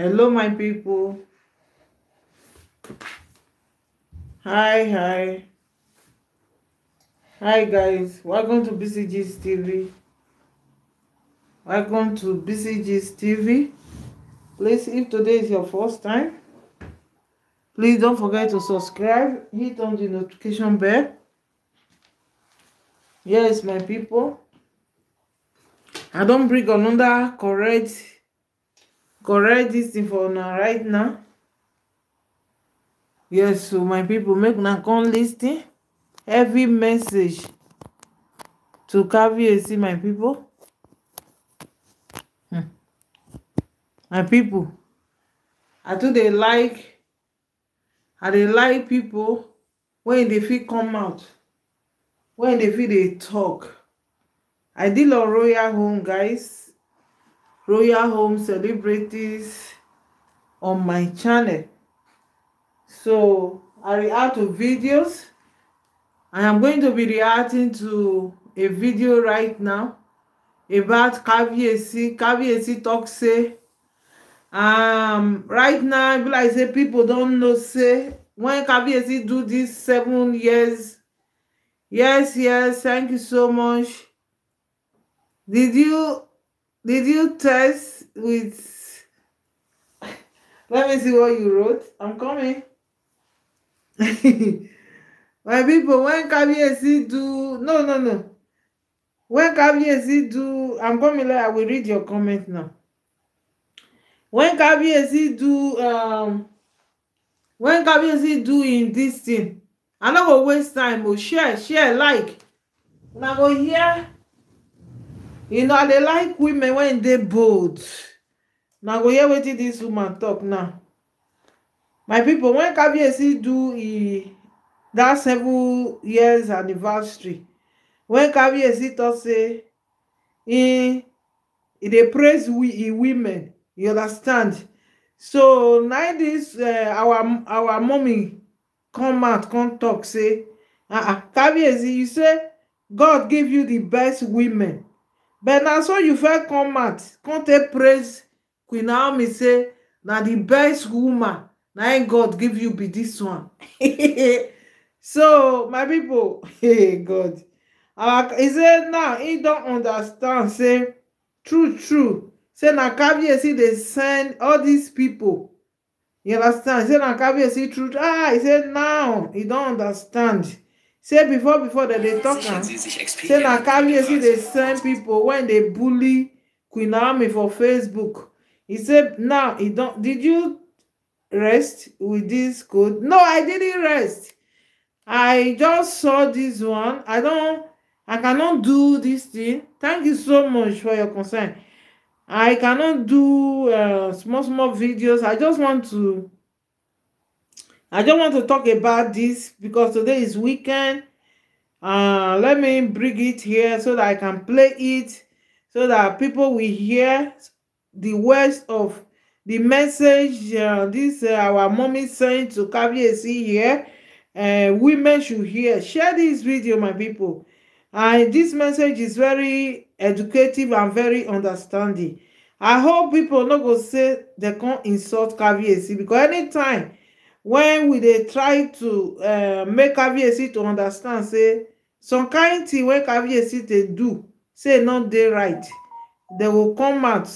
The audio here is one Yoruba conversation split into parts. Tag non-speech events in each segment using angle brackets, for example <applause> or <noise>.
hello my people hi hi hi guys welcome to BCGS TV welcome to BCGS TV please if today is your first time please don't forget to subscribe hit on the notification bell yes my people i don't bring another correct Correct write dis thing for una right now yes o my people make una come lis ten every message to caviarcy my pipo hmm. my people, i too dey like i dey like people wey dey fit come out wey dey fit dey talk i deal on royal home guys royal home celebrities on my channel so i react to videos I am going to be reacting to a video right now about Kabiyesi Kabiyesi talk say um right now e be like say people don't know say when Kabiyesi do this seven years yes yes thank you so much did you Did you test with? Let me see what you wrote. I'm coming. <laughs> My people, when Kabiyesi do no no no. When Kabiyesi do I'm coming like I will read your comment now. When Kabiyesi do um when Kabiyesi do in this thing, I no go waste time, but oh, share, share, like. Now go here you know i dey like women wen dey bold na go hear wetin dis woman talk now my pipo wen kabiyesi do e that seven years anniversary wen kabiyesi talk say e e dey praise we e women you understand so na this uh, our our mummy come out come talk say ah uh -uh, ah, kabiyesi you say god give you the best women but na so you fit come out come take praise queen naomi say na the best woman na im god give you be this one <laughs> so my people hey <laughs> god our he say now he don understand say true true say na kabiyesi dey send all these people you understand say na kabiyesi true ah he say now he don understand say before before dem dey tok am say na see the same people when they bully queen naomi for facebook He said now he don't. did you rest with this code no i didn't rest i just saw this one i don't. i cannot do this thing thank you so much for your concern i cannot do uh, small small videos i just want to I just want to talk about this because today is weekend. Uh, let me bring it here so that I can play it so that people will hear the words of the message uh, this uh, our mommy sent to Kabiyesi here. Uh, women should hear. Share this video, my people. And uh, this message is very educative and very understanding. I hope people not go say they can't insult Kabiyesi because anytime when we dey try to uh, make kvac to understand say some kind thing wey kvac dey do say e no dey right They go come out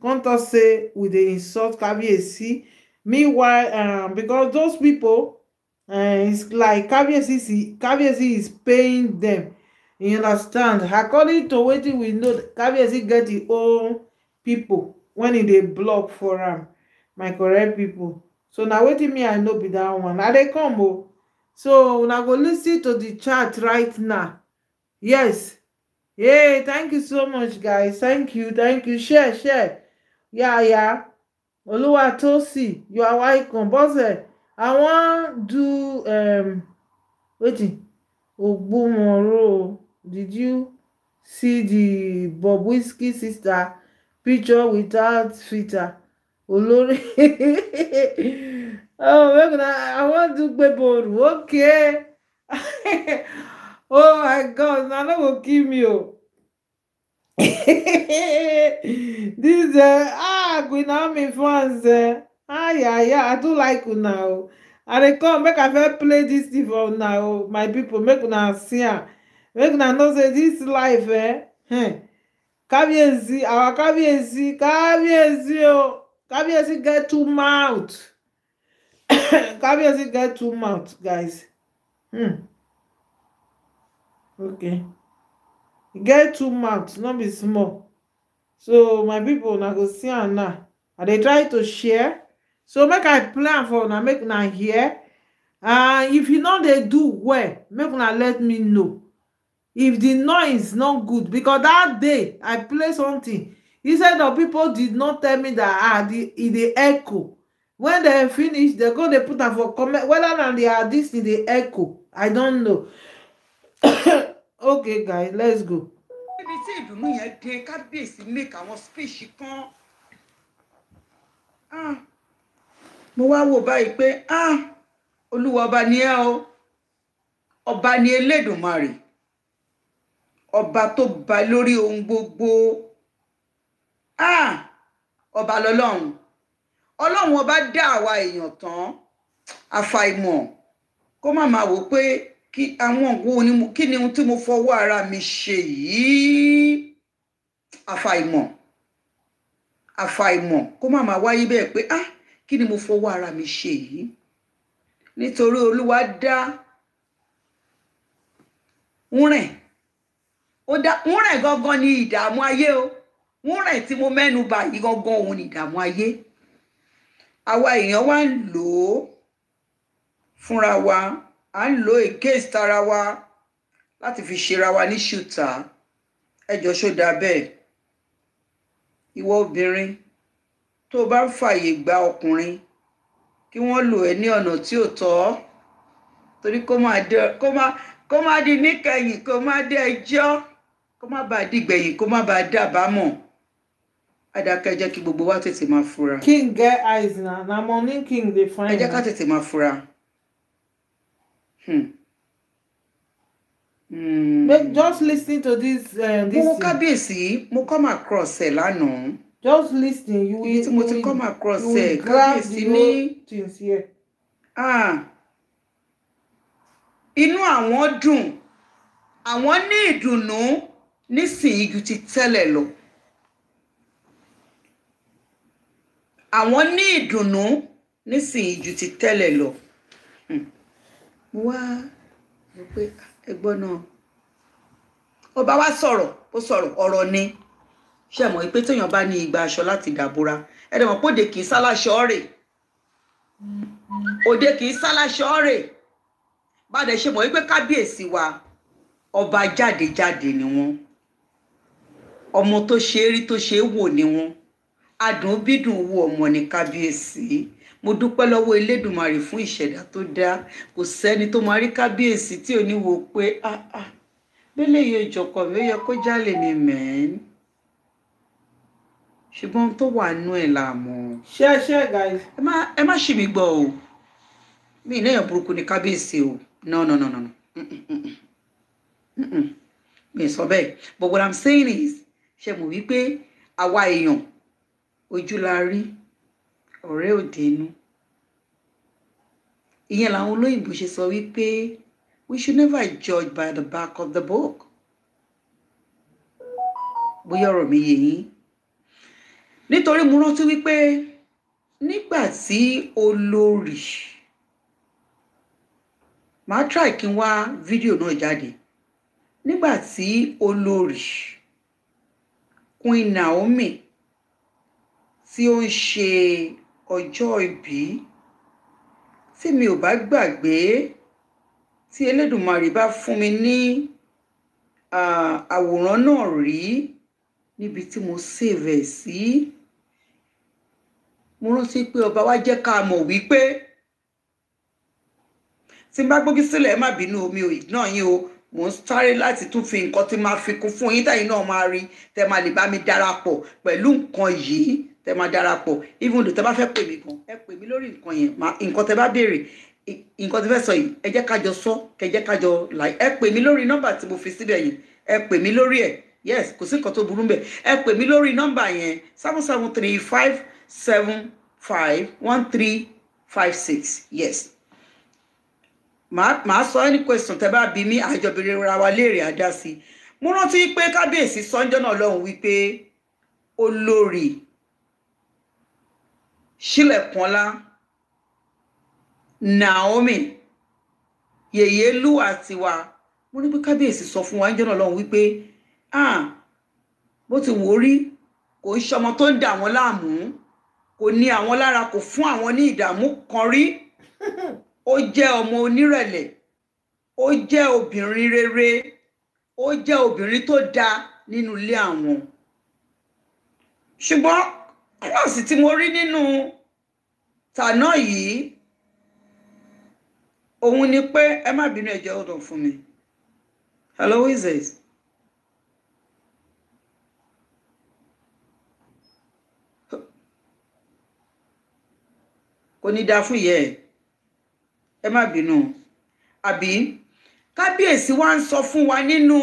come talk say we dey insult kvac meanwhile um, because those people uh, it's like kvac kvac is paying them you understand according to wetin we know kvac get im own people when e dey block for am my correct people so na wetin me i know be that one i dey come o oh. so una go listen to the chat right now yes yay thank you so much guys thank you thank you share share yaya oluwatosi you are welcome bose i wan do um, wetin ogbomoro oh. did you see the Bob Whiskey sister picture without filter olórí <laughs> oh make una i wan do gbeboru okay <laughs> oh my god na no go kill me o oh. <laughs> this uh, ah Queen Naomi fans uh, ah yeah yeah i do like una o oh. i dey come make i first play this thing for una o oh, my people make una see am make una know say this life eh, eh kábíyèsí our kábíyèsí kábíyèsí o. Oh. Kabiyesi get two mouth. <coughs> Kabiyesi get two mouth, guys. Hmm. Okay. Get two mouth, not be small. So my people na go see am now. and they try to share. So make I plan for una make now here. And uh, if you know they do well, make now let me know. If the noise not good, because that day I play something He said of people did not tell me that ah the e dey echo when they finish they go They put am for comment whether they their this in the echo i don't know <coughs> okay guys let's go. níbi ah, ah, ni ẹ o ọba ni ba lórí ohun gbogbo. Ah, ọba lọ́lọ́run ọlọ́run ọba dá àwa èèyàn tán àfàìmọ̀ kó má máa wò pé kí àwọn ògùn kí ni ohun tí mo fọwọ́ ara mi ṣe yìí àfàìmọ̀ àfàìmọ̀ kó má máa wáyé bẹ́ẹ̀ pé ah kí ni mo fọwọ́ ara mi ṣe yìí nítorí olúwa dá ń rìn ó dá ń rìn gangan ní ìdààmú ayé o wúnrẹ̀ tí mo mẹ́nu bà yìí gangan òun ni ìdààmú ayé àwa èèyàn wá ń lò ó fúnra wa à ń lo èkéèsì tara wa láti fi ṣera wa ní ṣùtà ẹjọ́ ṣódà bẹ́ẹ̀ ìwọ obìnrin tó o bá ń fààyè gba ọkùnrin kí wọ́n lò ẹ́ ní ọ̀nà tí ò tọ́ torí kó má di níkẹyìn kó má dé ẹjọ́ kó má bàa dìgbẹ̀yìn kó má bàa dàbámọ̀ àdàkẹ́ jẹ́ kí gbogbo wa tètè máa fura. king get eyes na na morning king dey find. ẹ jẹ́ ká tètè máa fura. Hmm. Mm. But just listening to this. Uh, this mo kábíyèsí mo come across ẹ lánàá. just listening you will you will you will grab the whole things here. Ah. inú àwọn dùn àwọn ní ìdùnnú nísìnyí ju ti tẹ́lẹ̀ lọ. àwọn ní ìdùnnú nísìnyí ju ti tẹ́lẹ̀ lọ hmm. mo wá rò pé ẹgbọ́n náà ọba wa sọ̀rọ̀ ó sọ̀rọ̀ ọ̀rọ̀ ni ṣe mọ̀ pé téèyàn bá ní igba aṣọ láti dàbora ẹ̀rẹ̀ mọ̀ pòde kì í sáláṣọ rè òde kì í sáláṣọ rè bàdẹ̀ ṣe mọ̀ pé kábíyèsí wa ọba jáde jáde ni wọ́n ọmọ tó ṣe é rí tó ṣe é wò ni wọ́n adùn bídùn owó ọmọ ní kábíyèsí mo dúpẹ́ lọ́wọ́ elédùnmarè fún ìṣẹ̀dá tó dáa kò sẹ́ni tó máa rí kábíyèsí tí ò ní wo pé ah ah bẹ́lẹ̀ yóò jọkọ̀ mi ó yẹ kó jálè ní mẹ́ẹ́n ṣùgbọ́n tó wà nú ẹ̀ là mọ́. ṣé ṣé guys. ẹ má ẹ má ṣì mí gbọ́ o mi ì lẹ́yìn burúkú ní kábíyèsí o no no no no no mm, mm, mm, mi ì sọ bẹ́ẹ̀ but what i'm saying is ṣe mo wí pé àwa èèyàn ojú la rí ọ̀rẹ́ òde inú ìyẹn làwọn olóyìnbó ṣe sọ wípé we should never judge by the back of the book bóyá ọ̀rọ̀ mi yé yín nítorí mo rántí wípé nígbà tí olórí màá try kí n wá fídíò náà jáde nígbà tí olórí Queen Naomi tí ó ń ṣe ọjọ́ ìbí tí mi ò bá gbàgbé tí Elédùmarè bá fún mi ní àwòrán náà rí níbi tí mo save ẹ̀ sí mo rántí pé ọba wa jẹ́ ká mọ̀ wípé tí n bá gbógi sílẹ̀ má bínú omi ò náà yín o mo ń sáré láti tún fi nǹkan tí máa fi kún fún yín táyì náà máa rí tẹ́ máa lè bá mi darapọ̀ pẹ̀lú nǹkan yìí tẹ máa darapọ̀ even though tẹ bá fẹ́ pè mí gan ẹ pè mí lórí nǹkan yẹn nǹkan tẹ bá béèrè nǹkan tẹ fẹ́ sọ yìí ẹ jẹ́ kájọ sọ kẹ jẹ́ kájọ láì ẹ pè mí lórí nọ́mbà tí mo fi síbẹ̀ yẹn ẹ pè mí lórí ẹ̀ yes kò sí nǹkan tó burú mbẹ̀ ẹ pè mí lórí nọ́mbà yẹn seven seven three five seven five one three five six yes màá sọ any question tẹ bá bí mi àjọbìnrin ra wa léèrè àdá sí mo rántí pé kábíyèsí sọ́njọ́ náà lọ́hùn wípé olórí ṣílẹ̀kùnlá Naomi yèyé lúwà tiwa mo ní pé kábíyèsí sọ fún wa ń jọ́nà ọlọ́run wípé bó ti wò ó rí kò ń ṣọmọ tó ń dà wọ́n láàmú kò ní àwọn lára kò fún àwọn ní ìdààmú kan rí ó jẹ́ ọmọ onírẹ̀lẹ̀ ó jẹ́ obìnrin rere ó jẹ́ obìnrin tó dáa nínú ilé àwọn ṣùgbọ́n cross tí mo rí nínú tàná yìí òun ni pé ẹ má bínú ẹjẹ hold fún mi hello who is this. kò ní dáa fún ìyá ẹ ẹ má bínú àbí kábíyèsí wa ń sọ fún wa nínú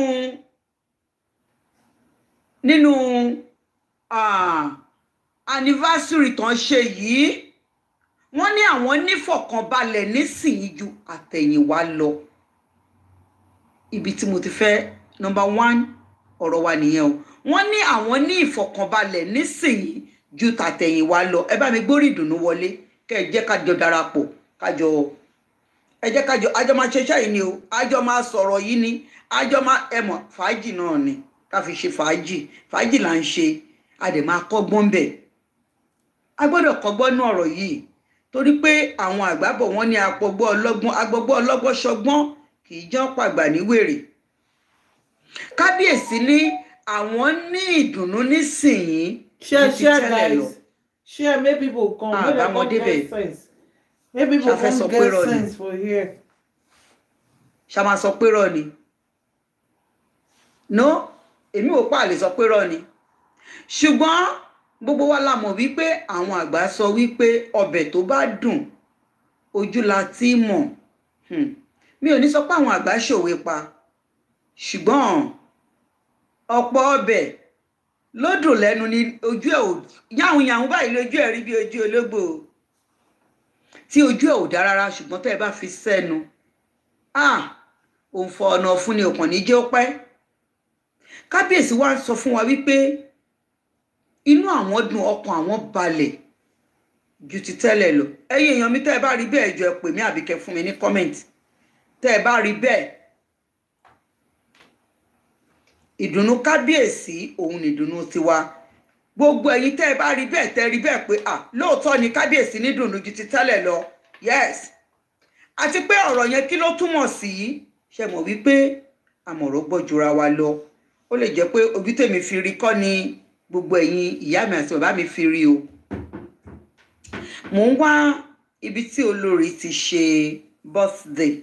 nínú. Ah, anniversary tán ṣe yìí wọ́n ní àwọn nífọ̀kànbalẹ̀ nísìnyí ju àtẹ̀yìnwá lọ ibi tí mo ti fẹ́ nọ́mbà one ọ̀rọ̀ wa nìyẹn o wọ́n ní àwọn ní ìfọ̀kànbalẹ̀ nísìnyí ju tàtẹ̀yìnwá lọ ẹ bá mi gbórí ìdùnnú wọlé kẹ́ ẹ jẹ́ ká jọ darapọ̀ ká jọ ẹ jẹ́ ká jọ àjọ máa ṣiṣẹ́ yìí ni o àjọ máa sọ̀rọ̀ yìí ni àjọ máa ẹ mọ̀ fàájì náà ni ká ṣe fàájì fàájì là ń ṣe a dẹ̀ máa kọ́gbọ́n bẹ́ẹ̀ a gbọ́dọ̀ kọ́gbọ́n nú ọ̀rọ̀ yìí torí pé àwọn àgbàbọ̀ wọn ní apọ̀gbọ́ ọlọ́gbọ́n agbọ́gbọ́ ọlọ́gbọ́n ṣọgbọ́n kì í jọ́ pàgbà ní kábíyèsí ní àwọn ní ìdùnnú nísìnyí share share guys share make people come ah, make people get sense make people come get sense for here. ṣàmà sọ pé rọ no èmi ò pa àlè sọ pé rọ ṣùgbọ́n gbogbo wa la mọ̀ wípé àwọn àgbà sọ wípé ọbẹ̀ tó bá dùn ojú la ti mọ̀ hmm. mi ò ní sọ pé àwọn àgbà ṣòwe pa ṣùgbọ́n ọ̀pọ̀ ọbẹ̀ ló dùn lẹ́nu ní ojú ẹ̀ ò yáhùn yáhùn báyìí lójú ẹ̀ rí bí ojú ológbò tí ojú ẹ̀ ò dá rárá ṣùgbọ́n tẹ́ ẹ bá fi sẹ́nu òun ọ̀nà fún ni òkàn ní ó pẹ́ kábíyèsí wa sọ fún wa wípé inú àwọn dùn ọkàn àwọn balẹ̀ ju ti tẹ́lẹ̀ lọ ẹ̀yin èèyàn mi tẹ́ ẹ bá rí bẹ́ẹ̀ jọ ẹ pè mí àbí kẹ fún mi ní kọ́mẹ̀ǹtì tẹ́ ẹ bá rí bẹ́ẹ̀ ìdùnnú kábíyèsí òun nìdùnnú tiwa gbogbo ẹ̀yin tẹ́ ẹ bá rí bẹ́ẹ̀ tẹ́ rí bẹ́ẹ̀ pé à lóòótọ́ ni kábíyèsí ní dùnnú ju ti tẹ́lẹ̀ lọ yes àti pé ọ̀rọ̀ yẹn kí ló túmọ̀ sí ṣe mọ̀ wípé àmọ̀rọ̀ gbọ́jura wa lọ ó lè jẹ́ pé ojú tèmi fi rí kọ́ ni. gbogbo ẹ̀yin ìyá mi àti bàbá mi fi rí o mò ń wá ibi tí olórí ti ṣe birthday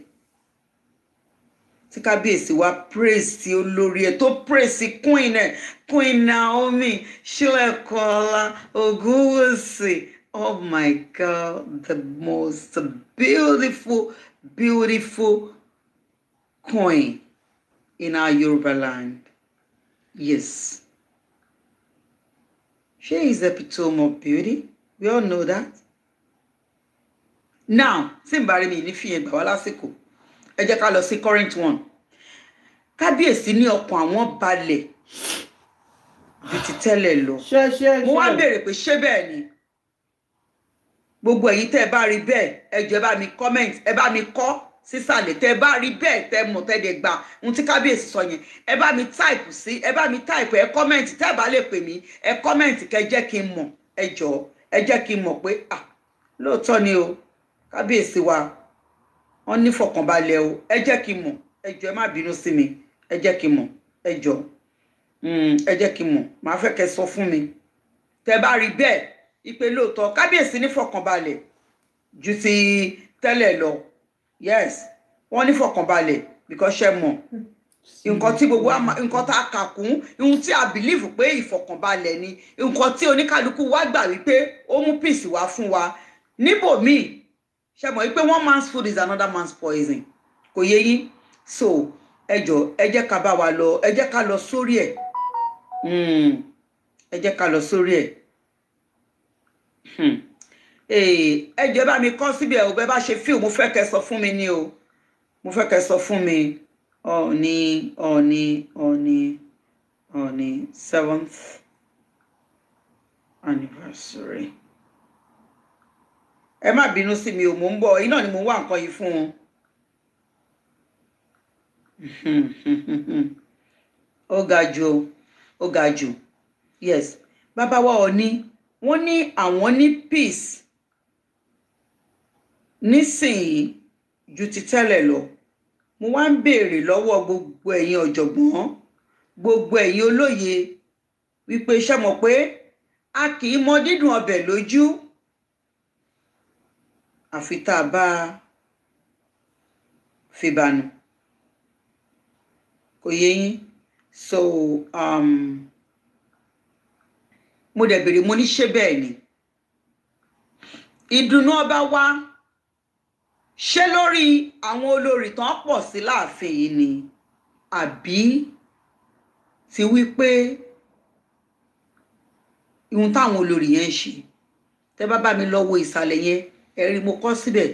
tí kábíyèsí wa praise ti olórí ẹ tó praise ti queen ẹ queen Naomi ṣílẹ̀kọ́lá Ògúnwùsì oh my God the most beautiful beautiful queen in our Yoruba land yes. She is the epitome of beauty. We all know that. Now, tí n bá rí mi ní fi yẹn gbà wá lásìkò, ẹ jẹ́ current one. Kábíyèsí ní ọkàn àwọn balẹ̀ ju ti tẹ́lẹ̀ lọ. Mo wá béèrè pé ṣé bẹ́ẹ̀ ni? Gbogbo ẹ̀yin tẹ́ ẹ bá rí bẹ́ẹ̀, ẹ jọ̀ọ́ mi comment, Eba mi call sísàlẹ̀ tẹ bá rí bẹ́ẹ̀ tẹ mọ̀ tẹ dẹ gbà ohun tí kábíyèsí sọ yẹn ẹ bá mi táìpù sí ẹ bá mi táìpù ẹ kọ́mẹ̀ntì tẹ bá lè pè mí ẹ kọ́mẹ̀ntì kẹ jẹ́ kí n mọ̀ ẹ jọ̀ọ́ ẹ jẹ́ kí n mọ̀ pé à lóòótọ́ ni o kábíyèsí wa wọ́n ní o ẹ jẹ́ kí n mọ̀ ẹ jọ̀ọ́ ẹ má bínú sí mi ẹ jẹ́ kí n mọ̀ ẹ jọ̀ọ́ hmm, ẹ jẹ́ kí n mọ̀ màá fẹ́ kẹ́ sọ fún mi tẹ bá rí bẹ́ẹ̀ ìpè lóòótọ́ kábíyèsí ní ju ti tẹ́lẹ̀ lọ yes wọ́n ní fọkànbalẹ̀ because ṣe mọ̀ hmm. nǹkan tí gbogbo nǹkan tá a kà kún ohun tí a bìlífù pé ìfọkànbalẹ̀ ni nǹkan tí oníkálukú wa gbà wípé ó mú peace wá fún wa níbòmíì ṣe mọ̀ wípé one man's food is another man's poison kò yé yín so ẹ jọ ẹ jẹ́ ká bá wa lọ ẹ jẹ́ ká lọ sórí ẹ̀ hmm. ẹ jẹ́ ká lọ sórí ẹ̀. Hmm ẹ jẹ́ bá mi kọ́ síbi ẹ̀ ò bẹ́ẹ̀ bá ṣe fíìmù mo fẹ́ kẹ́ sọ fún mi ni o mo fẹ́ kẹ́ sọ fún mi ọ̀ọ́ni ọ̀ọ́ni ọ̀ọ́ni ọ̀ọ́ni seventh anniversary ẹ má bínú sí mi ò mò ń bọ̀ iná ni mo wá nǹkan yìí fún wọn. <laughs> ó ga jù ó ga jù yes bàbá wa Ọọ̀ni wọ́n ní àwọn ní peace nísìnyí ju ti tẹ́lẹ̀ lọ mo wá ń béèrè lọ́wọ́ gbogbo ẹ̀yin ọ̀jọ̀gbọ́n gbogbo ẹ̀yin olóye wípé ṣé mọ̀ pé a kì í mọ dídùn ọbẹ̀ lójú àfi tá a bá fi bànú kò yé yín so um, mo dẹ̀ béèrè mo ní ṣé bẹ́ẹ̀ ni ìdùnnú ọba wa ṣé lórí àwọn olórí tán pọ̀ sí láàfin yìí ni àbí ti wípé ihun táwọn olórí yẹn ń ṣe tẹ́ bá bá mi lọ wo ìsàlẹ̀ yẹn ẹ̀rí mo kọ síbẹ̀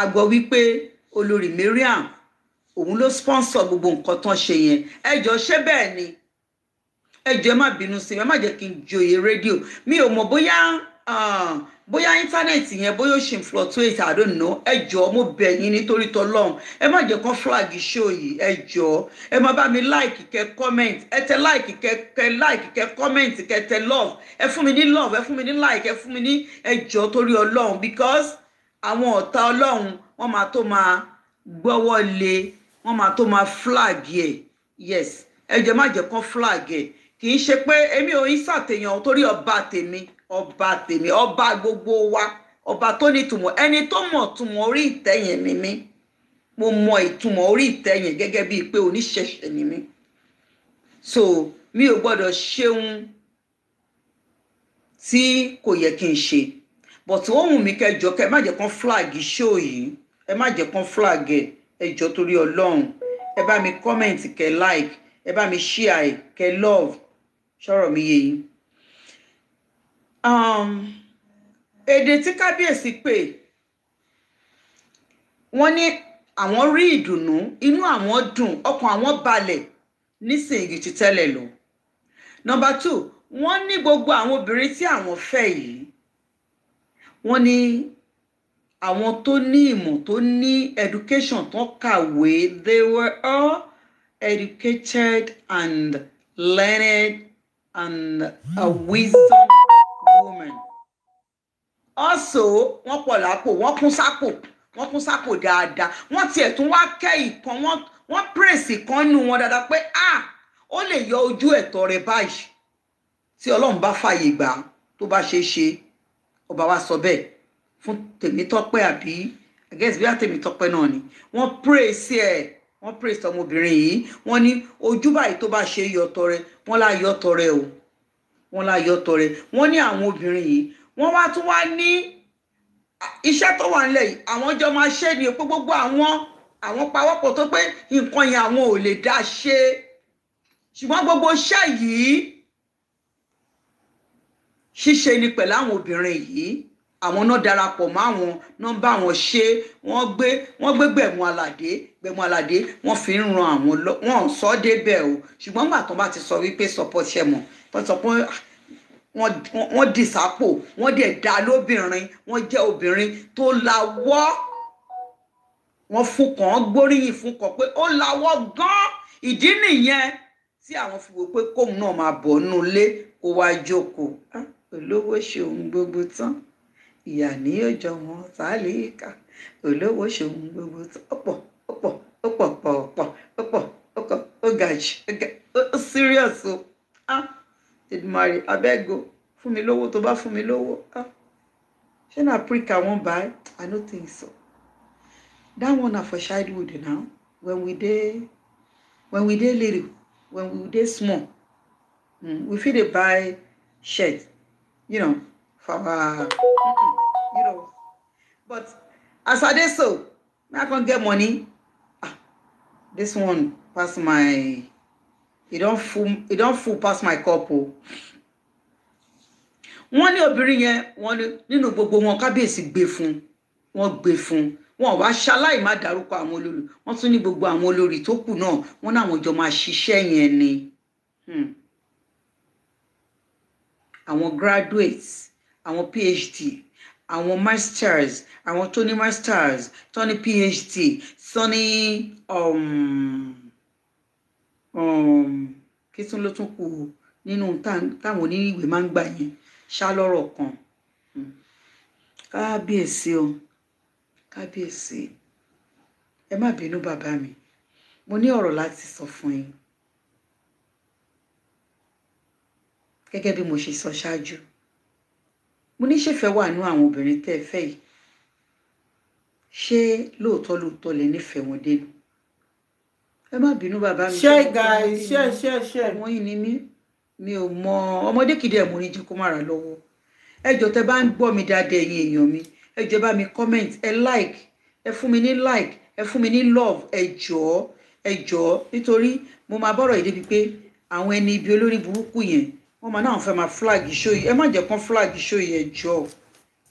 a gbọ́ wípé olórí Mariam òun ló sponsor gbogbo nǹkan tán ṣe yẹn ẹ jọ ṣé bẹ́ẹ̀ ni ẹ jọ ẹ má bínú sí mi ẹ má jẹ́ kí n joyè rédíò mi ò mọ̀ bóyá Ah, bóyá íńtánẹ́ẹ̀tì yẹn bóyá ó ṣì ń fluctuate I don't know ẹ mo bẹ̀ yín nítorí tọlọ́run ẹ má jẹ́ kán flag show yìí ẹ ẹ má bá mi like kẹ comment ẹ tẹ like kẹ kẹ like kẹ comment kẹ tẹ love ẹ fún mi ní love ẹ fún mi ní like ẹ fún mi ní ẹ torí ọlọ́run because àwọn ọ̀tá ọlọ́run wọ́n máa tó máa gbọ́wọ́ lé wọ́n máa tó máa flag yẹ yes ẹ jẹ́ má jẹ́ kán flag yẹ kì í ṣe pé èmi ò ń ṣàtẹ̀yàn torí ọba tèmi ọba tèmi ọba gbogbo wa ọba tó ní ìtumọ̀ ẹni tó mọ̀ ìtumọ̀ orí ìtẹ́ ni mí mo mọ ìtumọ̀ orí ìtẹ́ yẹn gẹ́gẹ́ bíi pé oníṣẹ̀ṣẹ̀ ni mí so mi ò gbọ́dọ̀ ṣeun tí kò yẹ kí n ṣe but ó wù mí kẹjọ kẹ má jẹ́ kán flag show yìí ẹ má jẹ́ kán flag ẹ ẹjọ torí Ọlọ́run ẹ bá mi comment kẹ like ẹ bá mi share kẹ love ṣọ̀rọ̀ mi yé yín. Um, èdè tí kábíyèsí pè wọ́n ní àwọn rí ìdùnnú inú àwọn dùn ọkàn àwọn balẹ̀ nísìnyí ti tẹ́lẹ̀ lọ number two wọ́n ní gbogbo àwọn obìnrin tí àwọn fẹ́ yìí wọ́n ní àwọn tó ní ìmọ̀ tó ní education tó kàwé they were all educated and learned and a wisdom also wọ́n pọ̀ lápò wọ́n kún sápò wọ́n kún sápò dáadáa wọ́n tiẹ̀ tún wá kẹ́ ìkan wọ́n pírèsì kan nù wọn dáadáa pé ah ó lè yọ ojú ẹ̀tọ́ rẹ báyìí tí ọlọ́run bá fààyè gbà tó bá ṣe é ṣe ọba wa sọ bẹ́ẹ̀ fún tèmítọ́pẹ́ àbí against bí àtèmítọ́pẹ́ náà ni wọ́n pírèsì ẹ̀ wọ́n pírèsì ọmọbìnrin yìí wọ́n ní ojú báyìí tó bá ṣe é yọ tọrẹ wọ́n lá tọrẹ o wọ́n lá yọ tọrẹ wọ́n ní àwọn obìnrin yìí wọ́n wá tún wá ní iṣẹ́ tó wà nílẹ̀ yìí àwọn jọ máa ṣe ni pé gbogbo àwọn àwọn pawọ́pọ̀ tó pé nǹkan yẹn àwọn ò lè dá ṣe ṣùgbọ́n gbogbo iṣẹ́ yìí ṣíṣe ni pẹ̀lú àwọn obìnrin yìí àwọn náà darapọ̀ mọ́ àwọn náà bá wọn ṣe wọ́n gbé wọ́n gbé gbẹ̀mú aládé gbẹ̀mú aládé wọ́n fi ń ran àwọn lọ wọ́n sọ débẹ̀ o ṣùgbọ́n gbà tó bá ti sọ wípé support ṣẹ̀mọ̀ tó sọ pé ah, wọ́n dì sápò wọ́n dẹ̀ dá lóbìnrin wọ́n jẹ́ obìnrin tó lawọ́ wọ́n fún kàn án gbóríyìn fún kàn pé ó lawọ́ gan ìdí nìyẹn tí àwọn fi wò pé kóun náà máa bọ̀ nínú ilé kó wá jókòó ah, olówó ṣe òun gbogbo tán ìyá ní ọjọ́ wọn sálẹ ìka olówó ṣe òun gbogbo tán ọ̀pọ̀ ọ̀pọ̀ ọ̀pọ̀ ọ̀pọ̀ ọ̀pọ̀ ọ̀pọ̀ ó ga jù ó serious o. Ah. Èdùmàrè abeg go fún mi lówó tó bá fún mi lówó ah ṣé na prick i wan buy i no think so that one na for childhood now when we dey when we dey little when we dey small mm, we fit dey buy shirt you know for our you know but as i dey so i come get money ah this one pass my e don full e don full pass my cup o oh. wọ́n ní obìnrin yẹn wọ́n ní nínú gbogbo wọn kábíyèsí gbé fún wọ́n gbé fún wọn wá ṣaláì má dárúkọ àwọn olórí wọ́n tún ní gbogbo àwọn olórí tó kù náà wọ́n náà wọ́n jọ máa ṣiṣẹ́ yẹn ni hmm. àwọn graduates àwọn phd àwọn masters àwọn Tony masters Tony phd tó Um, um kí tún ló tún kù nínú táwọn oníwèé máa ń gbà yẹn ṣá lọ́rọ̀ kan hmm. kábíyèsí o kábíyèsí ẹ má bínú bàbá mi mo ní ọ̀rọ̀ láti sọ fún yín gẹ́gẹ́ bí mo ṣe sọ ṣáájú mo ní ṣèfẹ́ wà nú àwọn obìnrin tẹ́ ẹ fẹ́ yìí ṣé lóòótọ́ lóòótọ́ lẹ nífẹ̀ẹ́ wọn dénú ẹ má bínú bàbá mi. ṣé guys ṣé ṣé ṣé. ọmọ yìí ni mí mi ò mọ ọmọdé kìdí ẹ̀ mo ní jí kó má ra lọ́wọ́ ẹ jọ̀ọ́ bá ń gbọ́ mi dáadáa ẹ̀yin èèyàn mi ẹ jọ̀ọ́ bá mi comment ẹ like ẹ fún mi ní like ẹ fún mi ní love ẹ jọ̀ọ́ ẹ jọ̀ọ́ nítorí mo máa bọ́rọ̀ yìí débi pé àwọn ẹni ibi olórí burúkú yẹn wọ́n máa náà fẹ́ máa flag show yìí ẹ má jẹ́ kán flag show yìí ẹ jọ̀ọ́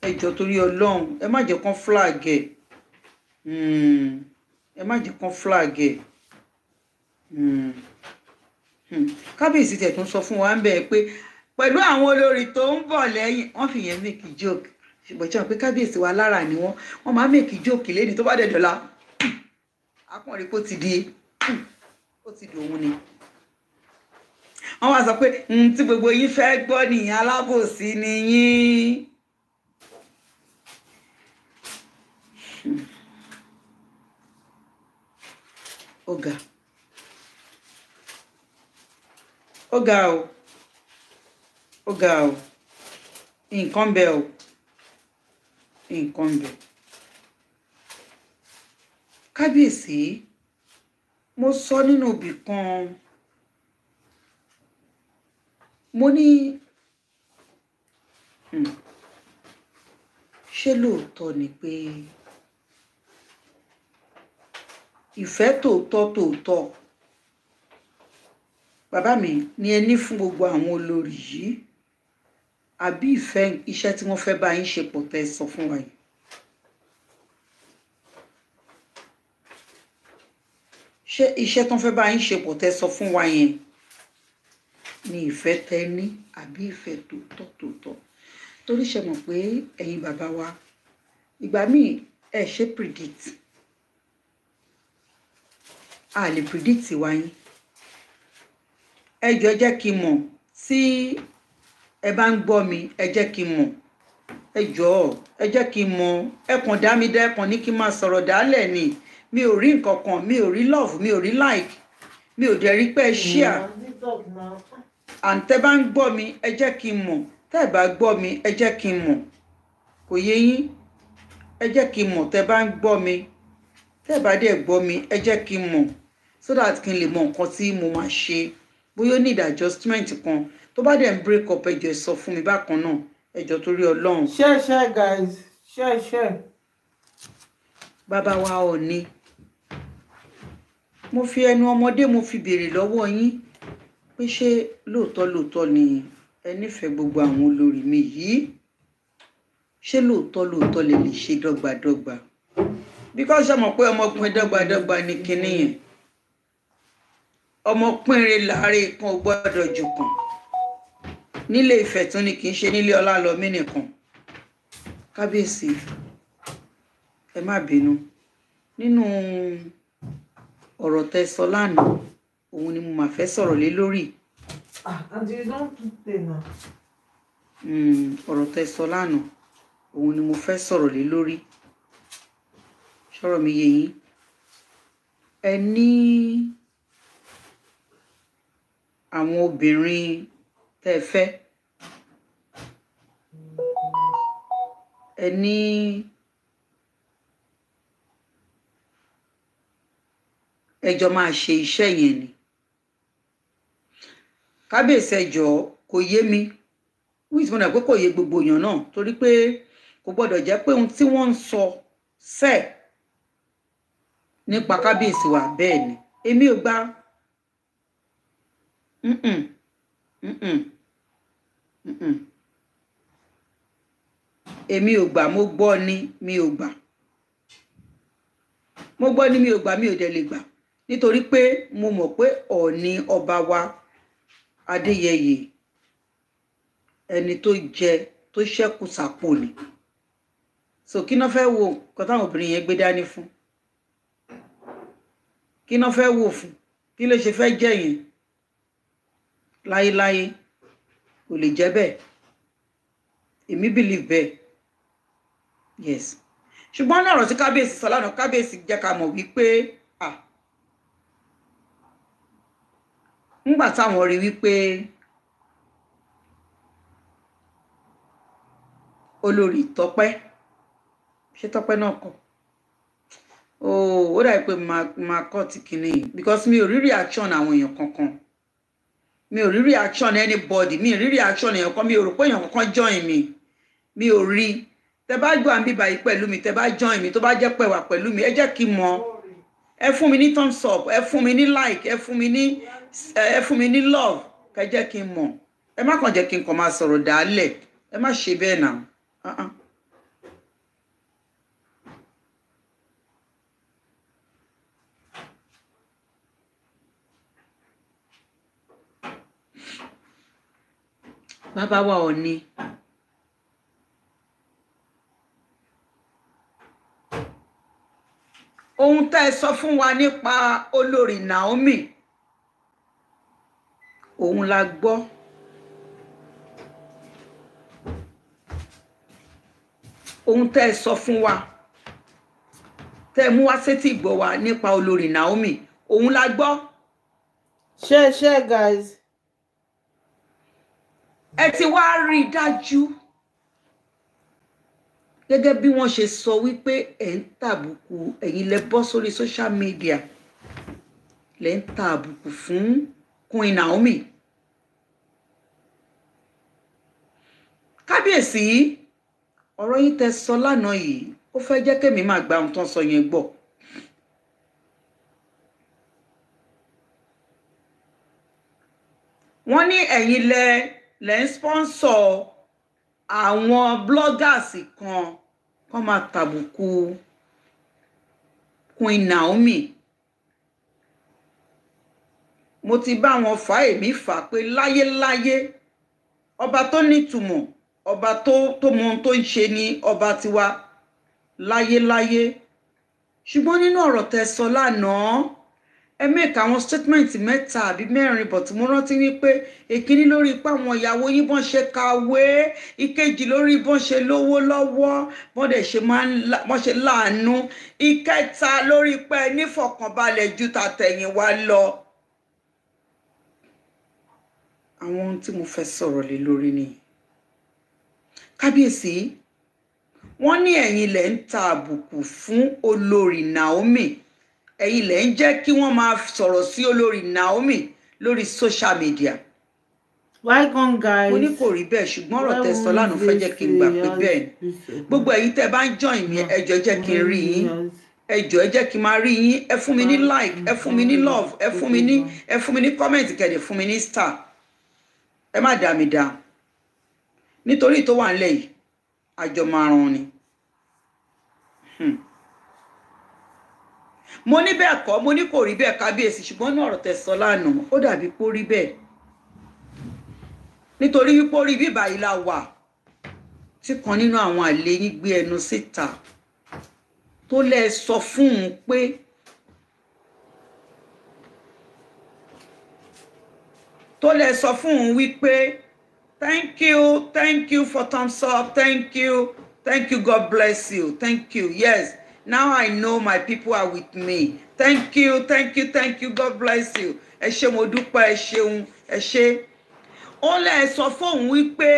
ẹ jọ̀ọ́ torí ọlọ́run ẹ má jẹ́ kán flag ẹ̀ hmm. ẹ má jẹ́ kán flag ẹ̀. Hmm. Hmm. kábíyèsí tẹ̀ tún sọ fún wa ń bẹ̀ pé pẹ̀lú àwọn olórí tó ń bọ̀ lẹ́yìn wọ́n fi yẹn make joke ṣùgbọ́n tí wọ́n pe kábíyèsí wa lára ni wọ́n wọ́n máa make joke lẹ́ni tó bá dẹ̀ dọ̀la akọ̀rin kó ti di ó ti dòun ni wọ́n wá sọ pé n tí gbogbo yín fẹ́ gbọ́ nìyẹn alábòsí ni yín. ọ̀gá. Hmm. ó ga o ó ga o nǹkan ń bẹ o nǹkan ń bẹ kábíyèsí mo sọ nínú ibì kan mo ní hmm, ṣé lóòótọ́ ni pé ìfẹ́ tòótọ́ tòótọ́ bàbá mi ni ẹ ní fún gbogbo àwọn olórí yìí àbí ìfẹ́ iṣẹ́ tí wọ́n fẹ́ bá yín ṣe pọ̀ tẹ́ ẹ sọ fún wa yìí. ṣé iṣẹ́ tó ń fẹ́ bá yín ṣe pọ̀ tẹ́ sọ fún wa yẹn ni ìfẹ́ tẹ́ ní àbí ìfẹ́ tòótọ́ tòótọ́ torí ṣe mọ̀ pé ẹ̀yin bàbá wa ìgbà míì ẹ ṣe predict a lè predict wa yín ẹ jọ jẹ́ kí n mọ̀ tí ẹ bá ń gbọ́ mi ẹ jẹ́ kí n mọ̀ ẹ jọ ẹ jẹ́ kí n mọ̀ ẹ kàn dá ní kí n máa sọ̀rọ̀ dálẹ̀ ni mi ò rí nǹkan kan mi ò rí love mi ò rí like mi ò dẹ̀ rí pé ẹ share and tẹ́ bá ń gbọ́ mi ẹ jẹ́ kí n mọ̀ tẹ́ ẹ bá gbọ́ mi ẹ jẹ́ kí n mọ̀ kò yé yín ẹ jẹ́ kí n mọ̀ tẹ́ bá ń gbọ́ mi tẹ́ bá dẹ̀ gbọ́ mi ẹ jẹ́ kí n mọ̀ so that kí n lè mọ̀ nǹkan tí mo máa ṣe bóyá ó need adjustment kan tó bá dẹ̀ ń break up ẹ sọ fún mi bákan náà ẹ jọ̀ọ́ torí ọlọ́run. share share guys share share. bàbá wa ò ní mo fi ẹnu ọmọdé mo fi béèrè lọ́wọ́ yín pé ṣé lóòótọ́ lóòótọ́ ni ẹ nífẹ̀ẹ́ gbogbo àwọn olórí mi yìí ṣé lóòótọ́ lóòótọ́ lè lè ṣe dọ́gbadọ́gba bí kò ṣe mọ̀ pé ọmọkùnrin dọ́gbadọ́gba ni kinní yẹn ọmọ pínrin láàrin kan ò gbọ́dọ̀ jùkùn nílé Ifẹ̀ tún ni kì í ṣe nílé Ọlálọmí nìkan kábíyèsí ẹ má bínú nínú ọ̀rọ̀ tẹ́ sọ lánàá òun ni mo mà fẹ́ sọ̀rọ̀ lé lórí. Hmm, ọ̀rọ̀ tẹ́ sọ lánàá òun ni mo fẹ́ sọ̀rọ̀ lé lórí sọ̀rọ̀ mi yé yín ẹ ní àwọn obìnrin tẹ́ ẹ fẹ́ ẹ ní ẹ jọ máa ṣe iṣẹ́ yẹn ni kábíyèsí ẹ jọ̀ọ́ kò yé mi wíìsì mo nà pé kò yé gbogbo èèyàn náà torí pé kò gbọ́dọ̀ jẹ́ pé ohun tí wọ́n ń sọ sẹ́ẹ̀ nípa kábíyèsí wa bẹ́ẹ̀ ni èmi ò gbà Mm-mm. Mm-mm. Mm-mm. Èmi ò gbà mo gbọ́ ni mi ò gbà. Mo gbọ́ ni mi ò gbà mi ò dẹ̀ lè gbà. Nítorí pé mo mọ̀ pé Ọọ̀ni ọba wa Adéyẹyè ẹni tó jẹ tó ṣẹ́kù sápò ni. So kí náà fẹ́ wo nǹkan táwọn obìnrin yẹn gbé dání fún? Kí náà fẹ́ wò fún? Kí ló ṣe fẹ́ jẹ́ yẹn? láéláé kò lè jẹ bẹẹ èmi believe bẹ́ẹ̀ yes ṣùgbọ́n ní ọ̀rọ̀ tí kábíyèsí sọ lánàá kábíyèsí jẹ́ ká mọ̀ wípé ńgbà táwọn rí wípé olórí tọ́pẹ́ ṣé tọ́pẹ́ náà kọ́ oh, ó dàbí pé máa kọ́ ti kínní because mi ò rí reaction àwọn èèyàn kankan. mi ò rí reaction anybody mi ò rí reaction èèyàn kan mi ò rò pé èèyàn kankan join mi mi ò rí tẹ bá gbọ́ àmì báyìí pẹ̀lú mi tẹ bá join mi tó bá jẹ́ pẹ̀wà pẹ̀lú mi ẹ jẹ́ kí n mọ̀ ẹ fún mi ní thumbs up ẹ fún mi ní like ẹ fún mi ní ẹ fún mi ní love kẹ jẹ́ kí n mọ̀ ẹ má kàn jẹ́ kí n kàn máa sọ̀rọ̀ dàálẹ̀ ẹ má ṣe bẹ́ẹ̀ náà. bàbá wa Ọọ̀ni ohun tá ẹ sọ fún wa nípa olórí Naomi òun la gbọ́. ohun tẹ́ ẹ sọ fún wa tẹ́ ẹ mú wá sétí ìgbọ́ wa nípa olórí Naomi òun la gbọ́. share share guys ẹ ti wá rí i dájú gẹ́gẹ́ bí wọ́n ṣe sọ wípé ẹ̀ ń tàbùkù ẹ̀yin lẹ bọ́ sórí social media lẹ ń tàbùkù fún Queen Naomi. kábíyèsí ọ̀rọ̀ yín tẹ sọ lánàá yìí ó fẹ́ jẹ́ kémi máa gba ohun tó ń sọ yẹn gbọ́. wọ́n ní ẹ̀yin lẹ lẹ́ ń sponsor àwọn bloggers kan kọ́ máa tàbùkù Queen Naomi mo ti bá wọn fà èmi fà pé láyéláyé ọba tó nítumọ̀ ọba tó tó mọ ohun tó ń ṣe ni ọba tiwa láyéláyé ṣùgbọ́n nínú ọ̀rọ̀ tẹ́ sọ lánàá ẹ mẹ́ka àwọn statement mẹ́ta àbí mẹ́rin but mo rántí wípé èkíní lórí ipá àwọn ìyàwó yín bọ́n ṣe kàwé ìkejì lórí bọ́n ṣe lówó lọ́wọ́ bọ́n dẹ̀ ṣe máa ń bọ́n ṣe láàánú ìkẹta lórí pé nífọ̀kànbalẹ̀ ju tàtẹ̀yìnwá lọ. àwọn ohun tí mo fẹ́ sọ̀rọ̀ lé lórí ni kábíyèsí wọ́n ní ẹ̀yin lẹ̀ ń ta àbùkù fún olórí Naomi ẹ̀yin lẹ́ ń jẹ́ kí wọ́n máa sọ̀rọ̀ sí olórí Naomi lórí social media. why gone guys. mo ní kò rí bẹ́ẹ̀ ṣùgbọ́n ọ̀rọ̀ tẹ́ sọ lánàá fẹ́ jẹ́ kí n gbà pé bẹ́ẹ̀ ni gbogbo ẹ̀yin tẹ́ bá ń join mi ẹjọ́ jẹ́ kí n rí yín ẹjọ́ ẹ jẹ́ kí n máa rí yín ẹ fún mi ní like ẹ fún mi ní love ẹ fún mi ní ẹ fún mi ní comment kẹ̀dẹ̀ fún mi ní star ẹ má dà mí dà nítorí tó wà nílẹ̀ yìí àjọ márùn-ún ni. Hmm mo ní bẹ́ẹ̀ kọ́ mo ní kò rí bẹ́ẹ̀ kábíyèsí ṣùgbọ́n ní ọ̀rọ̀ tẹ́ sọ lánàá ó dàbí pó rí bẹ́ẹ̀ nítorí wípé orí bíbá yìí la wà tí kan nínú àwọn àlè yín gbé ẹnu síta tó lẹ sọ fún un pé tó lẹ sọ fún un wípé thank you thank you for thumbs up thank you thank you God bless you thank you yes now I know my people are with me. Thank you, thank you, thank you. God bless you. Ẹ ṣé mo dúpẹ́, ẹ ṣeun, ẹ ṣé. Ó lẹ̀ sọ fóun wípé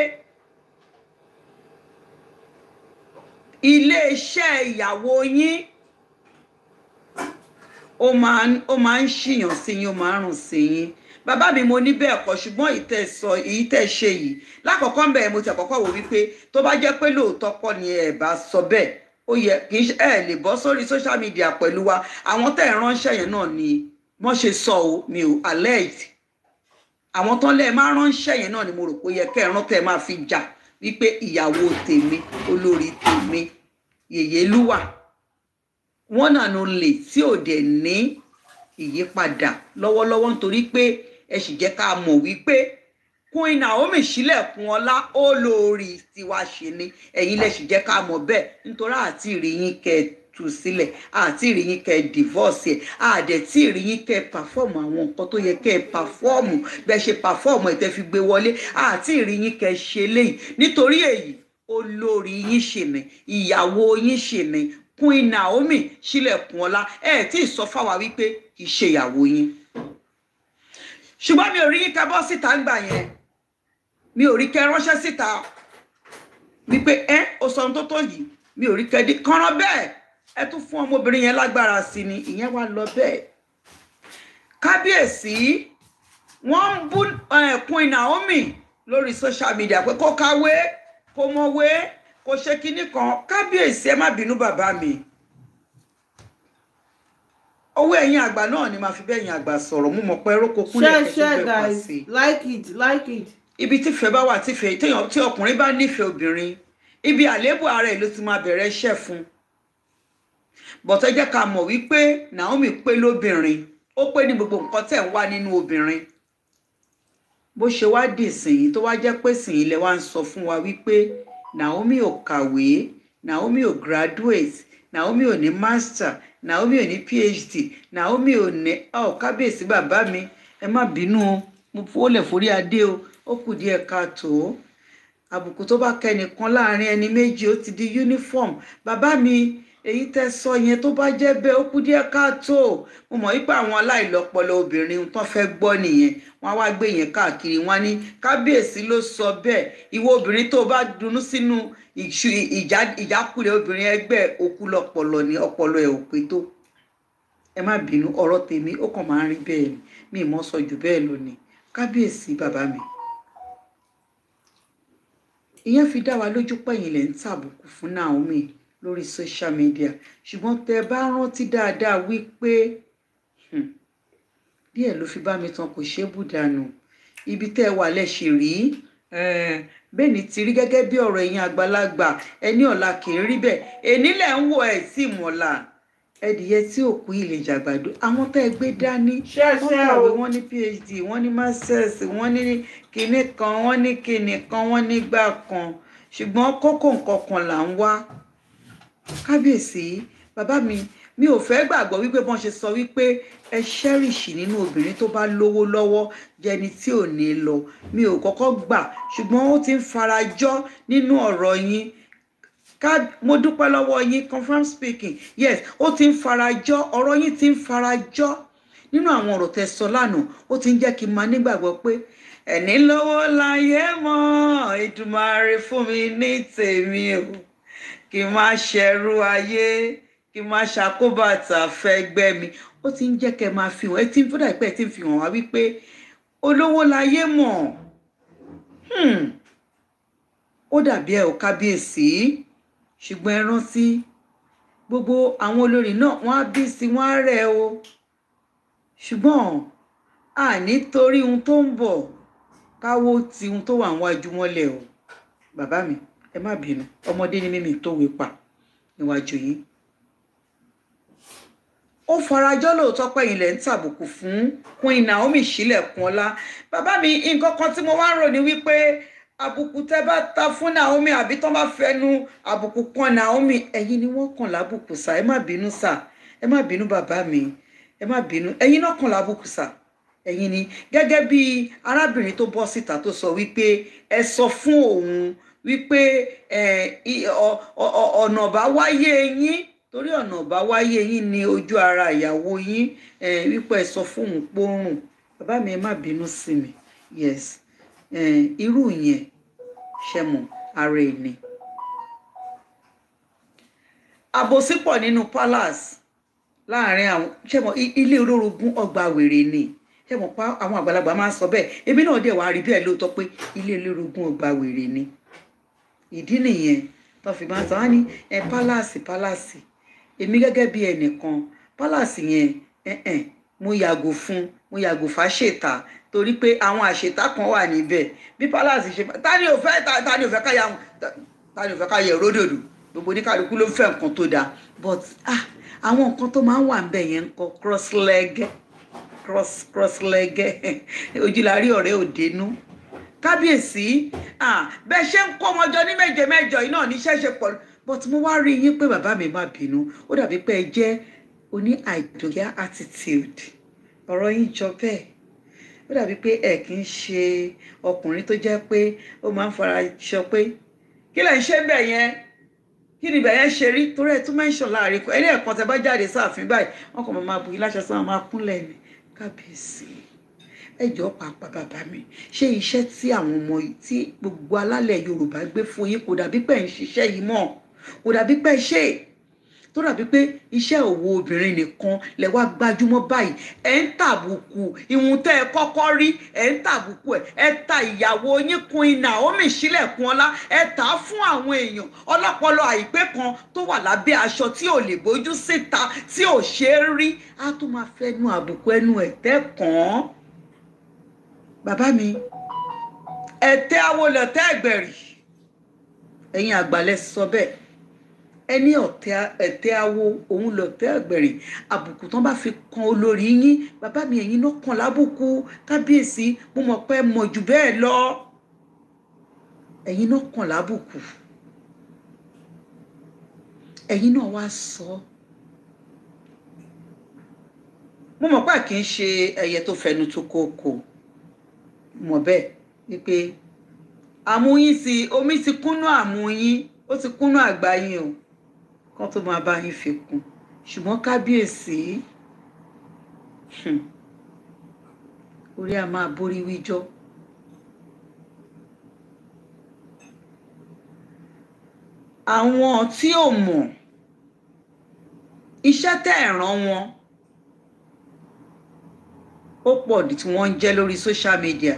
iléeṣẹ́ ìyàwó yín ó máa ń ṣìyàn sí yín, ó máa ń rùn sí yín. Bàbá mi mo ní bẹ́ẹ̀ kọ́ ṣùgbọ́n ìtẹ̀ sọ èyí tẹ̀ ṣe yìí. Lákọ̀ọ́kọ́ bẹ̀rẹ̀ mo ti àkọ́kọ́ wò wípé tó bá jẹ́ pé lóòótọ́ kọ́ ni ẹ̀ bá sọ bẹ́ẹ̀ ó yẹ kì í ẹ lè bọ́ sórí social media pẹ̀lú wa àwọn tẹ́ ẹ̀ ránṣẹ́ yẹn náà ni wọ́n ṣe sọ o mi ò alert àwọn tán lẹ́ẹ̀ máa ránṣẹ́ yẹn náà ni mo rò pé yẹ kẹ́ ẹ̀ rántẹ́ máa fi jà wípé ìyàwó tèmi olórí tèmi yèyélúwà wọ́n nànú lè tí ò dẹ̀ ní ìyípadà lọ́wọ́lọ́wọ́ nítorí pé ẹ sì jẹ́ ká mọ̀ wípé Queen Naomi ṣílẹ̀kùn ọlá ó lórí tiwa ṣe ni ẹ̀yin lè sì jẹ́ ká mọ̀ bẹ́ẹ̀ nítorí àti ìrìyìn kẹ tú sílẹ̀ àti ìrìyìn kẹ divorce ẹ̀ àdẹ̀ tí ìrìyìn kẹ perform àwọn nǹkan tó yẹ kẹ perform bẹ́ẹ̀ ṣe perform ẹ̀ tẹ́ fi gbé wọlé àti ìrìyìn kẹ ṣe léyìí nítorí èyí olórí yín ṣe ni ìyàwó yín ṣe ni Queen Naomi ṣílẹ̀kùn ọlá ẹ̀ tí ì sọ fáwa wípé kì í ṣe ìyàwó yín ṣùgbọ́n mi ò rí yín ká bọ́ síta ń gbà yẹn mi ò rí kẹ ránṣẹ́ síta wípé ẹ o sọ ohun tó tó yìí mi ò rí kẹ di kànrán bẹ́ẹ̀ ẹ tún fún ọmọbìnrin yẹn lágbára sí ni ìyẹn wá lọ bẹ́ẹ̀ kábíyèsí wọ́n ń bú ẹkùn Naomi lórí social media pé kó kàwé kó mọ̀wé kó ṣe kinní kan kábíyèsí ẹ má bínú bàbá mi owó ẹ̀yin àgbà náà ni màá fi bẹ́ẹ̀ yín àgbà sọ̀rọ̀ mú mọ̀ pé rókò kúnlẹ̀ kẹsàn-án bẹ́ẹ̀ sí. share share guys like it like it. ibi tífẹ̀ẹ́ bá wà tífẹ̀ẹ́ téèyàn tí ọkùnrin bá nífẹ̀ẹ́ obìnrin ibi àléébù ara ẹ̀ ló ti máa bẹ̀rẹ̀ iṣẹ́ fún bọtọ jẹ́ ká mọ̀ wípé Naomi pé lóbìnrin ó pé ní gbogbo nǹkan tẹ̀ ń wá nínú obìnrin bó ṣe wá dì sìn tó wá jẹ́ pé sìn ilẹ̀ wa ń sọ fún wa wípé Naomi ò kàwé Naomi ò graduate Naomi ò ní master Naomi ò ní PhD Naomi ò ní ọ oh, kábíyèsí bàbá mi ẹ má bínú o mo fowó lẹ̀ forí adé o. ó kù díẹ̀ káàtó àbùkù tó bá kẹnìkan láàrin ẹni méjì ó ti di uniform bàbá mi èyí tẹ́ sọ yẹn tó bá jẹ́ bẹ́ẹ̀ ó kù díẹ̀ káàtó mo mọ̀ wípé àwọn aláìlọ́pọlọ obìnrin tán fẹ́ gbọ́ nìyẹn wọ́n á wá gbé yẹn káàkiri wọ́n á ní kábíyèsí ló sọ bẹ́ẹ̀ ìwọ obìnrin tó bá dunú sínú ìjákulẹ̀ obìnrin ẹgbẹ́ òkú lọ́pọlọ ní ọpọlọ ẹ̀ ò pé tó ẹ má bínú ọ̀rọ̀ tèmi ó kàn máa ń rí bẹ́ẹ̀ mi ì mọ̀ sọ jù bẹ́ẹ̀ lónìí kábíyèsí bàbá mi ìyẹn fi dá wa lójú pẹ̀yìn lẹ̀ ń tàbùkù fún Naomi lórí social media ṣùgbọ́n tẹ bá rántí dáadáa wípé hmm, díẹ̀ ló fi bá mi tan kò ṣeé bù dànù ibi tẹ́ ẹ wà lẹ́sẹ̀ rí eh, bẹ́ẹ̀ ti rí gẹ́gẹ́ bí ọ̀rọ̀ ẹ̀yin àgbàlagbà ẹni ọ̀la kì í rí bẹ́ẹ̀ ènílẹ̀ ń wọ ẹ̀ sí ìmọ̀lá ẹdìyẹ tí òkú ilé jàgbàdo àwọn tá ẹ gbé dání wọ́n kàwé wọ́n ní phd wọ́n ní masters wọ́n ní kinní kan wọ́n ní kinní kan wọ́n ní gbà kan ṣùgbọ́n kókó nǹkan kan là ń wá kábíyèsí bàbá mi mi ò fẹ́ gbàgbọ́ wípé bọ́n ṣe sọ wípé ẹ ṣẹ́rìṣì nínú obìnrin tó bá lówó lọ́wọ́ jẹni tí ò ní lọ mi ò kọ́kọ́ gbà ṣùgbọ́n ó ti ń farajọ́ nínú ọ̀rọ̀ yín ká mo dúpẹ́ lọ́wọ́ yín confirm speaking yes ó ti ń farajọ́ ọ̀rọ̀ yín ti ń farajọ́ nínú àwọn ọ̀rọ̀ tẹ́ sọ lánàá ó ti ń jẹ́ kí n máa nígbàgbọ́ pé ẹni lọ́wọ́ láyé mọ́ ìdùmarè fún mi ní tèmi o kí n má ṣẹrú ayé kí n má ṣàkóbàtà fẹ́gbẹ́ mi ó ti ń jẹ́ kẹ́ máa fi hàn ẹ ti ń fúdà pé ẹ ti ń fi hàn wá wípé olówó láyé mọ̀ hmm. ó dàbí ẹ ò kábíyèsí ṣùgbọ́n ẹ rántí gbogbo àwọn olórí náà wọ́n á bí sí wọ́n á rẹ̀ o ṣùgbọ́n a nítorí ohun tó ń bọ̀ káwó ti ohun tó wà ń mọ́lẹ̀ o bàbá mi ẹ má bínú ọmọdé ni mímì tó wé pa níwájú yìí ó farajọ́ lóòótọ́ pé ilẹ̀ ń tàbùkù fún Queen Naomi sílẹ̀kùn ọlá bàbá mi nǹkan kan tí mo wá ń rò ní wípé àbùkù tẹ́ bá ta fún Naomi àbí tán bá fẹnu àbùkù kan Naomi ẹ̀yin ni wọ́n kàn lábùkù sá ẹ má bínú sá ẹ má bínú bàbá mi ẹ má bínú ẹ̀yin náà kàn lábùkù sá ẹ̀yin ni gẹ́gẹ́ bí arábìnrin tó bọ́ síta tó sọ wípé ẹ sọ fún òun wípé ọ̀nà bá wáyé yín torí ọ̀nà bá wáyé yín ni ojú ara ìyàwó yín wípé ẹ sọ fún òun pòrùn bàbá mi ẹ má bínú sí mi yes. Eh, irú yẹn ṣe mọ̀ ara ẹ̀ ni. àbòsí pọ̀ nínú palace láàrin àwọn ṣe mọ̀ ilé olórogún ọgbà wèrè ni ṣe mọ̀ pa àwọn àgbàlagbà máa ń sọ bẹ́ẹ̀ èmi náà dẹ̀ wá rí bẹ́ẹ̀ lóòótọ́ pé ilé olórogún ọgbà wèrè ni ìdí nìyẹn tó fi máa ń sọ wá ní ẹ palace palace èmi gẹ́gẹ́ bí ẹnìkan palace yẹn mo yàgò fún mo yàgò fàṣetà torí pé àwọn àṣetá kan wà níbẹ̀ bí palace ṣe fẹ́ ta ni ò fẹ́ ta ni ò fẹ́ ká yà ta ò fẹ́ ká yẹ ródòdó gbogbo oníkàlùkù ló fẹ́ nǹkan tó dáa but ah àwọn nǹkan tó máa ń wà níbẹ̀ yẹn ń kọ cross leg cross cross leg <laughs> ojúlarí ọ̀rẹ́ òdenú kábíyèsí ah bẹ́ẹ̀ ṣe ń kó wọn jọ ní mẹ́jọ mẹ́jọ yìí níṣẹ́ ṣe pọ̀ but mo wá rí yín pé bàbá mi má bínú ó dàbí pé ẹ jẹ́ oní àìdókè attitude ọ̀rọ̀ yín jọ bẹ́ẹ̀ ó dàbí pé ẹ kì í ṣe ọkùnrin tó jẹ́ pé ó máa ń fara sọ pé kí lẹ̀ ń ṣe bẹ̀ yẹn kí ni bẹ̀ yẹn ṣe rí torí ẹ̀ tún mẹ́ńṣọ̀ láàrin ẹni ẹ̀kan tẹ bá jáde sáàfin báyìí wọn kàn máa bu yín láṣọ sáà máa kúnlẹ̀ ní kábíyèsí ẹjọ́ pàápàá bàbá mi ṣé iṣẹ́ tí àwọn ọmọ tí gbogbo alálẹ̀ Yorùbá gbé fún yín kò dàbí pé ń ṣiṣẹ́ yìí mọ́ kò dàbí pé ṣe tó dàbí pé iṣẹ́ òwò obìnrin nìkan lẹ wá gbajúmọ̀ báyìí ẹ̀ ń tàbùkù ìhun tẹ́ ẹ kọ́kọ́ rí ẹ̀ ń tàbùkù ẹ̀ ẹ ta ìyàwó yín Queen Naomi sílẹ̀kùn ọlá ẹ tà á fún àwọn èèyàn ọlọ́pọlọ àìpé kan tó wà lábẹ́ aṣọ tí ò lè bójú síta tí ò ṣe é rí á tún máa fẹnu àbùkù ẹnu ẹ̀tẹ́ kàn án bàbá mi ẹ̀tẹ́ awolẹ̀tẹ́ ẹ̀gbẹ̀rì ẹ̀yin àgbàlẹ̀ sọ bẹ́ẹ̀ ẹni ẹ̀tẹ́ awo òun lọ̀tẹ́ àgbẹ̀rìn àbùkù tán bá fi kan olórí yín bàbá mi ẹ̀yin náà kàn lábùkù kábíyèsí mo mọ̀ pé mọ̀ jù bẹ́ẹ̀ lọ ẹ̀yin náà kàn lábùkù ẹ̀yin náà wá sọ mo mọ̀ pé kì í ṣe ẹyẹ tó fẹnu tó kókó mọ̀ bẹ́ẹ̀ wípé àmúyín sí omi ti kúnnú àmúyín ó ti kúnnú àgbáyín o kán tó máa bá yín fi kún ṣùgbọ́n kábíyèsí hmm, orí a máa borí wíjọ́. àwọn tí ò mọ̀ iṣẹ́ tẹ́ ẹ̀ rán wọn ó pọ̀ tí wọ́n ń jẹ́ lórí social media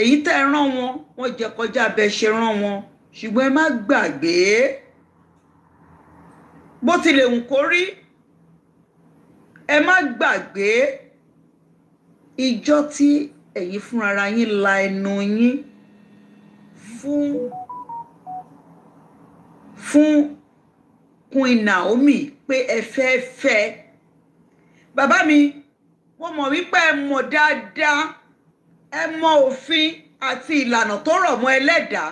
èyí tẹ́ ẹ rán wọn wọ́n jẹ kọjá abẹ ṣe rán wọn ṣùgbọ́n ẹ má gbàgbé bó tilẹ̀ ń kó rí ẹ má gbàgbé ìjọ tí ẹ̀yin fúnra yín la ẹnu yín fún fún Queen Naomi pé ẹ fẹ́ fẹ́ bàbá mi wọ́n mọ̀ wípé ẹ mọ̀ dáadáa ẹ mọ̀ òfin àti ìlànà tó rọ̀ mọ́ ẹlẹ́dàá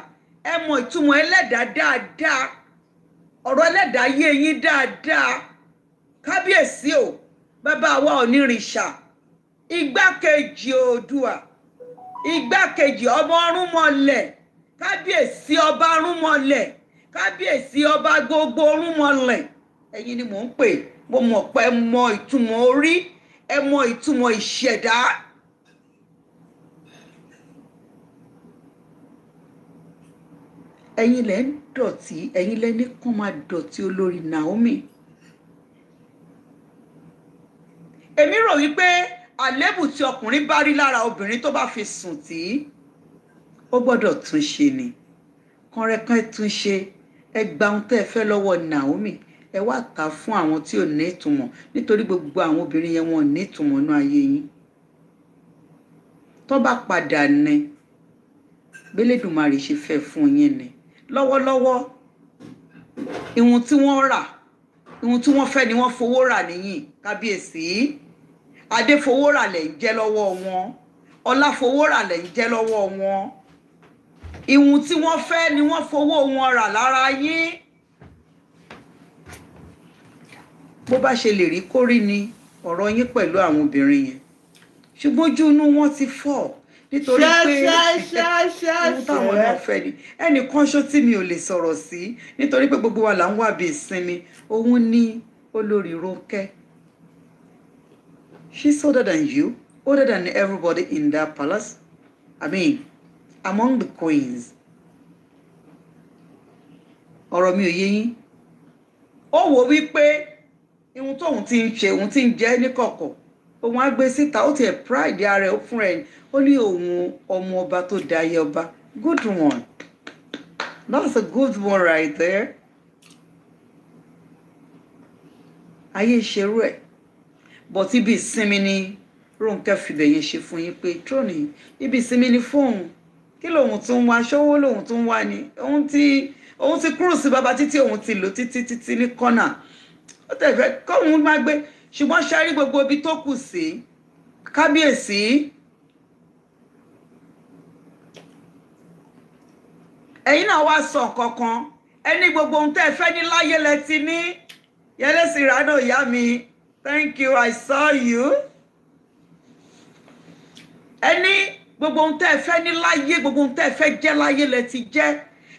ẹ mọ̀ ìtumọ̀ ẹlẹ́dàá dáadáa ọ̀rọ̀ ẹlẹ́dàá yé yín dáadáa kábíyèsí o bàbá wa onírìṣà igbákejì oòdùà igbákejì ọba ọ̀rúnmọlẹ̀ kábíyèsí ọba ọ̀rúnmọlẹ̀ kábíyèsí ọba gbogbo ọ̀rúnmọlẹ̀ ẹ̀yin ni mò ń pè mo mọ̀ pé ẹ mọ ìtumọ̀ orí ẹ mọ ìtumọ̀ ìṣẹ̀dá ẹ̀yin lẹ́ ń dọ̀tí ẹ̀yin lẹ́ ní kán máa dọ̀tí olórí Naomi. èmi rò wípé àlébù tí ọkùnrin bá rí lára obìnrin tó bá fi sùn tí ó gbọ́dọ̀ tún ṣe ni kànrẹ́kàn tún ṣe ẹ gba ohun tẹ́ ẹ fẹ́ lọ́wọ́ Naomi ẹ wá ta fún àwọn tí ò ní ìtumọ̀ nítorí gbogbo àwọn obìnrin yẹn wọn ò ní ìtumọ̀ nínú ayé yín tó bá padà ní gbélédùmarè ṣe fẹ́ fún yín ni lọ́wọ́lọ́wọ́ ìwọ̀n tí wọ́n rà ìwọ̀n tí wọ́n fẹ́ ni wọ́n fowó rà nìyí kábíyèsí adé fowó rà lẹ̀ ń jẹ́ lọ́wọ́ wọn ọlá fowó rà lẹ̀ ń jẹ́ lọ́wọ́ wọn ìwọ̀n tí wọ́n fẹ́ ni wọ́n fowó wọn rà lára yín bó bá ṣe lè rí kórí ni ọ̀rọ̀ yín pẹ̀lú àwọn obìnrin yẹn ṣùgbọ́n ojú inú wọn ti fọ́ ọ́ nítorí pé <laughs> ohun táwọn náà fẹ́ ni ẹnì kan ṣó tí mi ò lè sọ̀rọ̀ sí nítorí pé gbogbo wa là ń wà bí ìsinmi òun ni olórí Rónkẹ́ she's older than you older than everybody in that palace I mean among the queens ọ̀rọ̀ mi ò yé yín ó wò wípé ohun tóun ti ń ṣe òun ti ń jẹ́ níkọ̀kọ̀ òun á gbé síta ó tiẹ̀ pride ara ẹ̀ ó fún ẹ̀ ó ní òun ọmọ ọba tó da ayé ọba good one that's a good one right there ayé ìṣerú ẹ̀ bọ̀ tí ibi ìsinmi ni Rónkẹ́ fìbẹ̀yẹ ṣe fún yín pé tróònì ibi ìsinmi ni fóun kí lòun tún wá ṣówó lòun tún wá ni òun ti òun ti kúrò sí bàbá títí òun ti lò títí títí ní kọ́nà ó tẹ̀ fẹ́ kóun má gbé ṣùgbọ́n ṣe rí gbogbo ibi tó kù sí kábíyèsí ẹ̀yin náà wá sọ kankan ẹni gbogbo ohun tẹ́ ẹ fẹ́ ní láyé lẹ ti ní yẹlẹ́sì ránà ìyá mi thank you i saw you ẹni gbogbo ohun tẹ́ ẹ fẹ́ ní láyé gbogbo ohun tẹ́ ẹ fẹ́ jẹ́ láyé lẹ ti jẹ́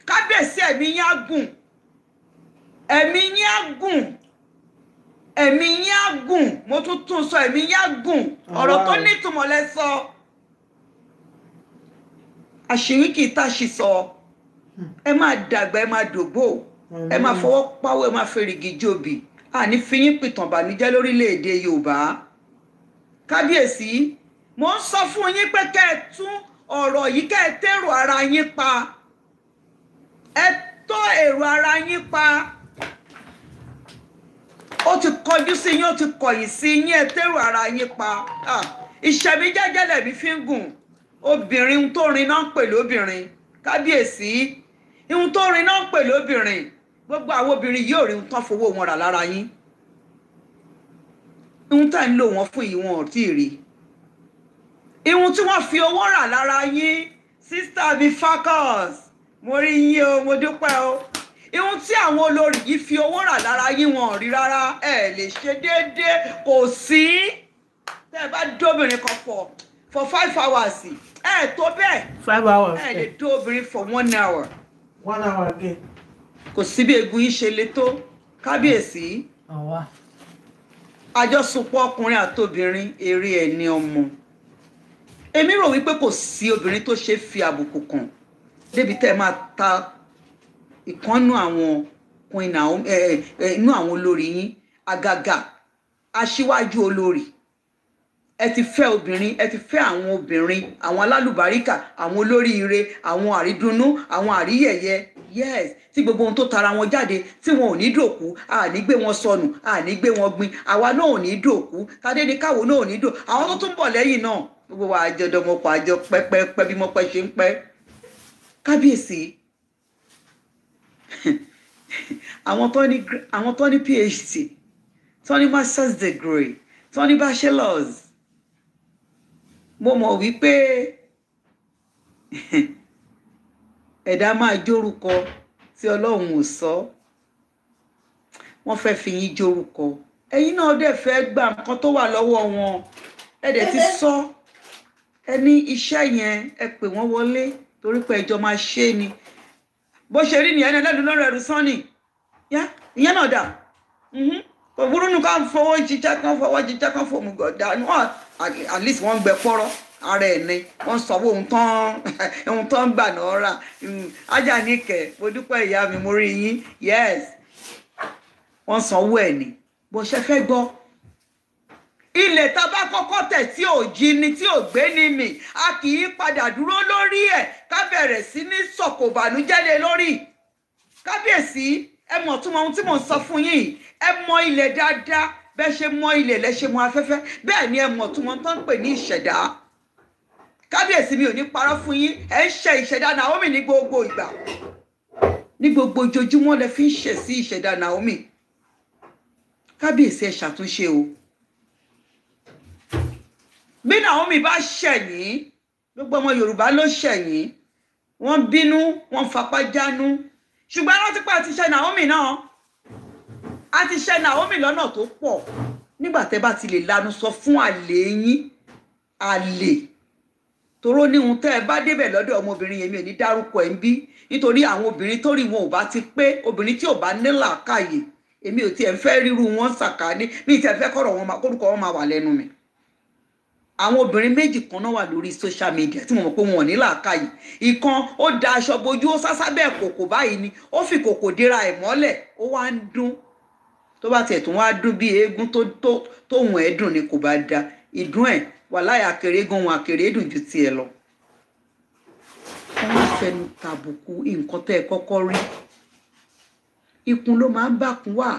kábíyèsí ẹ̀mí yín á gùn ẹ̀mí yín á gùn ẹ̀mí yín á gùn mo tún tún sọ ẹ̀mí yín á gùn ọ̀rọ̀ tó nítumọ̀ lẹ sọ àṣírí kì í tàṣì sọ ẹ máa dàgbà ẹ máa dògbò ẹ máa fọwọ́ pawọ́ ẹ máa fèrègì jòbì àní fi yín pìtàn bànújẹ́ lórílẹ̀‐èdè Yorùbá kábíyèsí mo ń sọ fún yín pé kẹ́ ẹ tún ọ̀rọ̀ yìí kẹ́ ẹ tẹ̀rù ara yín pa ẹ tó èrò ara yín pa ó ti kọjú sí yín ó ti kọ̀yìn sí yín ẹ tẹ́rù ara yín pa ìṣẹ̀mí jẹ́jẹ́ lẹ̀mí fi ń gùn obìnrin tó rin náà ń pè lóbìnrin kábíyèsí ihun tó rin náà ń pè lóbìnrin gbogbo àwọn obìnrin yóò rí ohun tán fowó wọn rà lára yín ihun tá ń lò wọ́n fún yìí wọn rí ihun tí wọ́n fi owó rà lára yín sísítà mi Falz mo rí yín o mo dúpẹ́ o ihun tí àwọn olórí yìí fi owó rà lára yín wọn ò rí rárá ẹ lè ṣe déédéé kò sí tẹ́ ẹ bá dóbìnrin kan pọ̀ for five hours ẹ tó bẹ́ẹ̀ five hours ẹ lè dóbìnrin for one hour one hour again kò sí bí egun yín ṣe le tó kábíyèsí àjọsùnpọ̀ ọkùnrin àtobìnrin eré ẹni ọmọ èmi rò wípé kò sí obìnrin tó ṣe fi àbùkù kàn débi tẹ́ máa ta ìkànnù àwọn Queen Naomi eh, eh, eh, inú àwọn olórí yín àgàgà aṣíwájú olórí ẹ ti fẹ́ obìnrin ẹ ti fẹ́ àwọn obìnrin àwọn alálùbáríkà àwọn olórí ire àwọn àrídùnnú àwọn àríyẹ̀yẹ yes tí gbogbo ohun tó tara wọn jáde tí wọn ò ní dòkú àní gbé wọn sọnù àní gbé wọn gbin àwa náà ò ní dòkú tadé ni káwo náà ò ní dò àwọn tó tún bọ̀ lẹ́yìn náà gbogbo wa àjọdọmọpọ àjọ pẹ́pẹ́pẹ́ bí mọ́pẹ́ ṣe ń pẹ́ kábíyèsí <laughs> àwọn tó ní àwọn tó ní phd tó ní masters degree tó ní bachelors mo mọ̀ wípé <laughs> ẹ̀dá máa jórúkọ tí ọlọ́run ò sọ wọ́n fẹ́ fi yín jórúkọ ẹ̀yin náà dẹ̀ fẹ́ gba nǹkan tó wà lọ́wọ́ wọn ẹ dẹ̀ ti sọ ẹ ní iṣẹ́ yẹn ẹ pè wọ́n wọlé torí pé ẹjọ́ máa ṣe ni bó ṣe rí nìyẹn ẹlẹ́nu lọ́rọ̀ ẹ̀rù sán ni ìyẹn náà dà mhm. kò burú nu ká fọwọ́ jíjá kán fọwọ́ jíjá kán fòmù gọ̀dá ni wọ́n at least wọ́n ń gbẹ fọ́rọ́ ara ẹ̀ ni wọ́n sọ ohun tán <laughs> ohun tán ń gbà náà rà mm. ajá ní kẹ̀ mo dúpẹ́ ìyá mi mo rí yín yes wọ́n sanwó ẹ̀ ni bó ṣe fẹ́ gbọ́ ilẹ̀ tá a bá kọ́kọ́ tẹ̀ tí ò jí ni tí ò gbé ni mì a kì í padà dúró lórí ẹ̀ ká bẹ̀rẹ̀ sí ní sọ̀kòbànújẹ́lé lórí kábíyèsí ẹ mọ̀ tún mọ ohun tí mò ń sọ fún yín ẹ mọ ilẹ̀ dáadáa bẹ́ẹ̀ ṣe mọ ilẹ̀ lẹ́ṣẹ̀ mọ afẹ́fẹ́ bẹ́ẹ̀ ni ẹ mọ̀ tún mọ tó ń pè ní ìṣẹ̀dá kábíyèsí mi ò ní parọ́ fún yín ẹ ń ṣe ìṣẹ̀dá Naomi ní gbogbo ìgbà ní gbogbo ojoojúmọ́ lẹ fi ń ṣẹ̀ sí ìṣẹ̀dá Naomi kábíyèsí ẹ ṣàtúnṣe o bí Naomi bá ṣẹ̀yìn gbogbo ọmọ Yorùbá ló ṣẹ̀yìn wọ́n bínú wọ́n fapá jánú ṣùgbọ́n rántí pé a ti ṣe Naomi náà a ti ṣe Naomi lọ́nà tó pọ̀ nígbà tẹ́ bá ti lè lanu sọ fún àlè yín àlè toró ní ohun tẹ́ ẹ bá débẹ̀ lọ́dọ̀ ọmọbìnrin yẹn mi ò ní dárúkọ ẹ̀ ń bí nítorí àwọn obìnrin tó rí wọn ò bá ti pé obìnrin tí ò bá nílà káyè èmi ò tiẹ̀ fẹ́ ríru wọn sàkáání mi ì tiẹ̀ fẹ́ kọ́rọ̀ wọn kórúkọ wọn máa wà lẹ́nu mi àwọn obìnrin méjì kan náà wà lórí social media tí mo mọ̀ pé wọn ò ní làákàyè ìkan ó da aṣọ bojú ó sásá bẹ́ẹ̀ kòkò báyìí ni ó fi kòkò dira ẹ̀ mọ́lẹ̀ ó wá ń dún tó bá tiẹ̀ tó wá dún bí eégún tó tóun ẹ̀ dùn ni kò bá da ìdún ẹ̀ wà láyà àkèrè gan wọn àkèrè dùn ju tiẹ̀ lọ. wọ́n fẹnu tàbùkù nǹkan tẹ́ ẹ kọ́kọ́ rí ikùn ló máa ń bàkún wà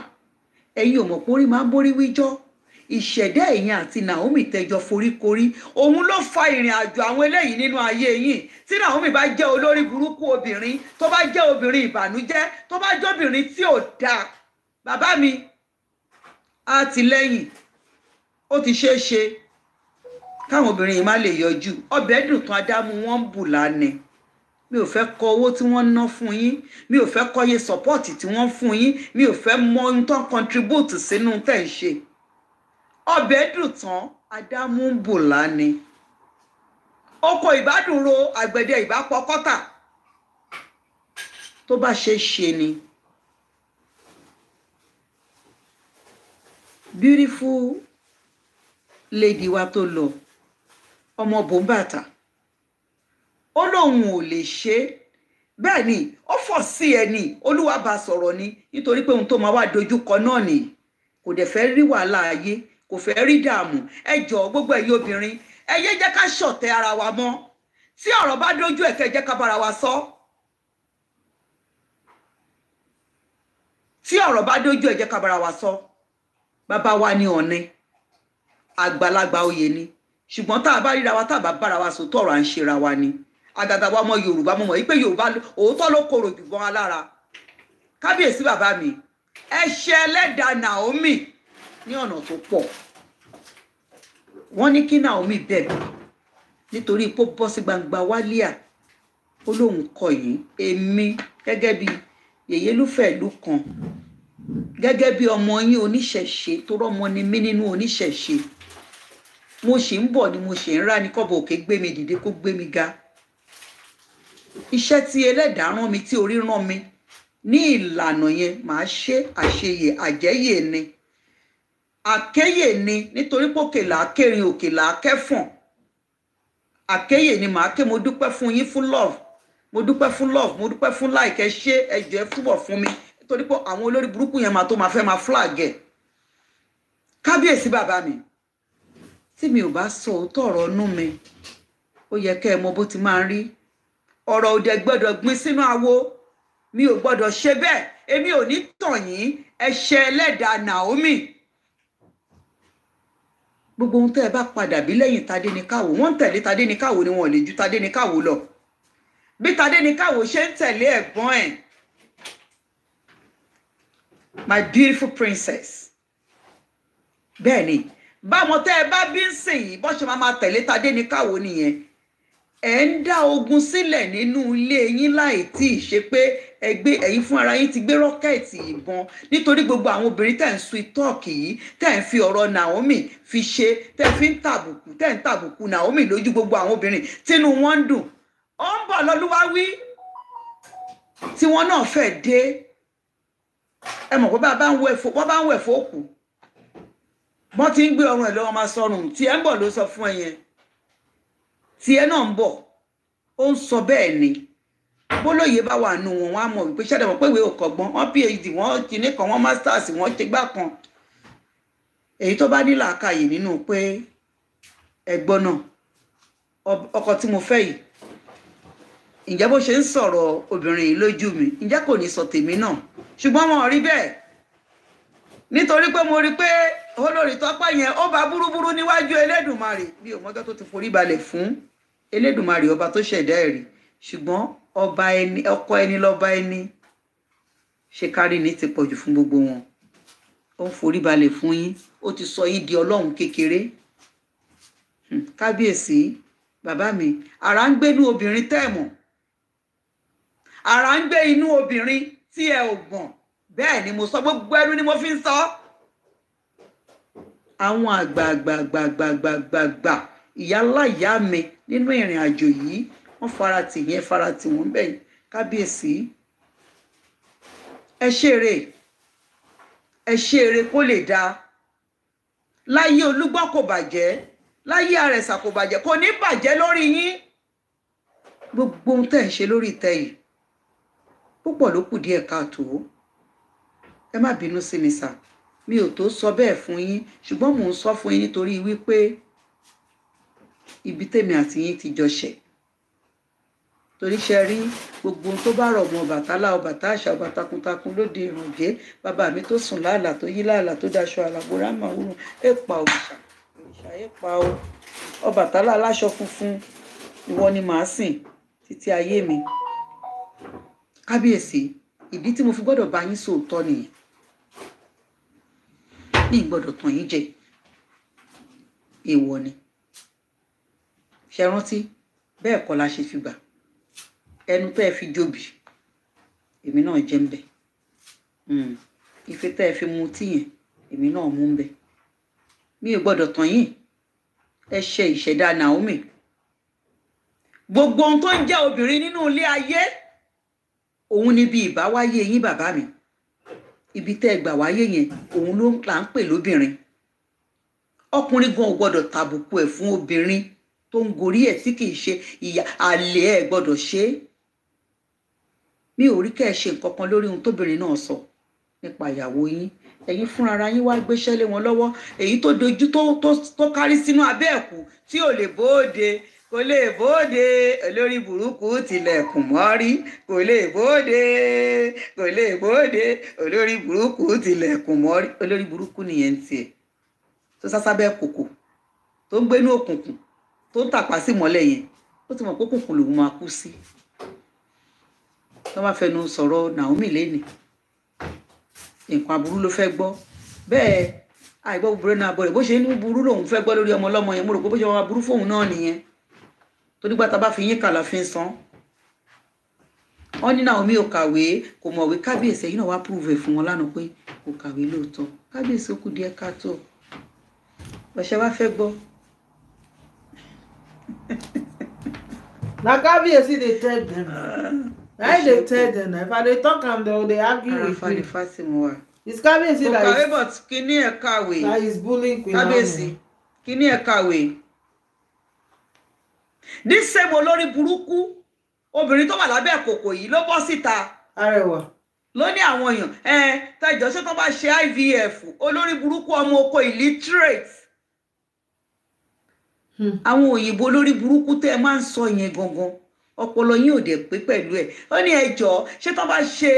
ẹ̀yin ò mọ̀ pórí máa ń bórí wíjọ́ ìṣẹ̀dá ẹ̀yin àti Naomi tẹjọ foríkorí òun ló fa ìrìn àjò àwọn eléyìí nínú ayé yín tí Naomi bá jẹ́ olórí burúkú obìnrin tó bá jẹ́ obìnrin ìbànújẹ́ tó bá jẹ́ obìnrin tí ò dáa bàbá mi á ti lẹ́yìn ó ti ṣeé ṣe káwọn obìnrin yìí má lè yọjú ọbẹ̀ dùn tán adámú wọn ń bù lánàá mi ò fẹ́ kọ owó tí wọ́n ná fún yín mi ò fẹ́ kọ iye sọ́pọ́ọ̀tì tí wọ́n fún yín mi ò fẹ́ mọ ohun tó ń contribute sínú tẹ̀ ń ṣe ọbẹ̀ dùn tán adámú ń bò láni oko ìbádùnro àgbẹ̀dẹ ìbápọ̀kọ́tà tó bá ṣe ṣe ni. beautiful lady wa tó lọ ọmọ bòńbàtà ó lóun ò lè ṣe é bẹ́ẹ̀ ni ó fọ̀ sí ẹ ní olúwa bá sọ̀rọ̀ ni nítorí pé ohun tó máa wá dojúkọ náà ni kò dẹ̀ fẹ́ rí wàhálà ayé kò fẹ́ rí dààmú ẹ jọ̀ọ́ gbogbo ẹ̀yin obìnrin ẹ yé jẹ́ ká ṣọ̀tẹ̀ ara wa mọ́ tí ọ̀rọ̀ bá dójú ẹ̀kẹ́ jẹ́ ká bára wa sọ. tí ọ̀rọ̀ bá dójú ẹ̀ jẹ́ ká bára wa sọ bàbá wa ni ọ̀nẹ́ àgbàlagbà oyè ni ṣùgbọ́n tá a bá ríra wa tá a bá bára wa sòtọ́ ọ̀rọ̀ à ń ṣera wa ni àgàgà wa ọmọ yorùbá mọ̀ wípé yorùbá òótọ́ ló korò jùbọn alára kábíyèsí bàbá mi ẹ ṣe ẹlẹ́dàá naomi ní ọ̀nà tó pọ̀ wọ́n ní kí Naomi bẹ̀bẹ̀ nítorí pé ó bọ́ sí gbangba wálíà ó lóun kọ yìí èmi gẹ́gẹ́ bí yèyélúfẹ́ ìlú kan gẹ́gẹ́ bí ọmọ yín oníṣẹ̀ṣe tó rọ́mọ ni mí nínú oníṣẹ̀ṣe mo ṣì ń bọ̀ ni mo ṣì ń rá ní kọ́bọ̀ òkè gbé mi dìde kó gbé mi ga iṣẹ́ tí ẹlẹ́dàá rán mi tí orí rán mi ní ìlànà yẹn màá ṣe àṣeyè àjẹ́yè ni àkéyè ni nítorí pé òkèlà akérin òkèlà akẹ́fọ̀n àkéyè ni màá ké mo dúpẹ́ fún yín fún love mo dúpẹ́ fún love mo dúpẹ́ fún like ẹ ṣé ẹ jọ̀ọ́ ẹ túbọ̀ fún mi nítorí pé àwọn olórí burúkú yẹn máa tó máa fẹ́ máa flag ẹ̀ kábíyèsí bàbá mi tí mi ò bá sọ òótọ́ ọ̀rọ̀ inú mi ó yẹ kẹ́ ẹ mọ bó ti máa ń rí ọ̀rọ̀ òde gbọ́dọ̀ gbin sínú awo mi ò gbọ́dọ̀ ṣe bẹ́ẹ̀ èmi ò ní tàn yín ẹ ṣe ẹlẹ́dàá Naomi gbogbo ohun tẹ́ ẹ bá padà bí lẹ́yìn tadé ní káwò wọ́n ń tẹ̀lé tadé ní káwò ni wọn ò lè ju tadé ní káwò lọ bí tadé ní káwò ṣe ń tẹ̀lé ẹ̀gbọ́n ẹ̀ my beautiful princess bẹ́ẹ̀ ni báwọn tẹ́ ẹ bá bí ń sìn yìí bọ́ ṣe máa máa tẹ̀lé tadé ní káwò nìyẹn ẹ̀ ń dá ogun sílẹ̀ nínú ilé yín láì tí ì ṣe pé ẹgbẹ́ ẹ̀yin fún ara yín ti gbé rọ́kẹ̀tì ìbọn nítorí gbogbo àwọn obìnrin tẹ̀ ń sweet talk yìí tẹ̀ ń fi ọ̀rọ̀ Naomi fi ṣe tẹ̀ fi ń tàbùkù tẹ̀ ń tàbùkù Naomi lójú gbogbo àwọn obìnrin tínú wọn ń dùn ó ń bọ̀ lọ́lúwa wí tí wọ́n náà fẹ́ dé ẹ mọ̀ pé bá ń wẹ̀ fó wọ́n bá ń wẹ̀ fóòkù wọ́n ti ń gbé ọrùn ẹ̀ lọ́wọ́ máa sọnù tí ẹ ń bọ̀ ló sọ fún ẹ yẹn tí ẹ náà ń bọ̀ ó ń sọ bẹ́ẹ̀ ni bólóye bá wà nù wọn wọn á mọ̀ wípé ṣẹ́dá wọn pé ìwé òkọ̀gbọ́n wọn phd wọn kìíní kan wọn masters wọn ti gbá kan èyí tó bá ní làákàyè nínú pé ẹ̀gbọ́n náà ọkọ tí mo fẹ́ yìí ǹjẹ́ bó ṣe ń sọ̀rọ̀ obìnrin yìí lójú mi ǹjẹ́ kò ní sọ tèmi náà ṣùgbọ́n wọn ò rí bẹ́ẹ̀ nítorí pé mo rí pé olórí tọ́pẹ́ yẹn ó bá búrúburú níwájú Elédùmarè bí òmọ́jọ́ tó ti forí balẹ̀ fún Elédùmarè ọba tó ṣẹ̀dá ẹ̀rí ṣùgbọ́n ọba ẹni ọkọ ẹni lọba ẹni ṣe kárí ní ti pọ̀jù fún gbogbo wọn ó ń forí balẹ̀ fún yín ó ti sọ yín di ọlọ́run kékeré hmm, kábíyèsí bàbá mi ara ń gbénú obìnrin tẹ̀mọ̀ ara ń gbé inú obìnrin tí ẹ ò gbọ̀n bẹ́ẹ̀ ni mo sọ gbogbo ẹnu ni mo fi ń sọ àwọn àgbààgbààgbààgbààgbààgbà ìyá mi nínú ìrìn àjò yìí wọ́n fara tì yẹn fara tì wọ́n bẹ́ẹ̀ kábíyèsí ẹ ṣeré ẹ ṣeré kó lè dáa láyé olúgbọ́ kò bàjẹ́ láyé àrẹ̀sà kò bàjẹ́ kò ní bàjẹ́ lórí yín gbogbo ohun tẹ̀ ń ṣe lórí ìtẹ́ yìí púpọ̀ ló kù díẹ̀ káàtó ẹ má bínú sí mi sà mi ò tó sọ bẹ́ẹ̀ fún yín ṣùgbọ́n mò ń sọ fún yín nítorí wípé ibi tèmi àti yín ti jọ ṣẹ̀ torí ṣe rí gbogbo ohun tó bá rọ̀ mọ́ Ọbàtálá Ọbàtá àṣà ọba takuntakun lóde ìrànjẹ́ bàbá mi tó sùn láàlà tó yí láàlà tó daṣọ àlàbòrá màá wúrun ẹ pa òrìṣà òrìṣà ẹ pa o Ọbàtálá aláṣọ funfun ìwọ ni màá sìn títí ayé mi kábíyèsí ìdí tí mo fi gbọ́dọ̀ bá yín sòótọ́ nìyẹn ní gbọ́dọ̀ tàn yín jẹ èèwọ̀ ni ṣe rántí bẹ́ẹ̀ kọ́ la ṣe fi gbà. ẹnu tẹ́ ẹ fi jóbi èmi náà jẹ́ ń bẹ̀ hmm. ife tẹ́ ẹ fi mu tí yẹn èmi náà mú ń bẹ̀ mi ò gbọ́dọ̀ tàn yín ẹ ṣe ìṣẹ̀dá Naomi gbogbo ohun tó ń jẹ́ obìnrin nínú ilé ayé òun ni bí ìbá wáyé yín bàbá mi ibi tẹ́ ẹ gbà wáyé yẹn òun ló là ń pè lóbìnrin ọkùnrin gan ò tàbùkù ẹ̀ fún obìnrin tó ń gorí ẹ̀ tí kì í ṣe ìyá àlè ẹ̀ gbọ́dọ̀ ṣe é mi ò rí kẹ́ ẹ ṣe nǹkan kan lórí ohun tóbìnrin náà sọ nípa ìyàwó yín ẹ̀yin fúnra ara yín wá gbéṣẹ́ lé wọn lọ́wọ́ èyí tó dojú tó kárí sínú abẹ́ ẹ̀kú tí ò lè bóde kò lè bóde olórí burúkú tilẹ̀kùn mọ́rí kò lè bóde kò lè bóde olórí burúkú tilẹ̀kùn mọ́rí olórí burúkú nìyẹn tiẹ̀ tó sásábẹ́ kòkò tó ń gbénú òkùnkùn tó ń tàpá sí mọ́lẹ̀ yẹn ó ti mọ̀ pé òkùnkùn lòun máa kú sí tó bá fẹnu sọ̀rọ̀ Naomi lẹ́nìí nǹkan aburú ló fẹ́ gbọ́ bẹ́ẹ̀ àìgbọ́ búburú náà bọ̀ rẹ̀ bó ṣe ń burú lòun fẹ́ gbọ́ lórí ọmọ ọlọ́mọ yẹn mo rò pé bó ṣe wà burú fóun náà nìyẹn tó nígbà tá a bá fi yín kà fi ń san wọn ní Naomi ò kàwé kò mọ̀wé kábíyèsí ẹ̀yìn náà wá púrúfù fún wọn lánàá pé kò kàwé lóòótọ́ kábíyèsí ó kù díẹ̀ káàtó ọ̀ṣẹ́ wá fẹ́ gbọ́. na kábíyèsí dey tell dem na im dey tell dem na if i dey talk am dem dey argue with me his kábíyèsí like kò kàwé but kíní ẹ̀ kàwé like he's bullying queen kábíyèsí kíní ẹ̀ kàwé ní sẹ́mu olórí burúkú obìnrin tó wà lábẹ́ àkókò yìí ló bọ́ síta arẹwà ló ní àwọn èèyàn ẹ tẹjọ ṣé tó bá ṣe ivf olórí burúkú ọmọ oko illiterate hmm. àwọn òyìnbó olórí burúkú tẹ ẹ máa ń sọ yẹn gangan ọpọlọ yín ò dé pé pẹ̀lú ẹ̀ ó ní ẹjọ́ ṣé tó bá ṣe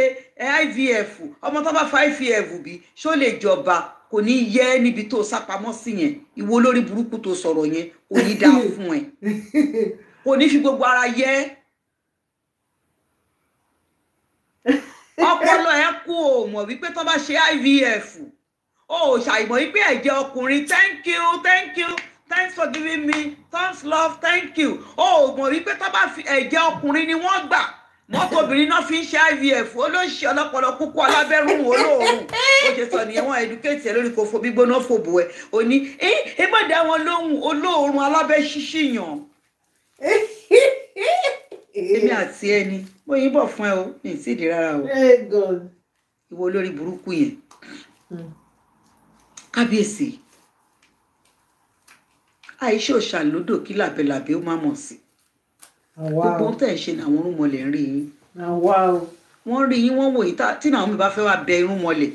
ivf ọmọ tó bá fa ivf bí ṣó lè jọba kò ní yẹ níbi tó sápamọ́ sí yẹn ìwo lórí burúkú tó sọ̀rọ̀ yẹn kò ní dáa fún ẹ kò ní fi gbogbo ara yẹ ọpọlọ ẹ kú o mọ̀ wípé tó bá ṣe ivf o ṣàìmọ̀ wípé ẹ̀jẹ̀ ọkùnrin thank you thank you thanks for giving me thanks love thank you ó mọ̀ wípé tó bá fi ẹ̀jẹ̀ ọkùnrin ni wọ́n gbà mọ́tò obìnrin náà fi ń ṣe ivf olóṣì ọlọ́pọlọ kúkú alábẹ́rún olóòórùn ó ṣe sọ nìyẹn wọn ẹdùkéètì ẹ lórí kò fo gbígbóná fòbò ẹ òní ẹ ẹ má dá wọn lóhùn olóòórùn alábẹ́ ṣíṣì yàn èmi àti ẹni mo yín bọ̀ fún ẹ o mi sì di rárá o ìwọ olórí burúkú yẹn hmm. kábíyèsí àìṣe òṣàlódò kí làbẹ̀làbẹ̀ ó má mọ̀ sí gbogbo ohun tẹ̀ ń ṣe àwọn irúnmọlẹ̀ ń rí yín wọ́n rí yín wọ́n wò yín tí àwọn mi bá fẹ́ wá bẹ irúnmọlẹ̀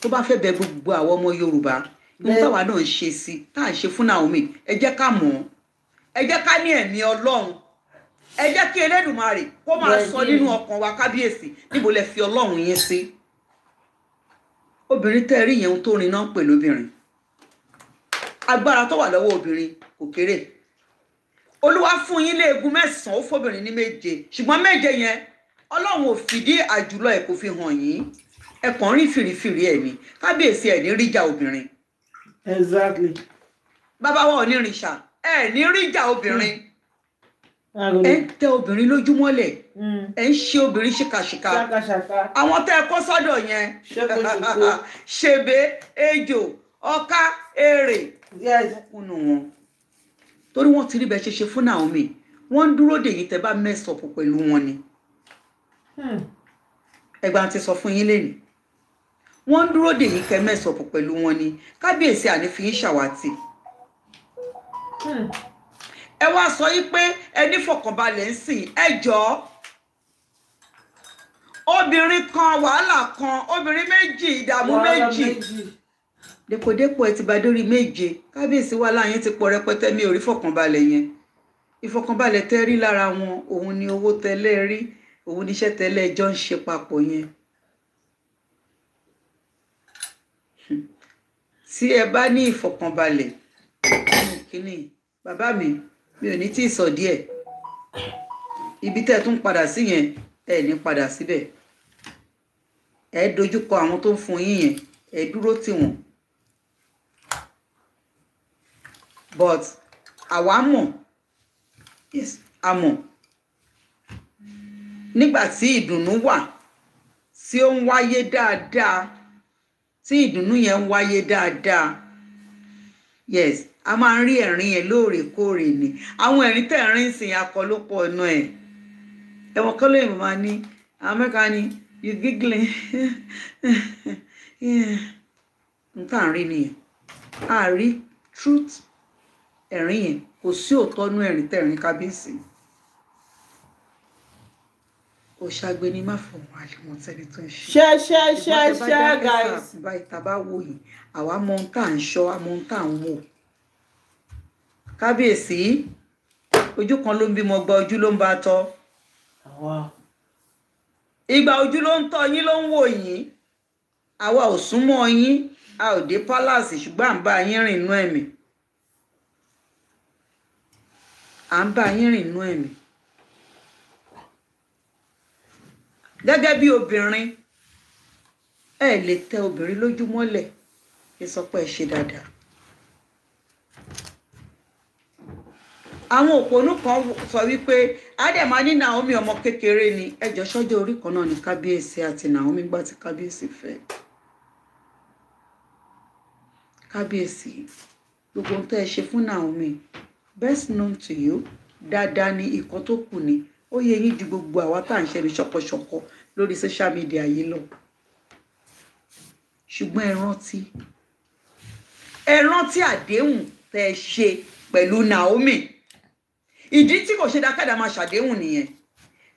tó bá fẹ́ bẹ gbogbo àwọn ọmọ yorùbá ohun táwa náà ń ṣe sí tá à ń ṣe fún Naomi ẹ jẹ́ ká mọ̀ ọ́n ẹ jẹ́ ká ní ẹ̀mí ọlọ́run ẹ jẹ́ kí elédùnmarè kó máa sọ nínú ọkàn wa kábíyèsí níbo lẹ fi ọlọ́run yín sí obìnrin tẹ́ rí yẹn tó rin náà pè lóbìnrin agbára tó wà lọ́wọ́ obìnrin kò kéré olúwa fún yín léegun mẹ́sàn-án ó fóbìnrin ní méje ṣùgbọ́n méje yẹn ọlọ́run ò fìdí àjùlọ ẹ̀ kò fi hàn yín ẹ kàn rí fìrífìrí ẹ̀ ni kábíyèsí ẹ̀ ní ríjà obìnrin. exactly. bàbá wa ò ní rìṣà ẹ ní ríjà obìnrin ẹ ń tẹ obìnrin lójúmọ́lẹ̀ hmm. ẹ ń ṣe obìnrin ṣìkàṣìkà àwọn tẹ́ ẹ kó sọ́dọ̀ yẹn <laughs> ṣèbé ejò ọká èrè yẹ kú nù wọn torí wọn ti rí bẹ ṣe ṣe fún Naomi wọn ń dúró dè yìí tẹ bá mẹsọpù pẹ̀lú wọn ni hmm. ẹgbà ti sọ fún yín lẹni wọn ń dúró dè yìí kẹ mẹsọpù pẹ̀lú wọn ni kábíyèsí àní fi yín ṣàwátì hmm. ẹ wá sọ yìí pé ẹni fọkànbalẹ̀ ń sìn ẹ jọ̀ọ́ obìnrin kan wàhálà kan obìnrin méjì ìdààmú méjì dépòdépò ẹ ti bá dórí méje kábíyèsí wà láàyè ti pọ̀ rẹpẹtẹ mi ò rí fọkànbalẹ̀ yẹn ìfọkànbalẹ̀ tẹ́ rí lára wọn òun ni owó tẹ́lẹ̀ rí òun níṣẹ́ tẹ́lẹ̀ ẹjọ́ ń ṣe papọ̀ yẹn tí ẹ bá ní ìfọkànbalẹ̀ kínní bàbá mi mi ò ní tí ì sọ díẹ̀ ibi tẹ́ ẹ tún padà sí yẹn ẹ ní padà síbẹ̀ ẹ dojúkọ àwọn tó ń fún yín yẹn ẹ dúró tì wọ́n but àwa mọ̀ yes a mọ̀ nígbà tí ìdùnnú wà tí ó ń wáyé dáadáa tí ìdùnnú yẹn ń wáyé dáadáa yes a ma ń rí ẹ̀rín yẹn lóòrèkóòrè ni àwọn ẹ̀rín tẹ̀ ẹ̀rín sìn akọ ló pọ̀ ọ̀nà ẹ̀ ẹ̀wọ̀n kọ́ lóyìnbó ni ní ni you giggling <laughs> yeah ri ni a ri truth ẹ̀rín yẹn kò sí òótọ́ nú ẹ̀rín tẹ̀rín kábíyèsí ó ṣàgbé ní má fọwọ́n àlùmọ́ tẹ́lẹ̀ tó ń ṣe. ṣe ṣe ṣe ṣe guys. ìbá ìta bá wò yìí àwa mọ ohun tá à ń ṣọ́ àmọ́ ohun tá à ń wò. kábíyèsí ojú kan ló ń bímọ gba ojú ló ń bá tọ́. ìgbà ojú ló ń tọ́ yín ló ń wò yín àwa ò súnmọ́ yín a ò dé palace ṣùgbọ́n à ń bá yín rìn inú ẹ̀mí. à ń bá yín rìn nú ẹ̀mí. gẹ́gẹ́ bí obìnrin ẹ lè tẹ obìnrin lójú mọ́lẹ̀ ẹ sọ pé ẹ ṣe dáadáa. àwọn òpònú kan sọ wípé ádámà ní Naomi ọmọ kékeré ni ẹjọ́ sọ́jọ́ orí kan náà ní kábíyèsí àti Naomi gbà tí kábíyèsí fẹ́ kábíyèsí gbogbo ohun tó ẹ ṣe fún Naomi best known to you dáadáa ni ìkan tó kù ni ó yẹ yín ju gbogbo àwa tá à ń ṣẹnu ṣọkọṣọkọ lórí social media yìí lọ ṣùgbọ́n ẹ rántí ẹ rántí àdéhùn tẹ́ ẹ ṣe pẹ̀lú Naomi ìdí tí kò ṣe dákàdá máa ṣàdéhùn nìyẹn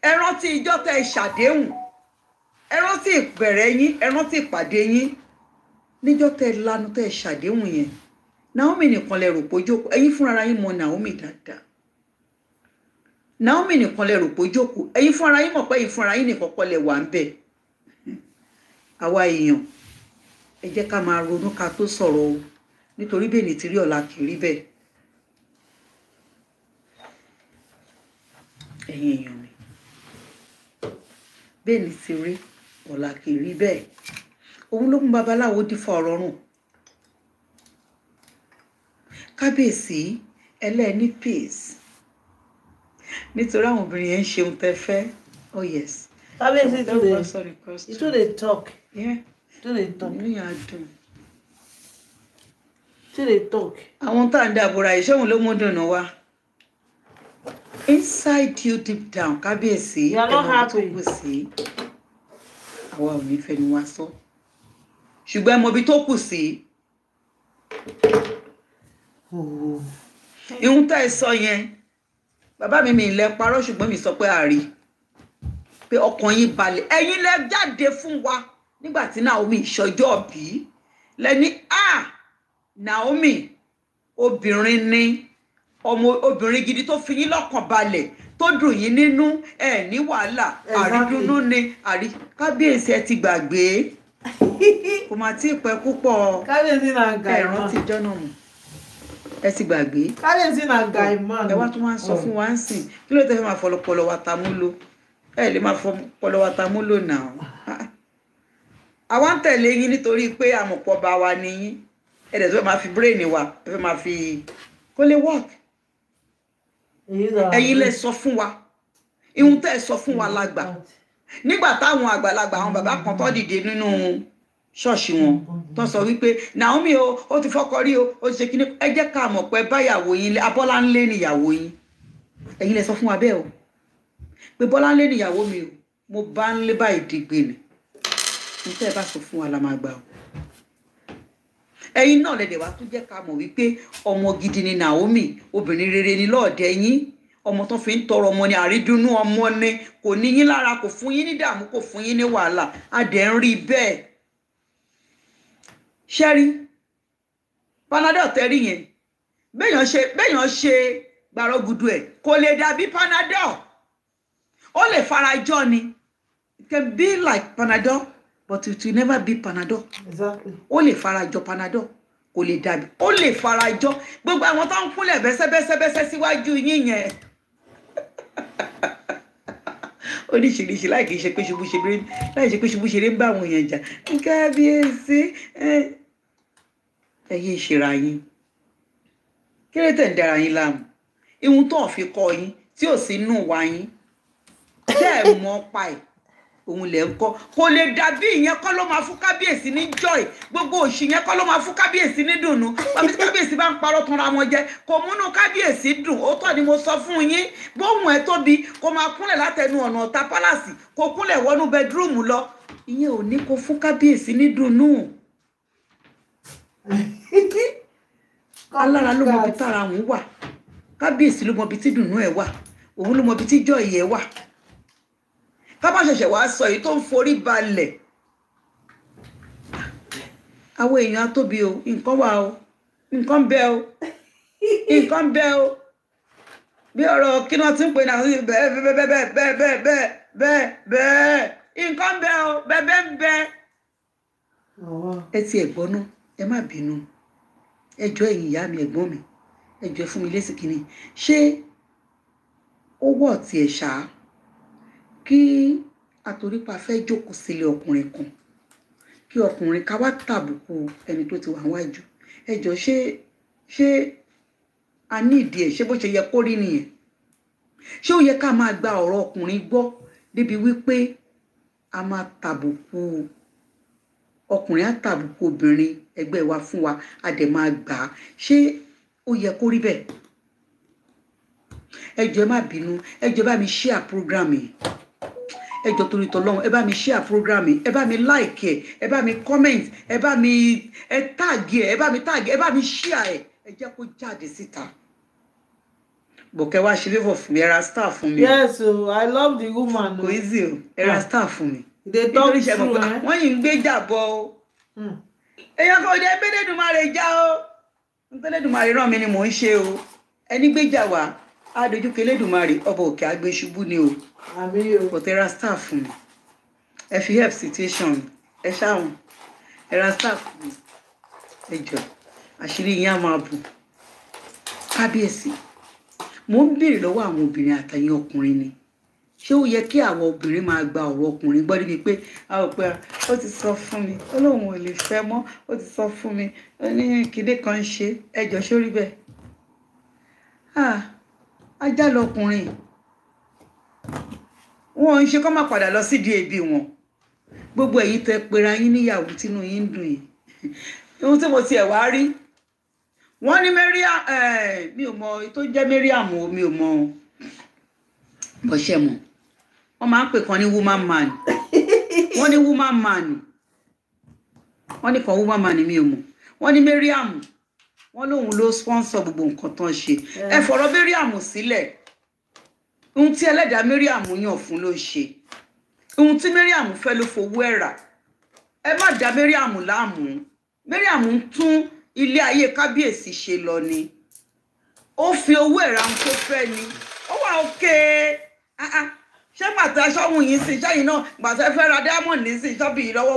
ẹ rántí ìjọ ẹ ṣàdéhùn ẹ rántí yín ẹ ìpàdé yín níjọ́ tẹ́ ẹ lanu tẹ́ ẹ ṣàdéhùn yẹn Naomi nìkan lẹ rò pé jókòó ẹ̀yin fúnra yín mọ̀ Naomi dáadáa Naomi nìkan lẹ rò pé jókòó ẹ̀yin fúnra yín mọ̀ pé ẹ̀yin fúnra yín nìkan kọ́ lẹ wà ń bẹ̀ àwa èèyàn ẹ jẹ́ ká máa ronú ká tó sọ̀rọ̀ o nítorí bẹ́ẹ̀ ni ti rí ọ̀la kì í rí bẹ́ẹ̀ èèyàn mi bẹ́ẹ̀ ni ti rí ọ̀la kì í òun ló mú babaláwo dífá ọ̀rọ̀ kábíyèsí ẹlẹ́ẹ̀ni peace nítorí àwọn obìnrin yẹn ń ṣeun tẹ fẹ́ oh yes. kábíyèsí tó dey you dey talk tó dey talk níyà dùn tó dey talk. àwọn tá à ń dàbòrà yìí ṣéun ló mú dùnú wa inside you deep down kábíyèsí ẹ̀mọ́ tó kù sí àwa ò ní fẹnu wa sọ ṣùgbọ́n ẹ̀mọ́ ibi tó kù sí ihun tá ẹ sọ yẹn bàbá mi mi lẹ parọ́ ṣùgbọ́n mi sọ pé àárí pé ọkàn yín balẹ̀ ẹ̀yin lẹ jáde fún wa nígbà tí Naomi ìṣọjọ́ bí lẹni a Naomi obìnrin ni ọmọ obìnrin gidi tó fi yín lọ́kàn balẹ̀ tó dùn yín nínú ẹ ní wàhálà àrídùnnú ni àrí kábíyèsí ẹ ti gbàgbé <laughs> kò má tí ì pẹ́ púpọ̀ ẹ̀rọ ti jọ́nà mu ẹ ti gbàgbé. kábíyèsí na guy man. ẹ wá tún máa sọ fún wa ń sìn kí ló tẹ fẹ́ máa fọlọ pọlọ wa ta mú lò ẹ lè máa fọ pọlọ wa ta mú lò nà ó. àwa ń tẹ̀lé yín nítorí pé àmọ̀pọ̀ bá wa ni yín ẹ dẹ̀ tó fẹ́ máa fi brain wa ẹ fẹ́ máa fi kó lè work. ẹ̀yin lẹ sọ fún wa ihun tẹ́ sọ fún wa la mm. nígbà táwọn àgbàlagbà àwọn bàbá kan tó dìde nínú. No, ṣọ́ọ̀ṣì wọn tó sọ wípé Naomi o ó ti fọ́kọ rí o ó ti ṣe kíní ẹ jẹ́ ká mọ̀ pé báyàwó yín abọ́láńlé níyàwó yín ẹ̀yin lẹ sọ fún wa bẹ́ẹ̀ o pé bọ́láńlé níyàwó mi o mo bá ń lé báyìí dìgbè ni n tẹ́ ẹ bá sọ fún wa la máa gbà o ẹ̀yin náà lẹ́dẹ̀ wá tún jẹ́ ká mọ̀ wípé ọmọ gidi ni Naomi obìnrin rere ni lọ́ọ̀dẹ yín ọmọ tó fi ń tọrọ ọmọ ni àrídùnnú ọmọ ni kò ní yín lára kò fún yín ní dààmú kò fún yín ní wàhálà adẹ̀ ń rí bẹ́ẹ̀ ṣẹ́rí panadol tẹ́rí yẹn béèyàn ṣe béèyàn ṣe gbàrọ́gùdù ẹ̀ kò lè dàbí panadol ó lè farajọ ni it can be like panadol but it will never be panadol exactly. ó lè farajọ panadol kò lè dàbí ó lè farajọ gbogbo àwọn tó ń kúnlẹ̀ bẹ́sẹ́bẹ́sẹ́bẹ́sẹ́ síwájú yín yẹn <laughs> oríṣiríṣi láì kìí ṣe pé ṣubú ṣeré láì ṣe pé ṣubú ṣeré ń bá àwọn èèyàn jà kábíyèsí ẹyẹ ìṣera yín kéré tẹ̀ ń dára yín láàmú ihun tó ń fi kọ yín tí ò sí nù wá yín tẹ́ ẹ̀ mọ́ pa ẹ̀ òun lẹ̀ ń kọ́ kò lè dàbí ìyẹn kọ́ ló máa fún kábíyèsí ní joy gbogbo òṣì yẹn kọ́ ló máa fún kábíyèsí ní dùnú pàbí kábíyèsí bá ń parọ́ tanra wọn jẹ kò múnú kábíyèsí dùn ó tọ́ ni mo sọ fún yín gbóhùn ẹ tóbi kó máa kúnlẹ̀ látẹnu ọ̀nà ọ̀ta pálàsì kó kúnlẹ̀ wọnú bẹdúrúmù lọ ìyẹn ò ní kó fún kábíyèsí ní dùnú. alára ló mọbi tára òun wà kábíyèsí ló mọbi tí dùnú ẹ wà òun ló mọbi tí joy ẹ wà kábà ṣẹ̀ṣẹ̀ wá sọ èyí tó ń forí balẹ̀ àwọn èèyàn atóbi o nǹkan wà o nǹkan bẹ o nǹkan bẹ o bí ọ̀rọ̀ kí náà ti ń pè náà bẹ́ẹ̀ bẹ́ẹ̀ bẹ́ẹ̀ bẹ́ẹ̀ bẹ́ẹ̀ bẹ́ẹ̀ bẹ́ẹ̀ bẹ́ẹ̀ bẹ́ẹ̀ nǹkan bẹ o bẹ́ẹ̀ bẹ́ẹ̀ bẹ́ẹ̀. ẹ ti ẹ̀gbọ́n náà ẹ má bínú ẹ jọ ìyá mi ẹ̀gbọ́n mi ẹ fún mi lésì kìíní ṣé ó wọ̀ tiẹ̀ ṣáá kí àtòrípa fẹ́ jókòó sílé ọkùnrin kan kí ọkùnrin ká wá tàbùkù ẹni tó ti wà wájú ẹ jọ ṣé ṣé a ní ìdí ẹ̀ ṣé bó ṣe yẹ kó rí nìyẹn ṣé ó yẹ ká máa gba ọ̀rọ̀ ọkùnrin gbọ́ débi wípé a máa tàbùkù ọkùnrin á tàbùkù obìnrin ẹgbẹ́ wa fún wa a dẹ̀ máa gbà á ṣé ó yẹ kó rí bẹ́ẹ̀ ẹ jọ̀ọ́ ẹ má bínú ẹ bá mi share program yìí ẹ jọ torí tọlọ́run ẹ bá mi share program ẹ bá mi like ẹ bá mi comment ẹ bá mi ẹ tag ẹ ẹ bá mi tag ẹ bá mi share ẹ ẹ jẹ́ kó jáde síta. bòkẹ́ wá ṣe favour fún mi ẹ̀ra star fún mi. yes o i love the woman. kò í zi o ẹ̀ra ah. star fún mi. they talk true ẹ. Eh? wọ́n yìí ń gbé jàbọ̀ o. Hmm. èèyàn kò dé gbẹ́dẹ̀dùmarè já o gbẹ́dẹ̀dùmarè ràn mí ni mò ń ṣe o ẹni gbéjà wá adójúkẹ́ lẹ́dùmarè ọba òkè àgbẹ̀ṣubú ni o kò tẹ ra staff fún mi ẹ fi help situation ẹ ṣáwọn ẹ ra staff fún mi ẹ jọ àṣírí yín á máa bù kábíyèsí mo ń béèrè lọ́wọ́ àwọn obìnrin àtàyè ọkùnrin ni ṣé ó yẹ kí àwọn obìnrin máa gba ọ̀rọ̀ ọkùnrin gbọ́ níbi pé a ò pé ó ti sọ fún mi ó lóun ò lè fẹ́ mọ́ ó ti sọ fún mi ó ní kinní kan ṣe ẹjọ́ sórí bẹ́ẹ̀ ah, ajá lọkùnrin wọn ò ń ṣe kọ́ máa padà lọ sídìí ẹbí wọn gbogbo èyí tẹ pera yín níyàwó tínú yín dùn yìí ohun tí mo tiẹ̀ wá rí wọ́n ní Mariam mi ò mọ tó jẹ́ Mariam o mi ò mọ bọ́ṣẹ́ mọ̀ wọ́n máa ń pè kan ní woman man wọ́n ní woman man wọ́n ní kan woman man mi ò mọ̀ wọ́n ní Mariam wọ́n lóun ló sponsor gbogbo nǹkan tán ṣe ẹ fọ̀rọ̀ Mariam sílẹ̀ ohun tí ẹlẹ́dàá Mariam yàn fún ló ń ṣe ohun tí Mariam fẹ́ ló fowó ẹ̀ rà ẹ má dá Mariam láàmú Mariam ń tún ilé ayé kábíyèsí ṣe lọ ni ó fi owó ẹ̀ ra ohun tó fẹ́ ni ó wà òkè ah, ah. ṣé bàtà sọ́hun yìí sí sẹ́yìn náà bàtà fẹ́ ra diamond ní sí sọ́bì yìí wò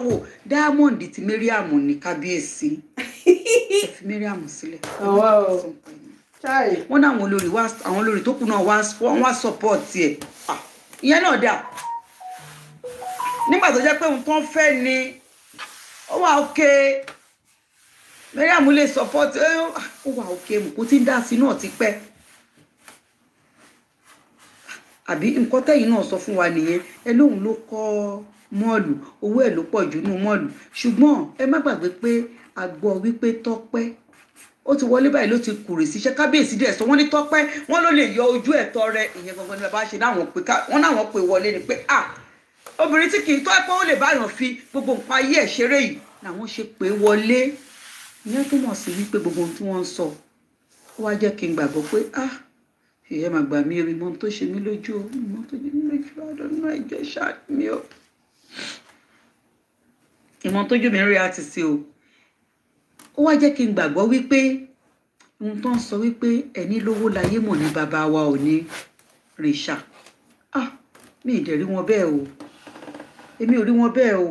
diamond ti Mariam ní kábíyèsí <laughs> ẹ fi Mariam sílẹ̀ wọ́n ní àwọn olórí wá àwọn olórí tó kù náà wá wọ́n wá support ẹ̀ ah, ìyẹn náà dà nígbà tó jẹ́ pé ohun tó ń fẹ́ ni ó wà òkè Mariam lè support ẹ̀ ó wà òkè mùkú tí ń dá sí náà ti pẹ́ àbí nǹkan tẹ́yìn náà sọ fún wa nìyẹn ẹ lóun ló kọ́ mọ́ọ̀lù owó ẹ̀ ló pọ̀ jù nínú mọ́ọ̀lù ṣùgbọ́n ẹ má gbàgbé pé a gbọ́ wípé Tọ́pẹ́ ó ti wọlé báyìí ló ti kùrè síṣẹ́ kábíyèsí dẹ̀ sọ wọ́n ní tọ́pẹ́ wọ́n ló lè yọ ojú ẹ̀tọ́ rẹ ìyẹn gangan ni bàbá ṣe láwọn pé wọ́n láwọn pé wọlé ni pé à obìnrin tí kì í tọ́ ẹ̀pọ́ ó lè báyàn fi gbogbo nǹkan ayé ẹ̀ ṣeré yìí làwọn ṣe pé wọlé ìyẹn túmọ̀ sí wípé gbogbo ohun tí wọ́n ń sọ ó wá jẹ́ kí n gbàgbọ́ pé à ìyẹn màá gbà mí omi mọ ohun tó ṣe mí lójú o tó ṣe mí lójú ó wá jẹ́ kí n gbàgbọ́ wípé ohun tó ń sọ wípé ẹni lówó láyé mọ̀ ní bàbá wa ò ní rìṣà ah mi ì dẹ̀ rí wọn bẹ́ẹ̀ o èmi ò rí wọn bẹ́ẹ̀ o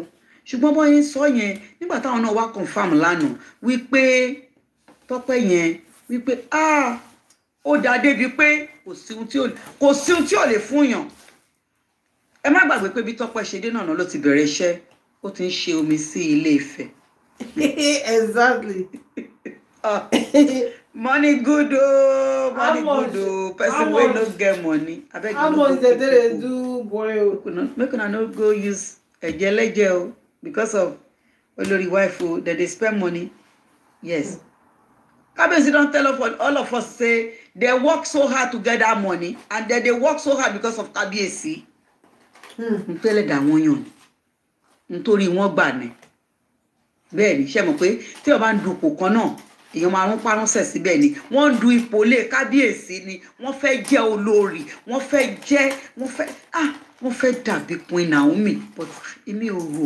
ṣùgbọ́n bọ́ yín sọ yẹn nígbà táwọn náà wá confam lánàá wípé tọ́pẹ́ yẹn wípé ah ó dáa débi pé kò sí ohun tí ò lè fún yàn ẹ má gbàgbé pé bí tọ́pẹ́ ṣe dé náà ló ti bẹ̀rẹ̀ iṣẹ́ ó ti ń ṣe omi sí ilé Ifẹ̀ <laughs> exactly. Uh, <laughs> <laughs> money good oh, money much, good oh. Person wey no get money. Abeg you no go take people. do boy o. Oh? Make una no go use ẹ̀jẹ̀lẹ́jẹ̀ o because of olórí wife o dem dey spend money. Yes. Kabiyesi don tell all of us say dem work so hard to get that money and dem dey work so hard because of Kabiyesi. Hmm. Ntẹ́lẹ̀dà wọn yàn nítorí wọ́n gbà ni bẹ́ẹ̀ ni ṣe mọ̀ pé tí wọ́n bá ń du ipò kan náà èèyàn máa ń paránṣẹ̀ síbẹ̀ ni wọ́n ń du ipò lé kábíyèsí ni wọ́n fẹ́ jẹ́ olórí wọ́n fẹ́ jẹ́ wọ́n fẹ́ ah wọ́n fẹ́ dàbí Queen Naomi but èmi ò rò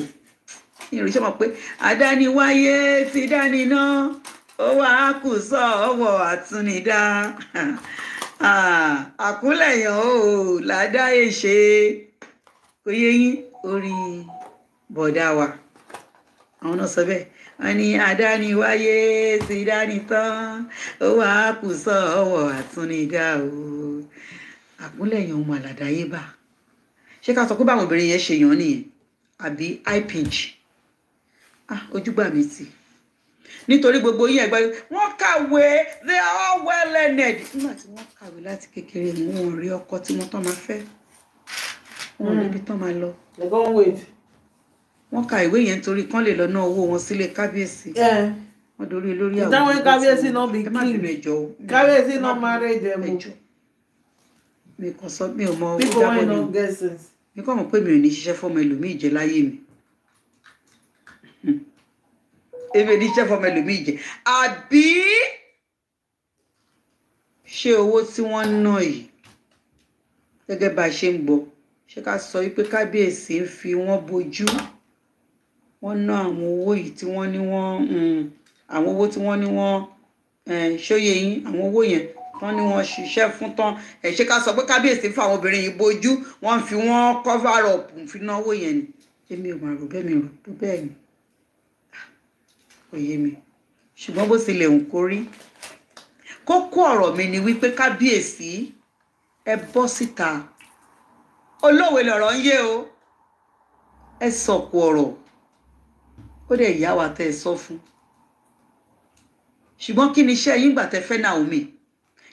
ìrìn ṣe mọ̀ pé àdániwáyé ti dání náà ó wà á kù sọ ọwọ́ àtúnidá àkúnlẹ̀yàn ò ládàá èṣe kò yẹ yín orí bọ̀dá wa àwọn náà sọ bẹ́ẹ̀ wọ́n ní adániwáyé ti dání tán ó wà á kù sọ ọwọ́ àtúnidá o àkúnlẹ̀yìn ọmọ àlàdáyé bá ṣé ká sọ pé báwọn obìnrin yẹn ṣe yàn nìyẹn àbí high pitch ah ojúgbà mi ti nítorí gbogbo yín ẹgbẹ́ wọ́n kàwé they are all well learned nígbà tí wọ́n kàwé láti kékeré ni wọ́n rí ọkọ tí wọ́n tán máa fẹ́ wọ́n rí hmm. tán máa lọ. they wait wọ́n ka ìwé yẹn torí kán lè lọ ná owó wọn sílé kábíyèsí wọ́n dorí lórí àwọn ìdáwọn kábíyèsí náà bí kí kábíyèsí náà máa rẹ ìdẹ̀mú mi kò sọ mi ò mọ owó jábọ̀ ni mi kò mọ̀ pé mi ò ní ṣiṣẹ́ fọmọ ẹlòmíì jẹ láyé mi hmm. èmi ò ní ṣiṣẹ́ fọmọ ẹlòmíì jẹ àbí ṣé owó tí wọ́n ń ná yìí gẹ́gẹ́ bá a ṣe ń gbọ́ ṣé ká sọ wípé kábíyèsí ń fi wọ́n bojú wọ́n ná àwọn owó yìí tí wọ́n ní wọ́n um, àwọn owó tí wọ́n ní wọ́n um, ṣóye yín àwọn owó yẹn tán ni wọ́n ṣiṣẹ́ fún tán ẹ̀ ká sọ pé kábíyèsí fún àwọn obìnrin yìí bójú wọ́n fi wọ́n cover up fi náwó yẹn ni èmi ò máa rò bẹ́ẹ̀ mi rò tó bẹ́ẹ̀ ni kò yé mi ṣùgbọ́n bó tilẹ̀ ń kórí kókó ọ̀rọ̀ mi ni wípé kábíyèsí ẹ bọ́ síta olóòwe lọ̀rọ̀ ń yé o ẹ sọ̀kò ọ̀rọ̀ ó dẹ̀ yá wa tẹ́ ẹ sọ fún ṣùgbọ́n kí ni iṣẹ́ yín gbà tẹ́ fẹ́ omi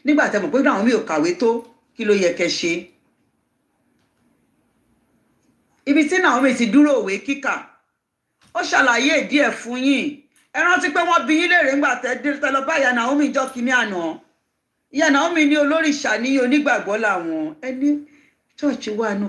nígbà tẹ́ mọ̀ pé Naomi ò kàwé tó kí ló yẹ ṣe ibi tí omi ti dúró òwe kíkà ó ṣàlàyé díẹ̀ fún yín ẹran ti pé wọn bí yín léèrè ńgbà lọ àná ìyá ní onígbàgbọ́ làwọn ẹni ṣọ́ọ̀ṣì wà nù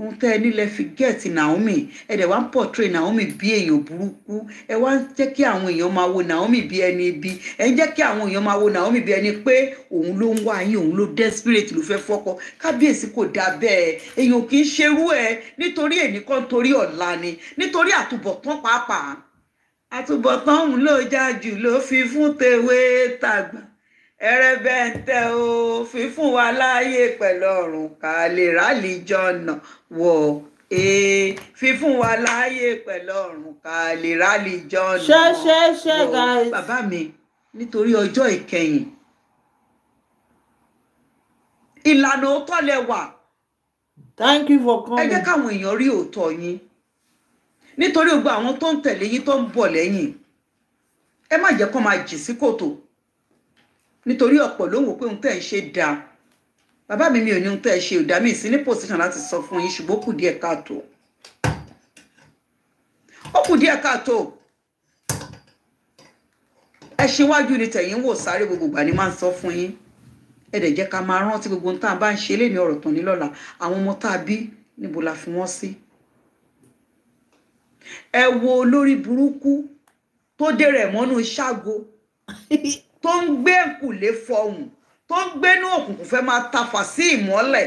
ohun tẹ́ ẹ nílẹ̀ fi gẹ̀ẹ́tì Naomi ẹ dẹ̀ wá ń portray Naomi bí èèyàn burúkú ẹ wá ń jẹ́ kí àwọn èèyàn máa wo Naomi bí ẹni ibi ẹ ń jẹ́ kí àwọn èèyàn máa wo Naomi bí ẹni pé òun ló ń wá yín òun ló desperate ló fẹ́ fọ́kọ kábíyèsí kò dáa bẹ́ẹ̀ èèyàn kì í ṣerú ẹ nítorí ẹnìkan torí ọ̀la ni nítorí àtúbọ̀tán pàápàá àtúbọ̀tán òun ló já jù ló fi fún tèwe tàgbà ẹrẹbẹǹtẹ o fífún wa láàyè pẹ̀lú ọ̀run ká lè rálì jọnà wọ ee fífún wa láàyè pẹ̀lú ọ̀run ká lè rálì jọnà wọ bàbá mi nítorí ọjọ́ ìkẹyìn ìlànà òótọ́ lẹ wà thank you for coming ẹ jẹ́ káwọn èèyàn rí òótọ́ yín nítorí gbogbo àwọn tó ń tẹ̀lé yín tó ń bọ̀ lẹ́yìn ẹ má jẹ́ kó máa jì sí kòtò nítorí ọ̀pọ̀ ló ń wò pé ohun tẹ́ ẹ ṣe dáa bàbá mi mi ò ní ohun tẹ́ ẹ ṣe ò dá mi sí ní pòsíṣàn láti sọ fún yín ṣùgbọ́n ó kù díẹ̀ káàtó ó kù díẹ̀ káàtó ẹ ṣíwájú ni tẹ̀yìn wò sáré gbogbo ìgbà ni máa ń sọ fún yín ẹ dẹ̀ jẹ́ ká máa rántí gbogbo ohun tá a bá ń ṣe léèmí ọ̀rọ̀ tán ní lọ́la àwọn ọmọ tá a bí níbo la fi wọ́n sí ẹ wo olórí burúkú tó dé rẹ̀ mọ́nú ṣágo <laughs> tó ń gbé nkùlé fọhùn tó ń gbénú òkùnkùn fẹ́ máa tafà sí ìmọ́lẹ̀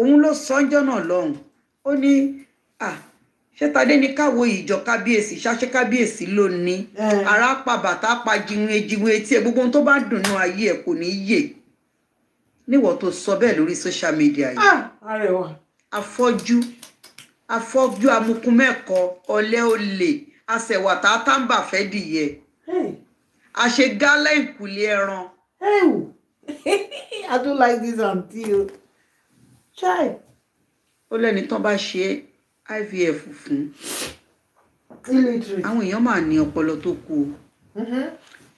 òun ló sọ́njọ́ náà lọ́hùn ó ní ṣẹ́tadé ni káwo ìjọ kábíyèsí ṣáṣẹ́ kábíyèsí ló ní ara pa bàtà pa jiwin ejiwin etí ẹ gbogbo ohun tó bá dùnnú ayé ẹ kò ní yè níwọ̀ tó sọ bẹ́ẹ̀ lórí social media yìí ah, afọ́jú afọ́jú amukumẹ́kọ ọ̀lẹ́ olè asẹ̀wàtà tàǹbà fẹ́ dìyẹ àṣegálá ìkùlé ẹran. <laughs> I don't like this auntie o. Chai. Ó lẹ́ni tán bá ṣe IVF fún. Àwọn èèyàn máa ní ọpọlọ tó kú o. Mm-hmm.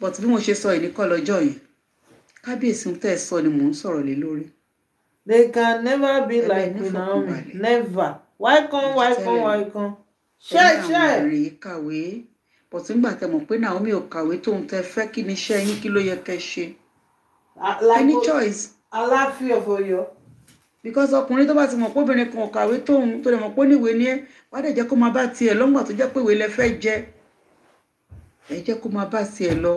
But bí mo ṣe sọ yìí ní kọ́ lọ́jọ́ yẹn, kábíyèsí tẹ̀ sọ ni mò ń sọ̀rọ̀ lé lórí. They can never be like me now. never. Why come, why come, why come? Ṣé ṣé. Ẹ̀yin àwọn àrè kàwé bọ̀ tí ń gbà tẹ mọ̀ pé Naomi ò kàwé tóun tẹ fẹ́ kí ni iṣẹ́ yín kí ló yẹ kẹ́ ṣe any choice. aláfíà fọyọ. because ọkùnrin tó bá ti mọ̀ pé obìnrin kan ò kàwé tóun tó lè mọ̀ pé níwèé ni ẹ́ wá dẹ̀ jẹ́ kó máa bá tiẹ̀ lọ́ngbà tó jẹ́ pé ìwé lẹ fẹ́ jẹ ẹ jẹ́ kó máa bá tiẹ̀ lọ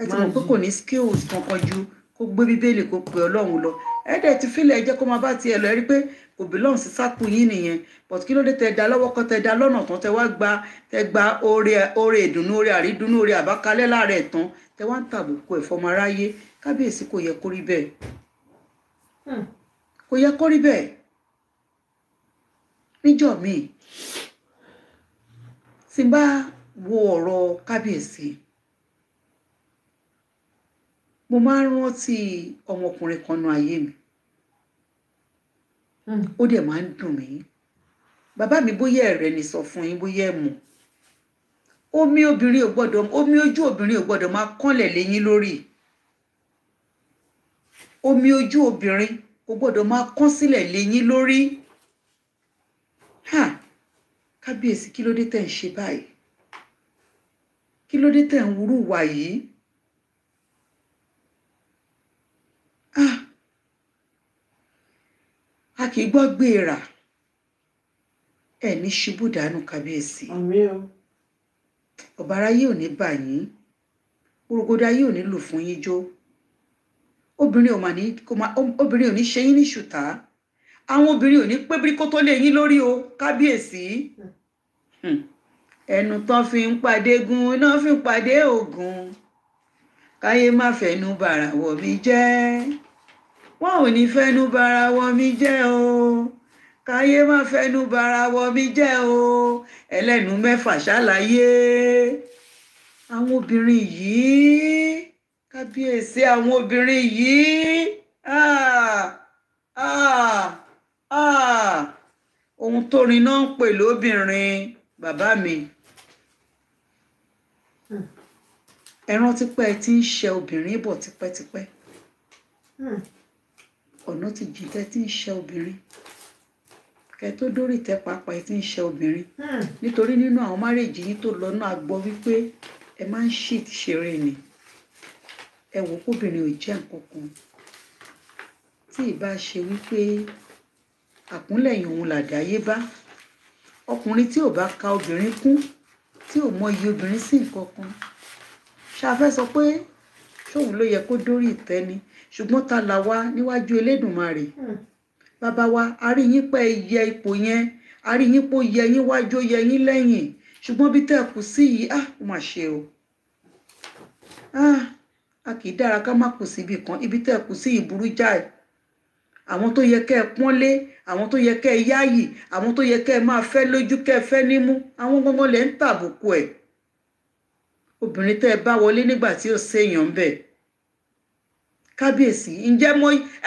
ẹ ti mọ̀ pé kò ní skills kankan ju kó gbé bíbélì kó pe ọlọ́run lọ ẹ̀ẹ́dẹ̀ ti fílẹ̀ ẹ jẹ́ kó máa bá tiẹ̀ lọ ẹ rí pé kò belong sí sápò yín nìyẹn but kí ló dé tẹ da lọ́wọ́ kan tẹ da lọ́nà tán tẹ wá gba tẹ gba oore oore ìdùnnú oore àrídùnnú oore àbákalẹ̀ láàrẹ̀ tán tẹ wá ń tàbùkù ẹ̀fọ́ ọmọ aráyé kábíyèsí kò yẹ kó rí bẹ́ẹ̀ hmm. kò yẹ kó rí bẹ́ẹ̀ níjọ́ míì tí n bá wo ọ̀rọ̀ kábíyèsí mo máa ń rántí ọmọkùnrin kan nu ayé mi hmm. ó dẹ̀ máa ń dùn mí bàbá mi bóyá ẹ̀rẹ́ ni sọ fún yín bóyá ẹ̀ mọ̀ omi obìnrin ò gbọ́dọ̀ omi ojú obìnrin ò gbọ́dọ̀ máa kánlẹ̀ lẹ́yìn lórí omi ojú obìnrin ò gbọ́dọ̀ máa kán sílẹ̀ lẹ́yìn lórí ha kábíyèsí kí ló dé tẹ̀ ń ṣe báyìí kí ló dé tẹ̀ ń wúrú wà yìí a kì í gbọ́ gbéra ẹ ní ṣubú dànù kábíyèsí ọ̀bàrá yìí ò ní bà yín orogoda yìí ò ní lù fún yín jó obìnrin ò ní ṣe yín ní ṣùtá àwọn obìnrin ò ní pé bí kó tó lé yín lórí o kábíyèsí hmm. ẹnu tán fi ń pàdé gun iná fi ń pàdé ògùn káyé má fẹnu bàrà wọ̀ mí jẹ́ wọn ò ní fẹ́nu bara wọn mi jẹ́ o káyé má fẹ́nu bara wọn mi jẹ́ o ẹlẹ́nu mẹ́fà ṣàlàyé àwọn obìnrin yìí kábíyèsí àwọn obìnrin yìí ah ah ah ohun tó rin náà ń pè lóbìnrin bàbá mi ẹran tipẹ́ ti ń ṣe obìnrin bọ̀ tipẹ́tipẹ́. Hmm ọ̀nà ti jù tẹ́ ti ń ṣe obìnrin kẹ tó dórí tẹ pàápàá ẹ ti ń ṣe obìnrin hmm. nítorí nínú àwọn márèèjì yìí tó lọ náà gbọ́ wípé ẹ máa ń ṣì ṣeré ni ẹ wò kóbìnrin ò jẹ́ nǹkan kan tí ì bá ṣe wípé àkúnlẹ̀yìn òun làdáyébá ọkùnrin tí ò bá ka obìnrin kún tí ò mọ iye obìnrin sí nǹkan kan ṣáfẹ́ sọ pé ṣóun ló yẹ kó dórí ìtẹ́ ni ṣùgbọ́n ta là wá níwájú Elédùmarè hmm. bàbá wa a rí yín pé yẹ ipò yẹn a rí yín pé ó yẹ yín wájú ó yẹ yín lẹ́yìn ṣùgbọ́n bí tẹ́ ẹ kù sí yìí á ah, ó mà ṣe o ah, a kì í dára ká má kù síbi kan ibi tẹ́ ẹ kù sí yìí burú jáì àwọn tó yẹ kẹ́ ẹ pọ́nlé àwọn tó yẹ kẹ́ ẹ yáyì àwọn tó yẹ kẹ́ ẹ máa fẹ́ lójú kẹ́ ẹ fẹ́ nímú àwọn gbọ́ngàn lẹ́ ń tàbùkù ẹ̀ obìnrin tẹ́ ẹ bá wọlé nígbà tí ò séèyàn bẹ́ẹ̀ kábíyèsí ǹjẹ́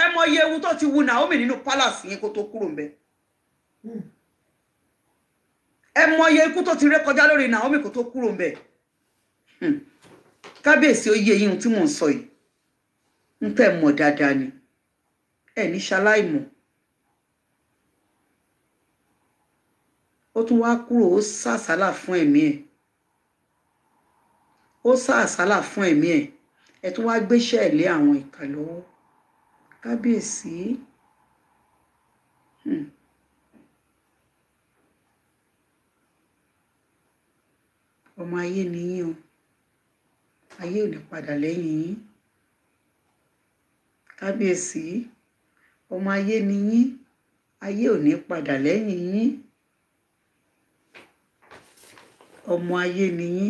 ẹ mọ iye ewu tó ti wu Naomi nínú palace yẹn kó tó kúrò ńbẹ̀ hmm. ẹ mọ iye ikú tó ti ré kọjá lórí Naomi kó tó kúrò ńbẹ̀ hmm. kábíyèsí ó yé yín tí mò ń sọ yìí ń tẹ̀ mọ̀ dáadáa ni ẹ ní ṣaláìmọ̀ ó tún wá kúrò ó sàsálà fún ẹ̀mí ẹ̀ ó sàsálà fún ẹ̀mí ẹ̀ ẹ tún wá gbéṣẹ́ lé àwọn ìkà lọ́wọ́ kábíyèsí hmm. ọmọ ayé nìyí o ayé ò ní padà lẹ́yìn yín kábíyèsí ọmọ ayé nìyí ayé ò ní padà lẹ́yìn yín ọmọ ayé nìyí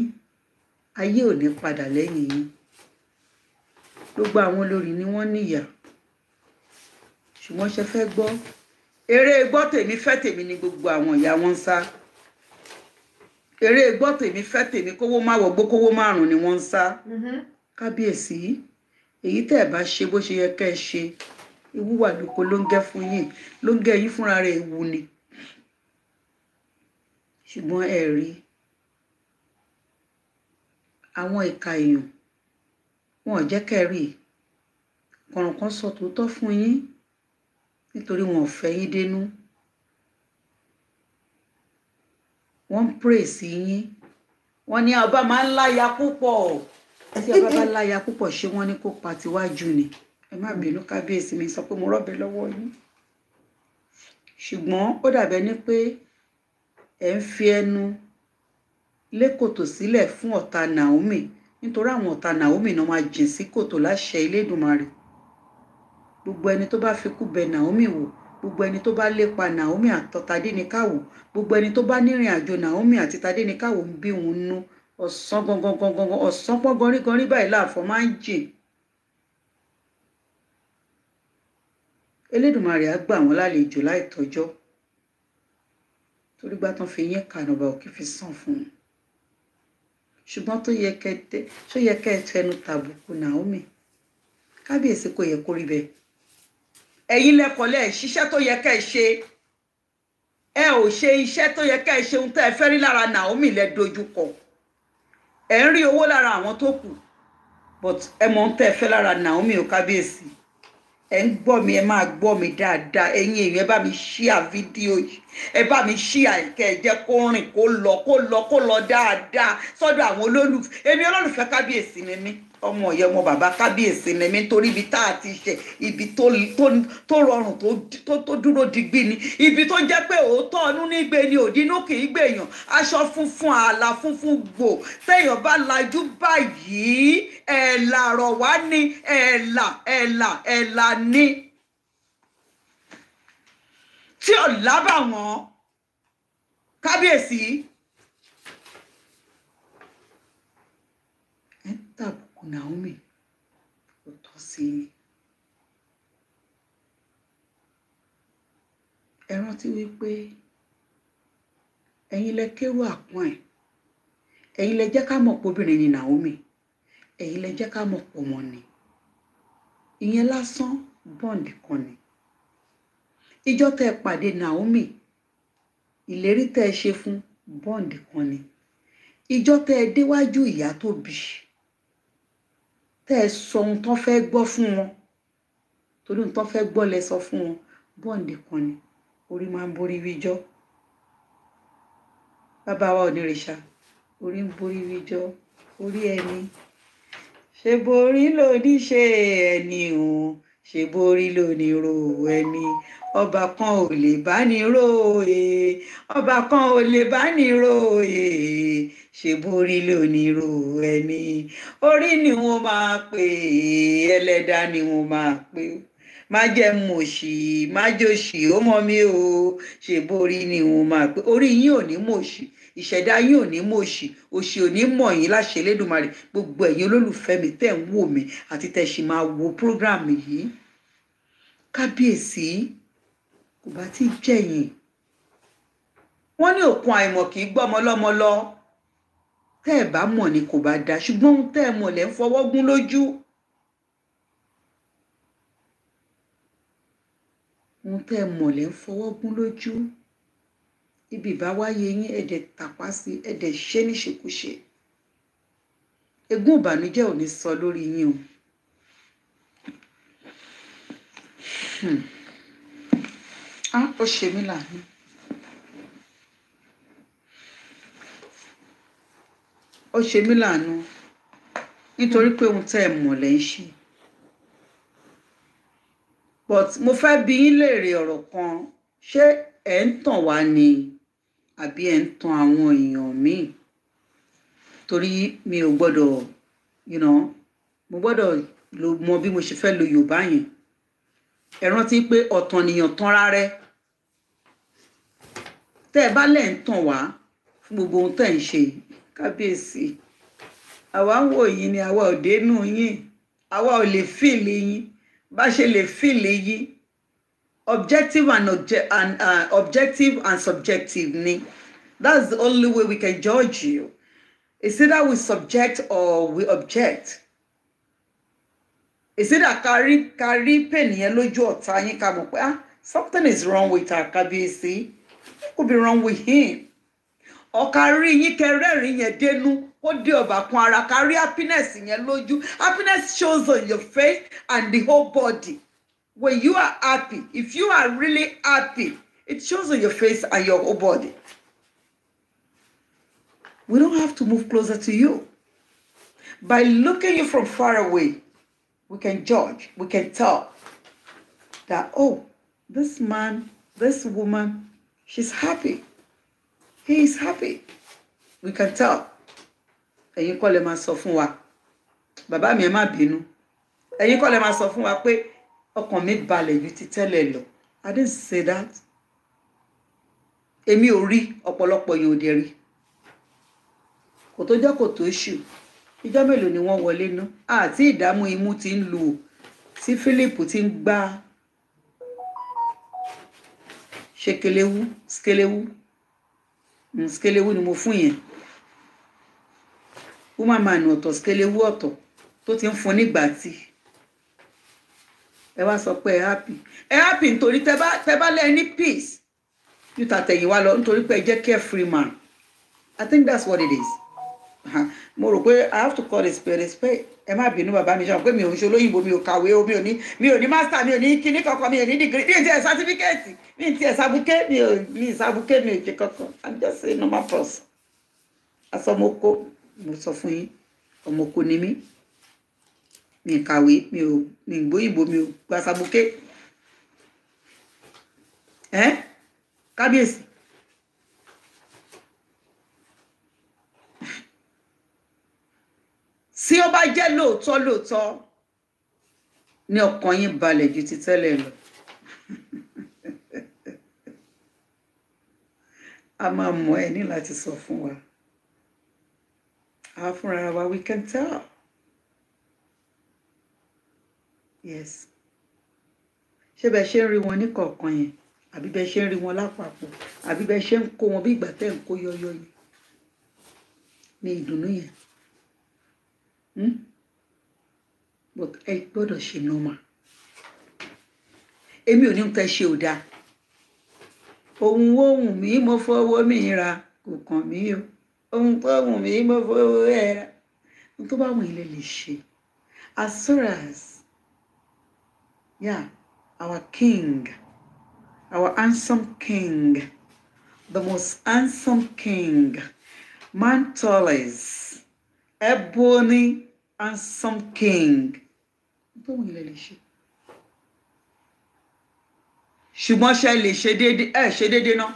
ayé ò ní padà lẹ́yìn yín gbogbo àwọn olórí ni wọ́n níyà ṣùgbọ́n ṣe fẹ́ gbọ́ eré gbọ́ tèmi fẹ́ tèmi ni gbogbo àwọn ìyá wọn ń sá eré gbọ́ tèmi fẹ́ tèmi kówó má wọ̀gbó kówó márùn ni wọ́n ń sá mm-hmm. kábíyèsí èyí tẹ́ ẹ̀ bá ṣe bó ṣe yẹ kẹ́ ẹ ṣe ewu wà lóko ló ń gẹ́ fún yín ló ń gẹ́ yín fúnra rẹ̀ ewu ni ṣùgbọ́n ẹ rí àwọn ìka èèyàn wọn ò jẹ́ kẹ́rì kọ̀ràn kan sọ tòótọ́ fún yín nítorí wọn ò fẹ́ yín dénú wọ́n ń pray sí yín wọ́n ní ọba máa ń láya púpọ̀ tí ọba bá láya púpọ̀ ṣé wọ́n ní kó pa tiwájú ni ẹ má bínú kábíyèsí mi sọ pé mo rọ́bẹ lọ́wọ́ yín ṣùgbọ́n ó dàbẹ́ ni pé ẹ ń fi ẹnu lé kòtò sílẹ̀ fún ọ̀tá Naomi nítorí àwọn ọ̀tá Naomi náà máa jìn sí kòtò láṣẹ Elédùmarè gbogbo ẹni tó bá fikú bẹ Naomi wò gbogbo ẹni tó bá lépa Naomi àtọ́tadénikáwò gbogbo ẹni tó bá nírìn àjò Naomi àti tadénikáwò ń bí òun nú ọ̀sán gangan gangan ọ̀sán pọ́n gọrígọrí báyìí láàfọ̀ máa ń jìn Elédùmarè á gbà wọ́n lálejò láìtọ́jọ́ torí gbà tán fi yín kànàbà òkè fi sàn fún un ṣùgbọ́n tó yẹ kẹ tẹ ṣó yẹ kẹ tẹnu tàbùkù Naomi kábíyèsí kò yẹ kó rí bẹ́ẹ̀ ẹ̀yin lẹ́kọ̀ọ́lẹ́ ṣiṣẹ́ tó yẹ kẹ́ ẹ ṣe ẹ ò ṣe iṣẹ́ tó yẹ kẹ́ ẹ ṣe ohun tẹ́ ẹ fẹ́ rí lára Naomi lẹ dojú kọ ẹ ń rí owó lára àwọn tó kù but ẹ mọ ohun tẹ́ ẹ fẹ́ lára Naomi ò kábíyèsí ẹ ń gbọ́ mi ẹ máa gbọ́ mi dáadáa ẹ̀yin èèyàn ẹ bá mi ṣíà fídíò yìí ẹ bá mi ṣíà ìkẹ́ ẹ jẹ́ kó rìn kó lọ kó lọ kó lọ dáadáa sọ́dọ̀ àwọn olólùfẹ́ èmi olólùfẹ́ kábíyèsí ni mí ọmọ ìyá ọmọ bàbá kábíyèsí ni mi nítorí ibi tá a ti ṣe ibi tó rọrùn tó dúró digbí ni ibi tó jẹ́ pé òótọ́ ọnú nígbè ni òdínú kì í gbèyàn aṣọ funfun ààlà funfun gbò téèyàn bá lajú báyìí ẹ̀là rọ̀ wá ní ẹ̀là ẹ̀là ẹ̀là ni tí ò lábàwọ́n kábíyèsí. Naomi kò tọ́ sí i. ẹ rántí wípé ẹ̀yin lẹ kérò àpọ́n ẹ̀ ẹ̀yin lẹ jẹ́ ká mọ̀ pé obìnrin ni Naomi ẹ̀yin lẹ jẹ́ ká mọ̀ pé ọmọ ni ìyẹn lásán bọ́ǹdì kan ni ìjọ tẹ pàdé Naomi ìlérí tẹ ṣe fún bọ́ǹdì kan ni ìjọ tẹ déwájú ìyá tó bí i tẹ́ ẹ sọ ohun tó fẹ́ gbọ́ fún wọn torí ohun tó fẹ́ gbọ́ lẹ sọ fún wọn bọ́ǹdì kan ni orí máa ń borí wíjọ́ bàbá wa onírìṣà orí ń borí wíjọ́ orí ẹni ṣe borí ló ní ṣe ẹni o ṣe borí ló ní ro ẹni ọba kan ò lè bá ní ro e ọba kan ò lè bá ní ro e ṣèbórí lónírú ẹni orí ni wọ́n máa pè ẹlẹ́dàá ni wọ́n máa pè má jẹ́ mòṣì má jòṣì ó mọ mi o ṣèbórí ni wọ́n máa pè orí yín ò ní mòṣì ìṣẹ̀dá yín ò ní mòṣì òṣì ò ní mọ̀ yín láṣẹ Elédùmarè gbogbo ẹ̀yin olólùfẹ́ mi tẹ̀ ń wò mí àti tẹ̀ ṣì máa wo program yìí kábíyèsí kò bá ti jẹ̀yìn wọ́n ní òkun àìmọ̀ kì í gbọ́mọ lọ́mọ lọ tẹ́ ẹ̀ bá mọ̀ ni kò bá dáa ṣùgbọ́n ohun tẹ́ ẹ mọ̀ lẹ́ ń fọwọ́ gún lójú. ohun tẹ́ ẹ mọ̀ lẹ́ ń fọwọ́ gún lójú. ibi ìbáwáyé yín ẹ̀dẹ̀ tàpá sí ẹ̀dẹ̀ ṣé níṣekúṣe. ègún ìbànújẹ́ ò ní sọ lórí yín o. Hmm. Ah, ó ṣe mí láàánú. ó ṣe mí láàánú nítorí pé ohun tẹ́ ẹ mọ̀ lẹ́ ń ṣe but mo fẹ́ bi yín léèrè ọ̀rọ̀ kan ṣé ẹ̀ ń tàn wá ni àbí ẹ̀ ń tan àwọn èèyàn míì torí mi ò gbọ́dọ̀ you know, mo gbọ́dọ̀ lo mọ bí mo ṣe fẹ́ lo Yorùbá yẹn ẹ rántí pé ọ̀tàn nìyàn tanra rẹ tẹ́ ẹ bá lẹ̀ ń tàn wá fún gbogbo ohun tẹ́ ń ṣe yìí kábíyèsí àwa ń wò yín ni àwa ò dénú yín àwa ò lè fìlì yín bá ṣe lè fìlì yín objective and, obje and uh, objective and subjective ni that's the only way we can judge you Is it that we subject or we object it's either kárí kárí pè nìyẹn lójú ọ̀tá yín ká mọ̀ pé ah something is wrong with our kábíyèsí What could be wrong with him. ọ̀kárí yín kẹrẹ́rìn yẹn dénú ó dé ọ̀bàkun ara kárí happiness yẹn lójú happiness shows on your face and the whole body when you are happy if you are really happy it shows on your face and your whole body we don't have to move closer to you by looking you from far away we can judge we can tell that oh this man this woman she's happy he is happy we can tell ẹ̀yin kọ́ lè máa sọ fún wa bàbá mi ẹ má bínú ẹ̀yin kọ́ lè máa sọ fún wa pé ọkàn mi balẹ̀ ju ti tẹ́lẹ̀ lọ I didn't say that èmi ò rí ọ̀pọ̀lọpọ̀ yẹn ò dé rí kò tó jẹ́ kò tó ṣù ìjọ́ mélòó ni wọ́n wọlé ná àti ìdààmú imú ti ń lu tí Philip ti ń gbá ṣekelewu skelewu skelewu ni mo fún yẹn woman man ọ̀tọ̀ skelewu ọ̀tọ̀ tó ti ń fún nígbà tí ẹ wá sọ pé ẹ happy ẹ happy nítorí tẹ bá lẹ ní peace ju tàtẹ̀yìnwá lọ nítorí pé ẹ jẹ́ carefree man I think that's what it is mo rò pé i have to call a spade a spade ẹ má bínú bàbá mi sọ pé mi ò ń ṣe olóyìnbó mi ò kàwé o mi ò ní mi ò ní master mi ò ní kíní kankan mi ò ní degree mi ò tiẹ̀ certificate mi ò tiẹ̀ sabuké mi ò ní sabuké mi ò jẹ kankan i'm just a normal person asọmọkọ mo sọ fún yín ọmọkọ ni mí mi kàwé mi ò mi gbóyìnbó mi ò gba ẹ kábíyèsí tí ó bá jẹ́ lóòótọ́ lóòótọ́ ní ọkàn yín balẹ̀ ju ti tẹ́lẹ̀ lọ <laughs> a máa mọ ẹ ní láti sọ fún wa a fúnra wa we can tell yes ṣé bẹ ṣe ń rí wọn níkọ̀ọ̀kan yẹn àbí bẹ ṣe ń rí wọn lápapọ̀ àbí bẹ ṣe ń kó wọn bí ìgbà tẹ́ ń kó yọyọ yẹn ní ìdùnnú yẹn. Hmm? but ẹ gbọ́dọ̀ ṣe nọ́mà èmi ò ní tẹ́ ṣe ò dáa ohun ohun mi mo fọwọ́ mi ra kò kàn mí o ohun tó ohun mi mo fọwọ́ ẹ ra ohun tó bá wọn ilé lè ṣe as yeah our king our handsome king the most handsome king man tallest ebony handsome king báwo ni lè lè ṣe ṣùgbọ́n ṣe lè ṣe déédéé ẹ ṣe déédéé náà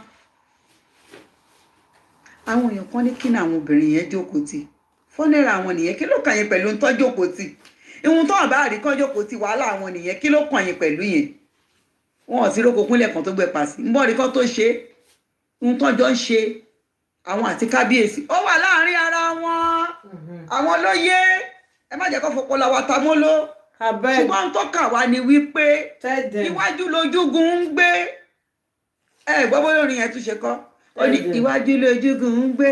àwọn èèyàn kan ní kí ni àwọn obìnrin yẹn jókòó tì fọ́nẹ́rà àwọn nìyẹn kí ló kàn yín pẹ̀lú ntọ́ jókòó tì ìhun tó àbá àríkọ́ jókòó tì wàhálà àwọn nìyẹn kí ló kàn yín pẹ̀lú yẹn wọn ò sí rókò kúnlẹ̀ kan tó gbẹ pàṣẹ ńbọ̀ àríkọ́ tó ṣe ohun tó ń ṣe àwọn àti kábíyèsí ó wà láàárín ara wọn Mhm. àwọn ló yé ẹ má jẹ́ kó fọpọlọ wa ta mọ́ ló ṣùgbọ́n tó kà wá ni wípé iwájú lójúgun ń gbé ẹ gbọ́ bóyá orin yẹn tún ṣe kọ́ ó ní iwájú lójúgun ń gbé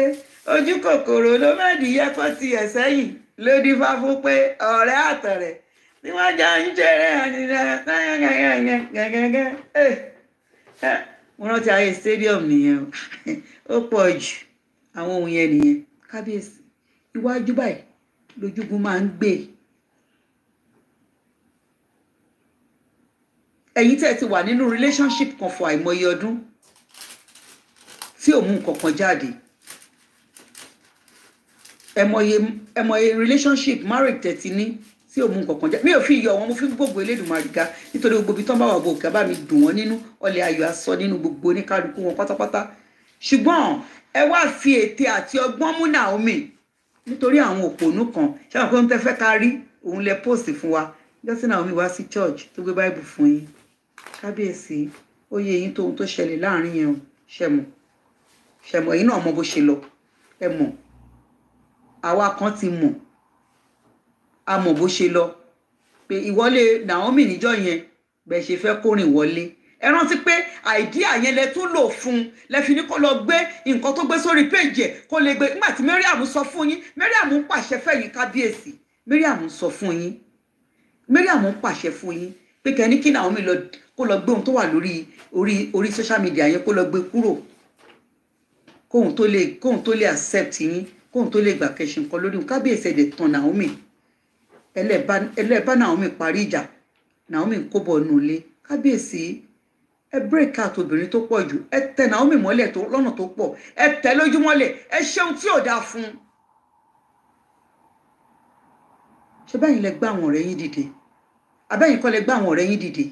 ojú kòkòrò ló má dìyẹ kó tiẹ̀ sẹ́yìn ló dífá fún pé ọ̀rẹ́ àtọ̀rẹ́ tí wọ́n jọ ń jẹ́rẹ́ àdìrẹ́ eh, eh, mo rántí ayé stadium nìyẹn o <laughs> ó pọ̀ jù àwọn ohun yẹn nìyẹn kábíyèsí iwájú báyìí lójúgun máa ń gbé ẹ̀yin tẹ́ ti wà nínú relationship kan fún àìmọye ọdún tí ò mú nǹkan kan jáde ẹ̀mọye ẹ̀mọye relationship marriage tẹ́ ti ní tí ò mú nǹkan kan jáde mi ò fi yọ wọn mo fi gbogbo Elédùmarè ga nítorí gbogbo ibi tó ń bá wà gbogbo bá mi dùn wọn nínú ọlẹ ayọ̀ asọ nínú gbogbo oníkálukú wọn pátápátá ṣùgbọ́n ẹ wá fi ète àti ọgbọ́n mú Naomi nítorí àwọn òpònú kan ṣáà pé ohun tẹ́ fẹ́ ká rí òun lẹ post fún wa jọ́sìn àwọn mi wá sí church tó gbé báìbù fún yín kábíyèsí ó yẹ yín tó ohun tó ṣẹlẹ̀ láàrin yẹn o ṣẹmọ ṣẹmọ yín náà mọ bó ṣe lọ ẹ mọ àwa kan ti mọ a mọ bó ṣe lọ pé ìwọlé Naomi níjọ́ yẹn bẹ́ẹ̀ ṣe fẹ́ kórìn wọlé ẹ rántí pé àìdíà yẹn lẹ tún lò fún un lẹ fi ní kó lọ gbé nǹkan tó gbé sórí péjì ẹ kó lè gbé nígbà tí mariam sọ fún yín mariam ń pàṣẹ fẹ̀yìn kábíyèsí mariam ń sọ fún yín mariam ń pàṣẹ fún yín pé kẹ́ni kí náà mi lọ kó lọ gbé ohun tó wà lórí orí orí social media yẹn kó lọ gbé kúrò kóhun tó lè kóhun tó lè accept yín kóhun tó lè gbà kẹsì nǹkan lórí kábíyèsí ẹ̀dẹ̀ tán naomi ẹlẹ́ẹ̀bá naomi parí ìjà naomi ń kóbọ̀ nulẹ̀ kábíyèsí ẹ bírèkì àti obìnrin tó pọ̀ jù ẹ tẹ Naomi mọ́lẹ̀ tó lọ́nà tó pọ̀ ẹ tẹ lójúmọ́lẹ̀ ẹ ṣeun tí ò dáa fún un. ṣé bẹ́yìn lẹ gbá àwọn ọ̀rẹ́ yín dìde abẹ́yìn kọ́ lẹ gbá àwọn ọ̀rẹ́ yín dìde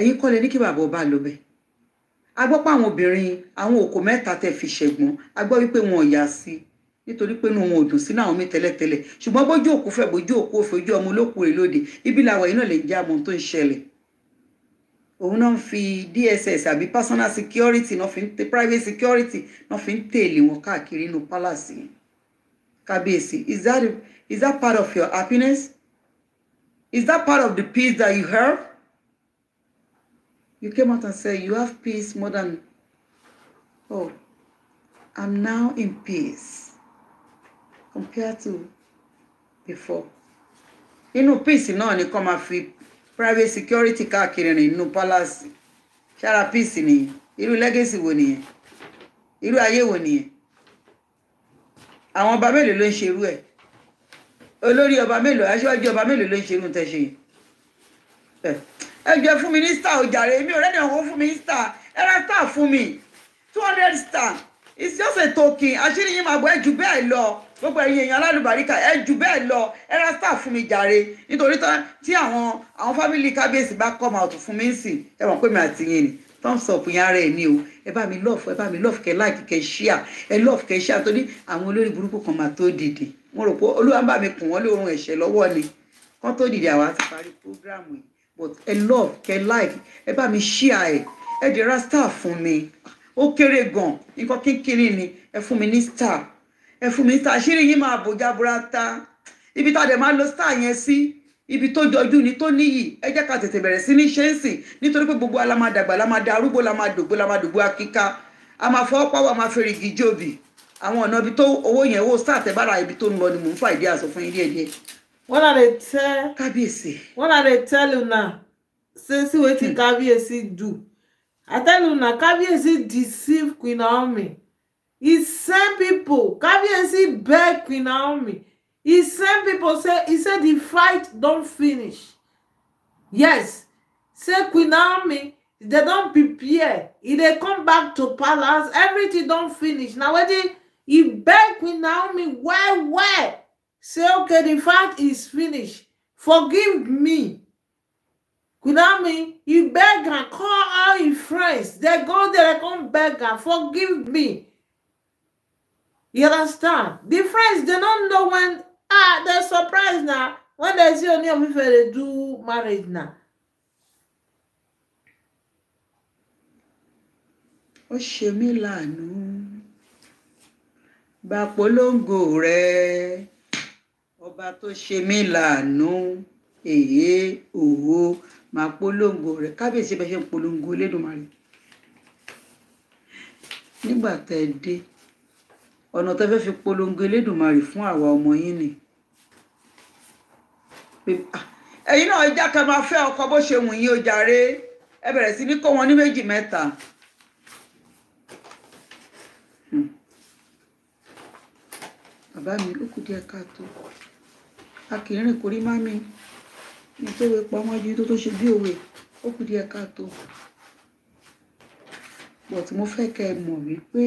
ẹ̀yin kọ́ lẹ ní kí bàbá ọba lọ bẹ́ẹ̀. a gbọ́ pé àwọn obìnrin àwọn òkò mẹ́ta tẹ̀ fi ṣẹ̀gbọ́n a gbọ́ wípé wọn ò yá sí nítorí pé wọn ò dùn sí Naomi tẹ́lẹ̀tẹ́lẹ̀ ṣùgbọ́n bójú òkú fẹ́ bójú òkú òfin ojú ọmọ olókùnrin lóde ibi làwọn yìí náà lè jẹ́ àmọ́ tó ń ṣẹlẹ̀ òun náà fi DSS àbí personal security náà fi ń tẹ private security náà fi ń tẹ̀lé wọn káàkiri inú palace yẹn kábíyèsí is that is that part of your happiness is that part of the peace that you have you came out and said you have peace more than oh I'm now in peace compared to before inú peace náà ni kò máa fi private security káàkiri rìn nínú palace ṣára peace nìyẹn irú legacy wo nìyẹn irú ayé wo nìyẹn àwọn ọba mélòó ló ń ṣerú ẹ̀ olórí ọba mélòó aṣíwájú ọba mélòó ló ń ṣerú tẹ̀sẹ̀ yìí ẹ jẹ́ fún mi ní star ojàre èmi ò rẹ́ni ọ̀hún fún mi ní star ẹ ra star fún mi two hundred star it's just a token àṣírí yín máa bọ̀ ẹ jù bẹ́ẹ̀ lọ gbogbo ẹ̀yin èèyàn alálùbáríkà ẹ jù bẹ́ẹ̀ lọ ẹ ra star fún mi jàre nítorí tí àwọn àwọn fámìlì kábíyèsí bá come out fún mi sìn ẹ mọ̀ pé mi àti yín ni thumbs up yẹn ara ẹ ní o ẹ bá mi love ẹ bá mi love kẹ like kẹ share ẹ love kẹ share torí àwọn olórí burúkú kan máa tó dìde wọn rò pé olúwa ń bá mi kùn wọn lóorun ẹ̀ṣẹ̀ lọ́wọ́ ni kán tó dìde àwa ti parí program yìí but ẹ love kẹ like ẹ bá mi share ẹ ẹ dẹ̀ ra star fún mi ó kéré gan nǹkan kékeré ni ẹ fún mi ní star ẹ fún mi ní star àṣírí yìí máa bò jaburata ibi tá a dẹ̀ máa lo star yẹn sí ibi tó jọjú ni tó níyì ẹ jẹ́ ká tètè bẹ̀rẹ̀ sí ní ṣẹ́ǹsì nítorí pé gbogbo alamadàgbà lamadà arúgbó lamadògbó lamadògbó akíká a máa fọwọ́ pàwọ́ a máa fèrè gíjòbì àwọn ọ̀nà ibi tó owó yẹn wò sáà tẹ́ ibi tó ń lọ ni mò ń fa ìdí àṣọ fún ilé ẹ̀dẹ́. what i dey tell kábíyèsí. what i dey tell una say see wetin hmm. kábíyèsí do I tell you, una Kabiyesi deceive Queen Naomi. He send people. Kabiyesi beg Queen Naomi. He send people say he said the fight don't finish. Yes. Say Queen Naomi they don't prepare. If they come back to palace. Everything don't finish. Now what he beg Queen Naomi well well. Say okay the fight is finish. Forgive me. Without me, he beg and call all his friends. They go there, they come beg and forgive me. You understand? The friends, they don't know when, ah, they're surprised now. When they see only of Ife, they do marriage now. Ó ṣe mí láàánú. Gbà polongo rẹ̀. Ọba tó ṣe mí láàánú. Èyí òwò màá polongo rẹ̀ kábíyèsí bẹ́ẹ̀ ṣe ń polongo Elédùmarè nígbà tẹ́ ẹ dé ọ̀nà tẹ́ fẹ́ fi polongo Elédùmarè fún àwa ọmọ yín ni ẹ̀yin náà já ká máa fẹ́ ọkọ bó ṣe wù yín o jàre ẹ bẹ̀rẹ̀ sí ní kó wọn ní méjì mẹ́ta. Hmm. bàbá mi ó kù díẹ̀ káàtó a kì í rìn kórí má mi ní tó wé pamọ́ ju tó tó ṣe bí òwe ó kù díẹ̀ káàtó but mo fẹ́ kẹ́ ẹ mọ̀ wípé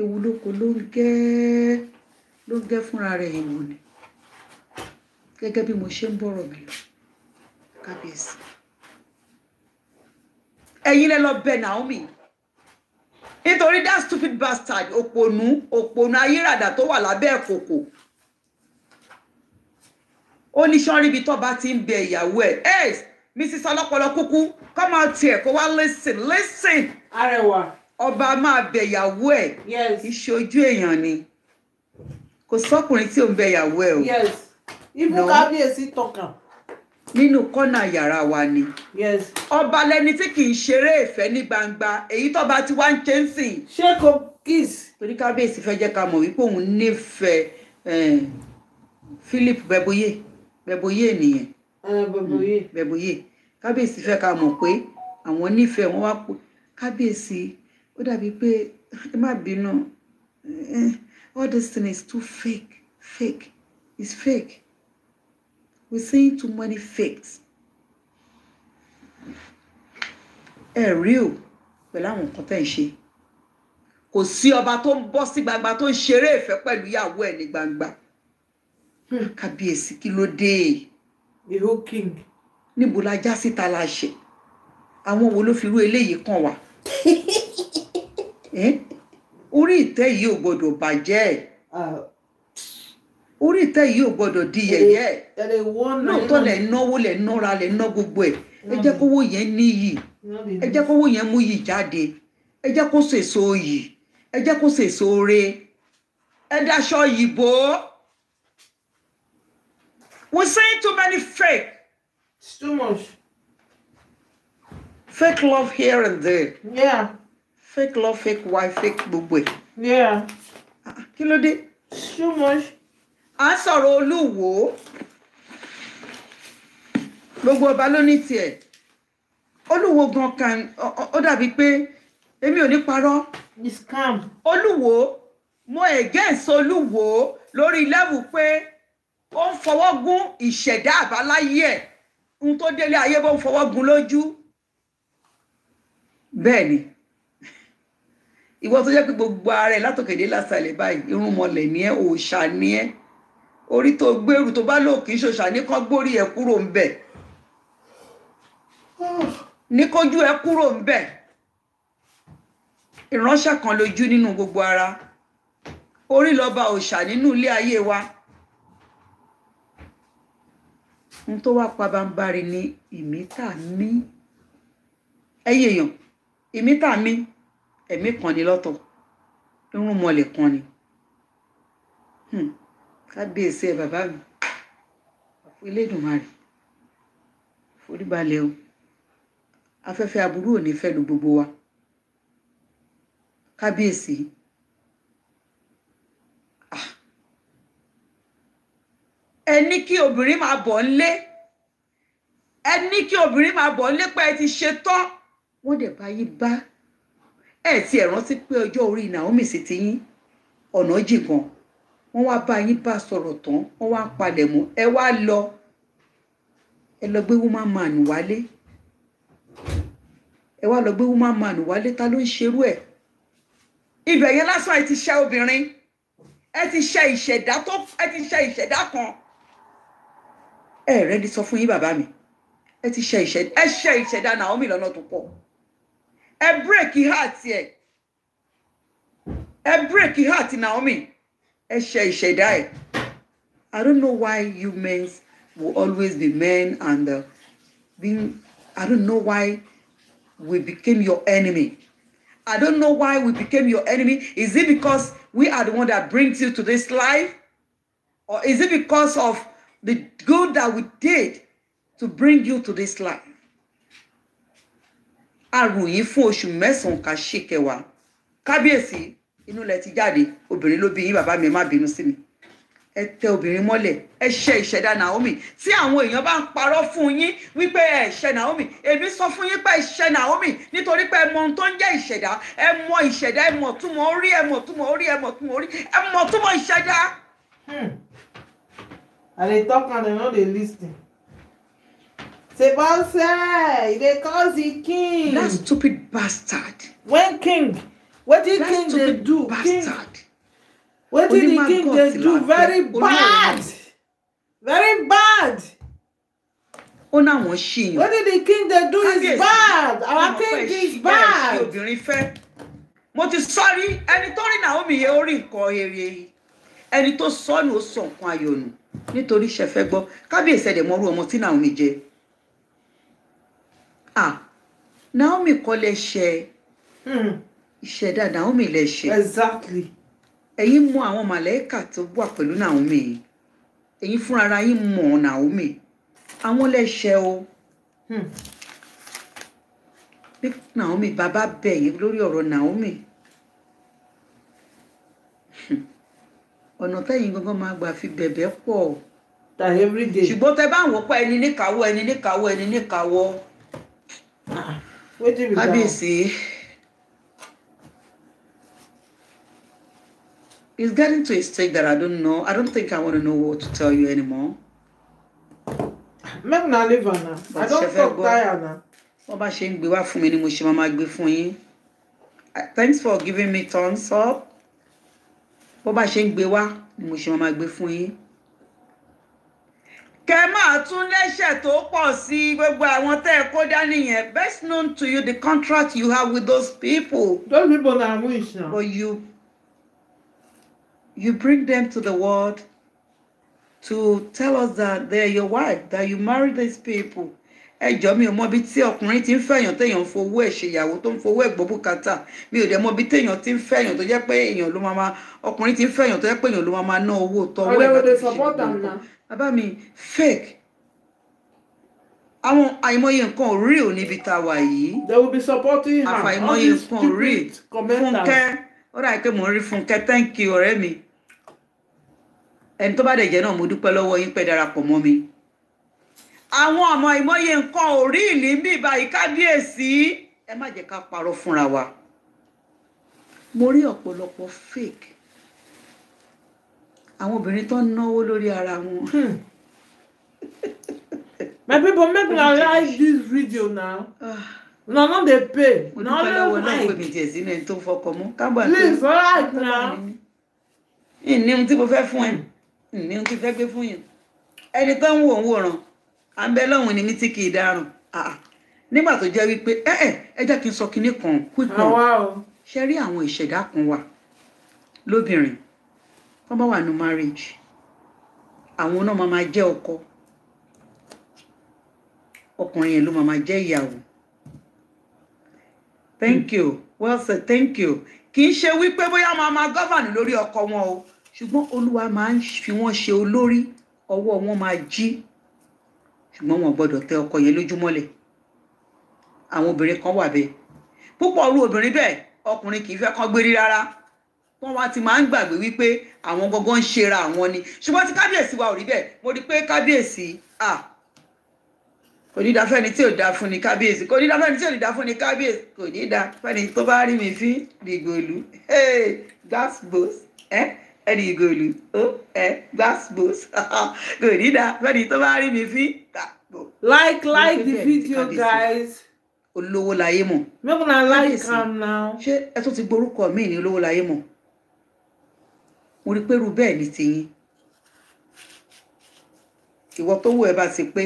ewu lóko ló ń gẹ́ ló ń gẹ́ fúnra rẹ̀ èèwọ̀ ni gẹ́gẹ́ bí mo ṣe ń bọ̀rọ̀ mi lọ kábíyèsí ẹ̀yin lẹ lọ bẹ Naomi nítorí that stupid bastard òpònú òpònú ayérada tó wà lábẹ́ ẹ̀kọ̀kọ̀ ó ní sọ́n ríbi tó bá ti ń bẹ ìyàwó ẹ̀ ẹ́ mrs ọlọ́pọlọ kúkú come out here kó wá listen listen. arẹwà. ọba máa bẹ ìyàwó ẹ̀ ìṣojú èèyàn ni kò sọkùnrin tí ò ń bẹ ìyàwó ẹ̀ o. yes ibú kábíyèsí tọkàn nínú kọ́nà yàrá wa ni. yes. ọba lẹni tí kì í ṣeré ìfẹ́ ní gbangba èyí tọ́ba tí wá ń ṣe ń sìn. ṣé kò kiss. torí kábíyèsí fẹ́ jẹ́ ká mọ̀ wípé òun nífẹ̀ẹ́ eh, Philip bẹ́bóyè bẹ̀bọ̀yé nìyẹn bẹ̀bọ̀yé hmm, kábíyèsí fẹ́ ká mọ̀ pé àwọn nífẹ̀ẹ́ wọn wá pé kábíyèsí ó dàbí pé ẹ má bínú all this thing is too fake fake it's fake we seeing too many fakes ẹ rí o pẹ̀lú àwọn nǹkan tẹ̀ ń ṣe kò sí ọba tó ń bọ́ sí gbangba tó ń ṣeré ìfẹ́ pẹ̀lú ìyàwó ẹ̀ ní gbangba. Hmm, kábíyèsí kí ló dé the whole king níbo la já síta la ṣe àwọn wo ló fi rú eléyìí kàn wá <laughs> orí ìtẹ́ yìí ò gbọ́dọ̀ bàjẹ́ ah. orí ìtẹ́ yìí ò gbọ́dọ̀ di yẹ̀yẹ́ lóòótọ́ lẹ̀ náwó lẹ̀ nọ́ra lẹ̀ ná gbogbo ẹ̀ ẹ jẹ́ kówó yẹn níyì ẹ jẹ́ kówó yẹn mú yìí jáde ẹ jẹ́ kó sèso yìí ẹ jẹ́ kó sèso re ẹ dáṣọ yìí bò We're saying too many fake. It's too much. Fake love here and there. Yeah. Fake love, fake wife, fake gbogbo. E. Yeah. Ah, kí ló dé? It's too much. I saw sọ̀rọ̀ olúwo. Gbogbo ọba ló ní tiẹ̀. Olúwo gan kan o dàbí pé èmi ò ní parọ́. It's calm. Olúwo mo against olúwo lórí level pé ó ń fọwọ́ gún ìṣẹ̀dá àbáláyé ẹ̀ ń tó délé ayé bó ń fọwọ́ gún lójú bẹ́ẹ̀ ni ìwọ tó jẹ́ pé gbogbo ara ẹ̀ látòkèdè lásàlẹ̀ báyìí irun mọ̀lẹ̀ ni ẹ́ òòṣà ni ẹ́ orí tó gbèrú tó bá lò kì í ṣòṣà ní kán gbórí ẹ̀ kúrò ń bẹ̀ ní kójú ẹ̀ kúrò ń bẹ̀ ìránṣẹ́ kan lójú nínú gbogbo ara orí lọ́ba òòṣà nínú ilé ayé wa. n tó wá pabambarì ni ìmítà mí ẹyẹ èèyàn ìmítà mí ẹ̀mí kan ni lọ́tọ̀ irun mọ̀lẹ̀ kan ni hmm, kábíyèsí ẹ bàbá mi àfọ Elédùmarè foríbalẹ̀ o afẹ́fẹ́ aburú ò ní fẹ́ lu gbogbo wa kábíyèsí. ẹ ní kí obìnrin máa bọ̀ ńlé ẹ ní kí obìnrin máa bọ̀ ńlé pé ẹ ti ṣe tán wọ́n dẹ̀ bá yí bá ẹ ti ẹ̀ rántí pé ọjọ́ orí Naomi sì ti yín ọ̀nà jìn gan wọ́n wá bá yín bá sọ̀rọ̀ tán wọ́n wá palẹ̀ mọ́ ẹ wá lọ ẹ lọ gbé woman man wálé ẹ wá lọ gbé woman man wálé ta ló ń ṣerú ẹ̀ ibẹ̀ yẹn lásán ẹ ti ṣẹ́ obìnrin ẹ ti ṣẹ́ ìṣẹ̀dá tó ẹ ti ṣẹ́ ìṣẹ̀dá kan ẹ rẹ́ni sọ fún yín bàbá mi ẹ ti ṣe ìṣẹ ẹ ṣe ìṣẹ̀dá Naomi lọ́nà tó pọ̀ ẹ bírèkì heart ẹ ẹ bírèkì heart Naomi ẹ ṣe ìṣẹ̀dá ẹ I don't know why humans will always be men and uh, being I don't know why we became your enemy. I don't know why we became your enemy. Is it because we are the one that brings you to this life? Or is it because of the good that we did to bring you to this life. Àròyìn fún oṣù mẹ́sàn-án ká ṣe kẹwàá. Kábíyèsí inú ilẹ̀ ti jáde, obìnrin ló bí yín bàbá mi ẹ má bínú sí mi. Ẹ tẹ obìnrin mọ́lẹ̀, ẹ ṣe ìṣẹ̀dá Naomi. Tí àwọn èèyàn bá ń parọ́ fún yín wípé ẹ ṣe Naomi, èmi sọ fún yín pé ẹ ṣe Naomi Nitori pe ẹ mọ ohun tó ń jẹ́ ìṣẹ̀dá, ẹ mọ ìṣẹ̀dá, ẹ mọ̀ túmọ̀ orí, ẹ mọ̀ E mo ẹ mọ̀ túmọ̀ orí, ẹ mọ̀ Hmm i dey talk am dem no dey lis ten sebonse e dey call e king. that stupid bastard. when king wetin king dey do bastard. king wetin the king dey do very bad very bad. ó náà wọ́n ṣìyàn. wetin the king dey do is bad our king is bad. obìnrin fẹ́ mo ti sọ rí ẹni tó rí Naomi yẹn ó rí nǹkan èrè ẹni tó sọ ni ó sọ nǹkan ayọ̀ nù. nítorí ṣe fẹ́ gbọ́ kábíyèsí ẹ̀dẹ̀ ọmọ tí Naomi jẹ ah Naomi kọ́ lẹ ṣe hmm. ìṣẹ̀dá Naomi lẹ ṣe ẹ̀yin àwọn màlẹ́kà tó wà pẹ̀lú Naomi ẹ̀yin fúnra ara yín Naomi àwọn lẹ ṣe o hmm. Naomi bàbá lórí Naomi. Hmm. ọ̀nà tẹ́yìn gangan máa gbà fi bẹ̀bẹ̀ pọ̀ o that everyday. ṣùgbọ́n tẹ bá wọ́n pa ẹni níkàwọ́ ẹni níkàwọ́ ẹni níkàwọ́ ah, kábíyèsí it's getting to a stage that I don't know I don't think I want to know what to tell you anymore. make na leave ana I don't talk tire now. wọ́n bá ṣe ń gbé wá fún mi ni mo ṣe máa gbé fún yín thanks for giving me thumbs up bó bá ṣe ń gbé wá ni mo ṣe máa gbé fún yín kẹ máa tún lẹ́sẹ̀ tó pọ̀ sí gbogbo àwọn tẹ́ ẹ kó dání yẹn best known to you the contract you have with those people. those people na wish na. but you you bring them to the world to tell us that they are your wife that you marry these people ẹjọ́ mi ò mọ ibi tí ọkùnrin ti ń fẹ̀yàn téèyàn ń fowó ẹ̀ ṣèyàwó tó ń fowó ẹ̀ gbọ́ bùkátà mi ò dẹ̀ mọ ibi téèyàn ti ń fẹ̀yàn tó jẹ́ pé èèyàn ló máa ọkùnrin ti ń fẹ̀yàn tó jẹ́ pé èèyàn ló máa ná owó tọwọ́ ẹ̀ bá ti ṣe gbogbo bàbá mi fake àwọn àìmọye nǹkan real níbi tá a wà yìí àfàìmọye nǹkan real fúnkẹ́ ó dà pé mò ń rí fúnkẹ́ thank you ọ̀rẹ́ mi ẹni tó bá dẹ̀ jẹ́ náà mo dúpẹ́ lọ́wọ́ yín pẹ́ darapọ̀ mọ́ mi àwọn ọmọ ìmọye nǹkan ò rí ìlú bí ìbáyìí kábíyèsí ẹ má jẹ́ ká parọ́ fúnra wa mo rí ọ̀pọ̀lọpọ̀ fake àwọn obìnrin tó ń náwó lórí ara wọn. Hmm. my people make una like this video now una ah. no dey pay una only like please right now. ìní ohun tí mo fẹ́ fún ẹ ìní ohun tí mo fẹ́ gbé fún yẹn ẹni tó ń wò ń wòran à ń bẹ lọ́hùn ni mí tí kì í dárùn nígbà tó jẹ́ wípé ẹ eh, ẹ eh, ẹ jẹ́ kí n sọ kinní kan pípọ̀n ṣe rí àwọn ìṣẹ̀dá kan wà lóbìnrin wọ́n bá wà ní marriage àwọn náà máa jẹ́ ọkọ ọkùnrin yẹn ló máa jẹ́ ìyàwó thank you well said thank you kì í ṣe wípé bóyá máa máa gọ́fànù lórí ọkọ wọn o ṣùgbọ́n olúwa máa ń fi wọ́n ṣe olórí ọwọ́ wọn máa jí ṣùgbọ́n wọn gbọ́dọ̀ tẹ ọkọ yẹn lójúmọ́lẹ̀ àwọn obìnrin kan wà bẹ́ẹ̀ púpọ̀ ọrú obìnrin bẹ́ẹ̀ ọkùnrin kì í fẹ́ kán gbérí rárá wọn wá ti máa ń gbàgbé wípé àwọn gangan ń ṣera àwọn ni ṣùgbọ́n tí kábíyèsí wa ò rí bẹ́ẹ̀ mo rí i pé kábíyèsí à kò ní da fẹ́ni tí ò da fún ni kábíyèsí kò ní da fẹ́ni tí ò ní da fún ni kábíyèsí kò ní da fẹ́ni tó bá rí mi fín dìgbòlù hey that's boss. Eh? ẹni ìgòlù ó ẹ gbàsbòs <laughs> kò ní dá lọ́ni tó bá rí mi fín. like like the video guys. olówó láyé mọ̀. make una like am now. ṣé ẹ tún ti gborúkọ mi ní olówó láyé mọ̀ mo rí i pé irú bẹ́ẹ̀ ni tiyín ìwọ tó wù ẹ bá ti pé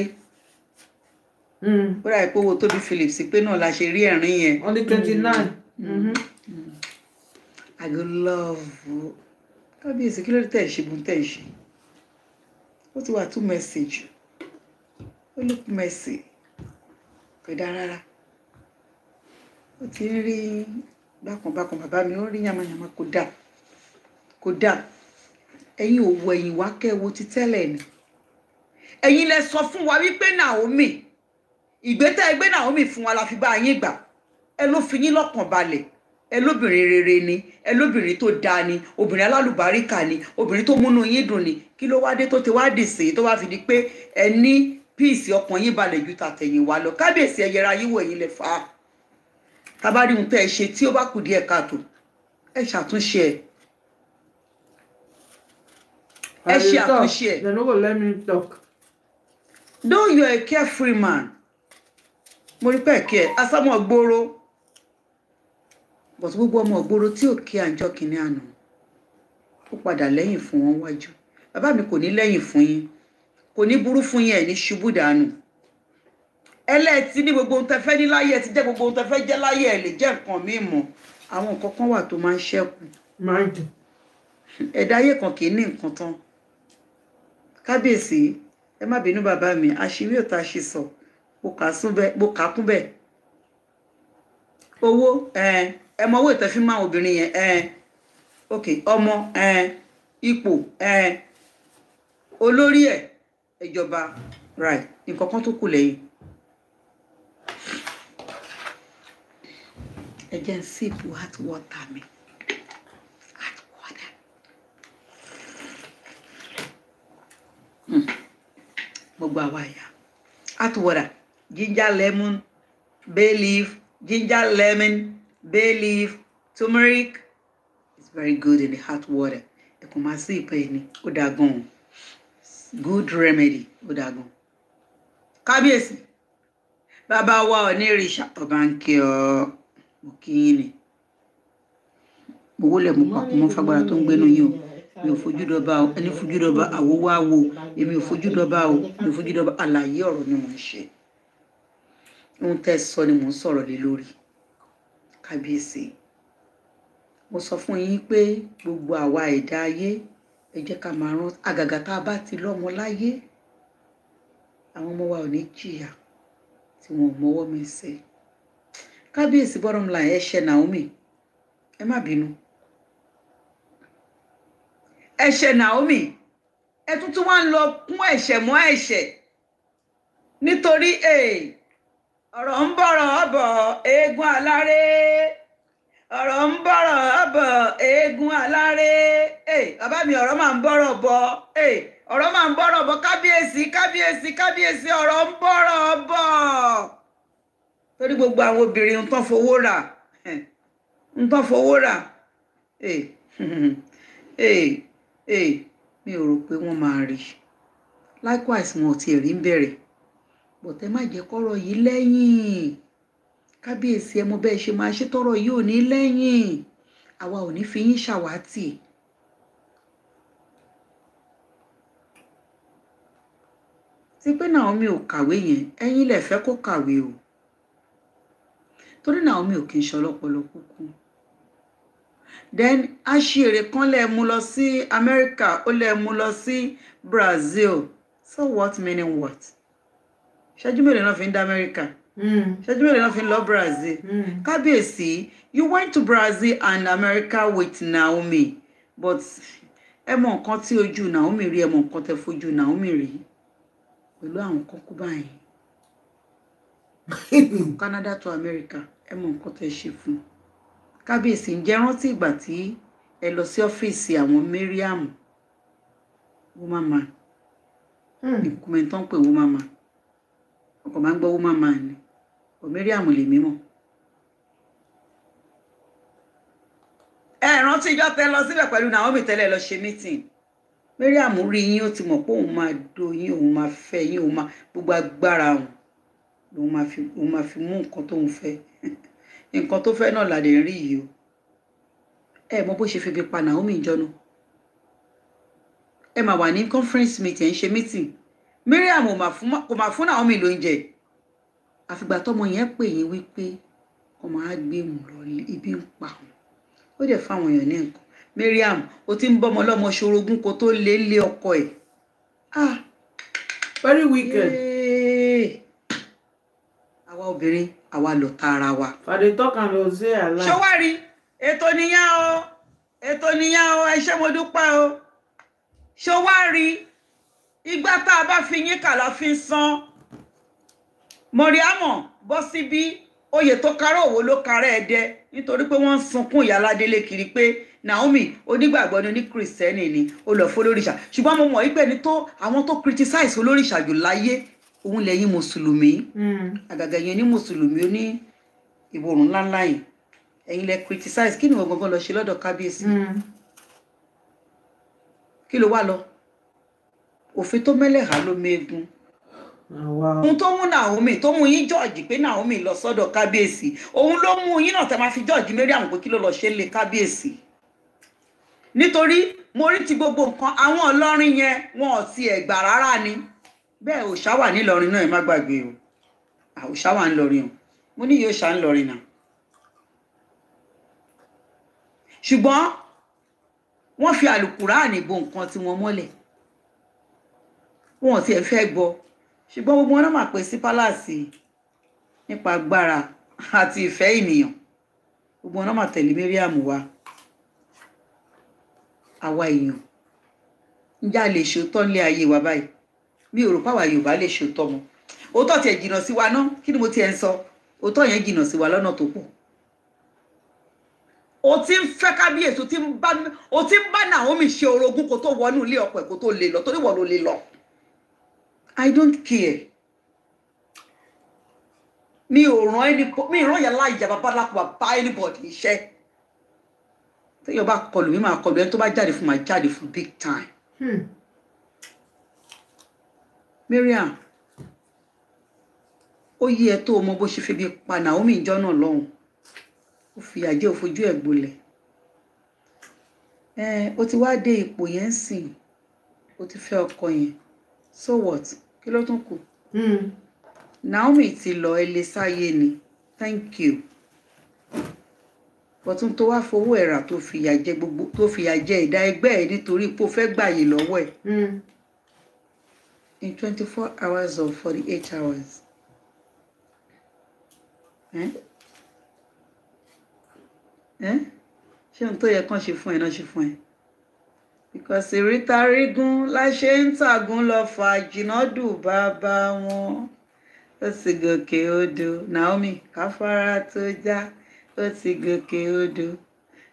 wúrà hmm. ìpowó Tóbi Phillips pé náà la ṣe rí ẹ̀rín yẹn. only twenty nine. Mm-hmm. Mm-hmm. Mm-hmm. I go love you kábíyèsí kí ló dé tẹ̀ ń ṣe bó ń tẹ̀ ń ṣe ó ti wà two message ó ló kú mẹ́sì kò dá rárá ó ti ń rí bákanbákan bàbá mi ó rí yamayama kò dà kò dà ẹ̀yin ò wọ ẹ̀yìn wá kẹ́ ẹ wo ti tẹ́lẹ̀ ni ẹ̀yin lẹ sọ fún wa wípé Naomi ìgbésẹ̀ ẹgbẹ́ Naomi fún wa la fi bá yín gbà ẹ ló fi yín lọ́kàn balẹ̀ ẹ lóbìnrin rere ni ẹ lóbìnrin tó dáa ni obìnrin alálùbáríkà ni obìnrin tó múnú yín dùn ni kí ló wá dé tó ti wá dìsè tó wá fi di pé ẹ ní píìsì ọkàn yín balẹ̀ ju tàtẹ̀yìn wá lọ kábíyèsí ẹ yẹra yíwọ ẹ̀yin lè fà á tábàrí ohun ẹ ṣe tí ó bá kù díẹ̀ káàtó ẹ ṣàtúnṣe ẹ ẹ ṣe àtúnṣe ẹ. no go let me you a carefree man mo rí pẹ́ ẹ asámọ̀ gbòòrò bọ̀tú gbogbo ọmọ ògbóró tí ò kí àjọ kìnínní àná ó padà lẹ́yìn fún wọn wájú bàbá mi kò ní lẹ́yìn fún yín kò ní burú fún yín ẹ̀ ní ṣubú dànù ẹlẹ́ẹ̀tì ní gbogbo ohun tẹ́fẹ́ ní láyé ẹ̀ ti jẹ́ gbogbo ohun tẹ́fẹ́ jẹ́ láyé ẹ̀ lè jẹ́ nǹkan míì mọ́ àwọn nǹkan kan wà tó máa ń ṣẹ́kù ẹ̀dá ayé kan kì í ní nǹkan tán kábíyèsí ẹ má bínú bàbá mi àṣírí ò ta ṣe sọ mo kà á kún bẹ́ẹ̀ owó ẹ̀ẹ́ ẹ mọ owó ìtẹ́fí máa obìnrin yẹn ẹ ok ọmọ ẹ ipò ẹ olórí ẹ ìjọba right nǹkan kan tó kù lẹ́yìn. ẹ jẹ́ ń síìpù hot water mi. Hmm. gbogbo àwa ẹ̀yà hot water ginger lemon bay leaf ginger lemon bay leaf turmeric it's very good in the hot water ẹ̀kọ́ ipeni sí good remedy ó dáa gan-an kábíyèsí bàbá wa onírìṣà ọba ń kí ọ mo kí ni mo wólẹ̀ mo mọ́ fagbára tó ń gbénu yín o mi ò fojú dọba o ẹni fojú dọba àwo wá èmi ò fojú dọba o mi ò fojú dọba àlàyé ọ̀rọ̀ ni mò ń ṣe ohun tẹ́ sọ ni mò ń sọ̀rọ̀ lé lórí kábíyèsí mo sọ fún yín pé gbogbo àwa ẹ̀dá ayé ẹ jẹ́ ká máa rántí àgàgà tá a bá ti lọ́mọ láyé àwọn ọmọ wa ò ní jìyà tí wọn ò mọwọ́ mi ṣe kábíyèsí bọ́rọ̀mù là ẹ ṣe Naomi ẹ má bínú ẹ ṣe Naomi ẹ tuntun wá ń lọ kún ẹ̀ṣẹ̀ mọ́ ẹ̀ṣẹ̀ nítorí ẹ̀ẹ́. ọ̀rọ̀ ń bọ̀rọ̀ bọ̀ eegun aláré ọ̀rọ̀ ń bọ̀rọ̀ bọ̀ eegun aláré bàbá mi ọ̀rọ̀ máa ń bọ̀rọ̀ bọ̀ ọ̀rọ̀ máa ń bọ̀rọ̀ bọ̀ kábíyèsí kábíyèsí kábíyèsí ọ̀rọ̀ ń bọ̀rọ̀ bọ̀ torí gbogbo àwọn obìnrin ń tán fowó rà ń tán fowó <laughs> mi ò rò pé wọ́n máa rí likewise wọn ò tiẹ̀ rí bẹ̀rẹ̀ bọ̀tẹ́ má jẹ́ kọ́rọ̀ yìí lẹ́yìn kábíyèsí ẹ mọ̀ bẹ́ẹ̀ ṣe máa ṣe tọ́rọ̀ yìí ò ní lẹ́yìn àwa ò ní fi yín ṣàwátì. ti pé Naomi ò kàwé yẹn ẹ̀yin lè fẹ́ kó kàwé o torí Naomi ò kì í ṣọlọpọlọ kúkú then aṣèrè kan lè mú lọ sí Amẹ́ríkà ó lè mú lọ sí Brazil so what meaning what ṣẹ́jú mélòó náà fi ń dá Amẹ́ríkà hmm. ṣẹ́jú mélòó náà fi ń lọ Brazil hmm. kábíyèsí you went to Brazil and America with Naomi but ẹ mọ nǹkan tí ojú Naomi rí ẹ mọ nǹkan tẹ fojú Naomi rí pẹ̀lú àwọn kókó báyìí <laughs> Canada to America ẹ mọ nǹkan tẹ ṣe fún kábíyèsí ǹjẹ́ rántí ìgbà tí ẹ lọ sí ọ́fíìsì àwọn Mariam wọ́n máa ma ìkùmẹ̀ntàn pé wọ́n máa ma ọkọ̀ máa ń gbọ́ woman man ni òmírí àmùlè mímọ́. ẹ rántí ìjọ tẹ lọ síbẹ̀ pẹ̀lú Naomi tẹ́lẹ̀ lọ ṣe meeting Mariam rí yín ó ti mọ̀ pé òun máa do yín òun máa fẹ́ yín òun máa gbogbo agbára òun lòun máa fi òun máa fi mú nǹkan tóun fẹ́ <laughs> nǹkan tó fẹ́ náà làdè rí yìí o ẹ mọ bó ṣe fi fi pa Naomi ìjọ ẹ máa wà ní conference meeting ẹ ń ṣe meeting Miriam, kò mà fún Naomi lóúnjẹ àfìgbà tọmọ yẹn pè yín wípé ọmọ á gbé òun lọ ibi ń pa òun ó dẹ̀ fáwọn èèyàn ní nǹkan Mariam o ti ń bọ́mọ lọ́mọ ṣorogún kó tó lé lé ọkọ ẹ̀ ah very wicked. àwa obìnrin àwa lọ ta ara wa. fàdé tọ́kàn ló ṣe àlá. ṣọwárí ètò nìyá o ètò nìyá o ẹ ṣé mo dúpẹ́ o ṣọwárí ìgbà tá a bá fi yín kà la fi ń san mọ̀ríámọ̀ bọ́ síbí oyè tó kárọ̀ òwò ló kárẹ̀ ẹ̀ dẹ nítorí pé wọ́n ń sunkún ìyá aládélé kiri pé Naomi onígbàgbọ́ ni oníkìrìsẹ́nì ni ó lọ fún olóríṣà ṣùgbọ́n mo mọ̀ wípé ẹni tó àwọn tó criticize olóríṣà jù láyé òun lẹ́yìn mùsùlùmí hmm. àgàgà yẹn ní mùsùlùmí ó ní ìwòrùn ńláńlá yìí ẹ̀yin lẹ criticize kí ni wọ́n gangan lọ ṣe lọ́dọ̀ kábíyèsí hmm. kí ló wá lọ òfin tó mẹ́lẹ̀há ló méegun ohun tó mú Naomi tó mú yín George pé Naomi lọ sọ́dọ̀ kábíyèsí òun ló mú yín náà tẹ́ máa fi George Mariam pé kí ló lọ ṣe lé kábíyèsí nítorí mo rí ti gbogbo nǹkan àwọn ọlọ́rin yẹn wọn ò ti ẹ̀gbà rárá ni bẹ́ẹ̀ òòṣà wà nílọrin náà ẹ má gbàgbé o òòṣà wà nílọrin o mo ní yóò ṣà ńlọrin náà ṣùgbọ́n wọ́n fi àlùkùrá ànìbo nǹkan tí wọ́n mọ́lẹ̀ wọn ò tiẹ̀ fẹ́ gbọ́ ṣùgbọ́n gbogbo wọn náà máa pè sí pálásì nípa agbára àti ìfẹ́ ènìyàn gbogbo wọn náà máa tẹ̀lé Mariam wá àwa èèyàn ǹjẹ́ a lè ṣòótọ́ nílé ayé wa báyìí mi ò rò páwa Yorùbá lè ṣòótọ́ mọ́ òótọ́ tiẹ̀ jìnnà sí wa náà kí ni mo tiẹ̀ ń sọ òótọ́ yẹn jìnnà sí wa lọ́nà tó pọ̀ o ti ń fẹ́ kábíyèsí o ti ń bá Naomi ṣe orogún kó tó wọnú ilé ọkọ ẹ̀ kó tó lè lọ torí wọ́n ló lè lọ. I don't care mi ò ràn ẹni mi ràn yà láìjà bàbá lápò bàbá anybody iṣẹ́ téèyàn bá kọlù mi máa kọlù ẹni tó bá jáde fún máa jáde fún big time. Hmm. Mariam ó yí ẹ tó o mọ bó ṣe febi pa Naomi ìjọ náà lọ́hùn ó fi àjẹ́ òfojú ẹ̀ gbolẹ̀ ẹ o ti wá dé ipò yẹn ń sìn o ti fẹ́ ọkọ yẹn so what kí ló tún kù. Hmm. Naomi ti lọ ẹlẹ́sàyé ni thank you bọ́tún tó wá fowó ẹ̀rà tó fìyà jẹ gbogbo tó fìyà jẹ ìdá ẹgbẹ́ ẹ̀ nítorí pé ó fẹ́ gbàyè lọ́wọ́ ẹ̀. Hmm. in twenty four hours or forty eight hours. ṣé ohun tó yẹ kán ṣe fún ẹ náà ṣe fún ẹ because ìrítàrígún la ṣe ń tàgún lọ fà jìnnàdù bàbá wọn ó ti gòkè odò Naomi káfárá tó já ó ti gòkè odò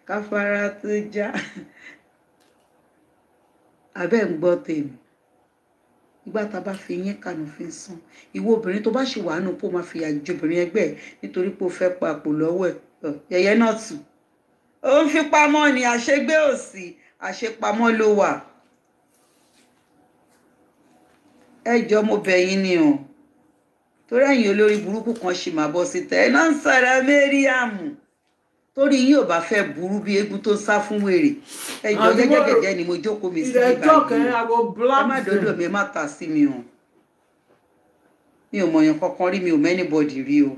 káfárá tó já abẹ́ ń gbọ́ tèmi ìgbà tá a bá fi yín kànú fi ń san ìwọ obìnrin tó bá ṣì wà nù pò máa fi àjò obìnrin ẹgbẹ́ nítorí pé fẹ́ pa àpò lọ́wọ́ ẹ̀ yẹ̀yẹ́ náà tù ó ń fipá mọ́ ni àṣegbé òsì àṣepamọ́ ló wà ẹ jọ mo bẹ̀ yín ni o torí ẹ̀yin olórí burúkú kan ṣì máa bọ́ síta ẹ náà ń Sara Mariam torí yín ò bá fẹ́ burú bí eégún tó sá fún wèrè ẹ jọ jẹ́jẹ́jẹ́jẹ́ ni mo jókòó mi sí ìbàdàn ẹ má dọ́dọ̀ mi má ta sí mi o mi ò mọ̀yàn kankan rí mi ò mẹ́nìbọ̀dì rí o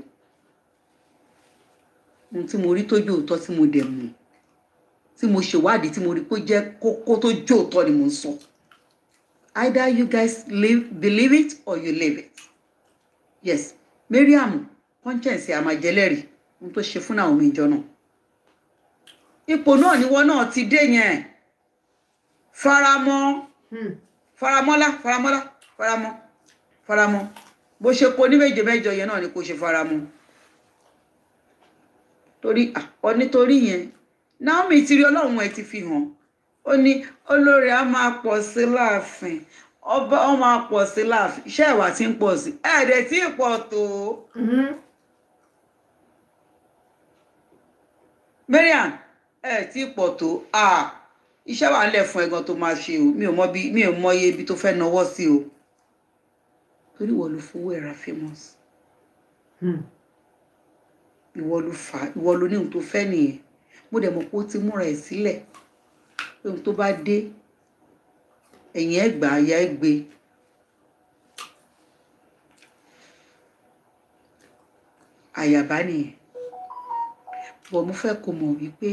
ohun tí mo rí tójú òótọ́ tí mo dẹ̀ mọ̀ tí mo ṣèwádìí tí mo rí pé jẹ́ kókó tó jó òótọ́ ni mo ń sọ either you guys believe it or you leave it yes Mariam conscience àmàjẹlẹ́rì ohun tó ṣe fún àwọn ìjọ náà ipò náà níwọ náà ti dé yẹn faramọ́ hmm. faramọ́lá faramọ́lá faramọ́ faramọ́ bó ṣe po ní méje mẹ́jọ yẹn náà ni kò ṣe faramọ́ torí ọ nítorí yẹn Naomi ti rí ọlọ́run ẹ ti fi hàn ó ní olórí a máa pọ̀ sí láàfin ọba ọ máa pọ̀ sí láàfin iṣẹ́ ìwà tí ń pọ̀ sí ẹ̀ẹ́dẹ̀ tí ì pọ̀ tó. Mariam mm-hmm. ẹ tí ì pọ̀ tó iṣẹ́ wà nílẹ̀ fún ẹ̀gàn tó máa ṣe o mi ò mọ bí mi ò mọ iye ibi tó fẹ́ náwó sí o torí ìwọ ló fowó ẹ̀ ra famous hmm. ìwọ ló fà ìwọ ló ní ohun tó fẹ́ nìyẹn mo dẹ̀ mọ̀ pé ó ti múra ẹ̀ sílẹ̀ pé ohun tó bá dé ẹ̀yìn ẹ̀ gbà àyà ẹ̀ gbé. àyàbá nìyẹn bọ̀ mo fẹ́ kó mọ̀ wípé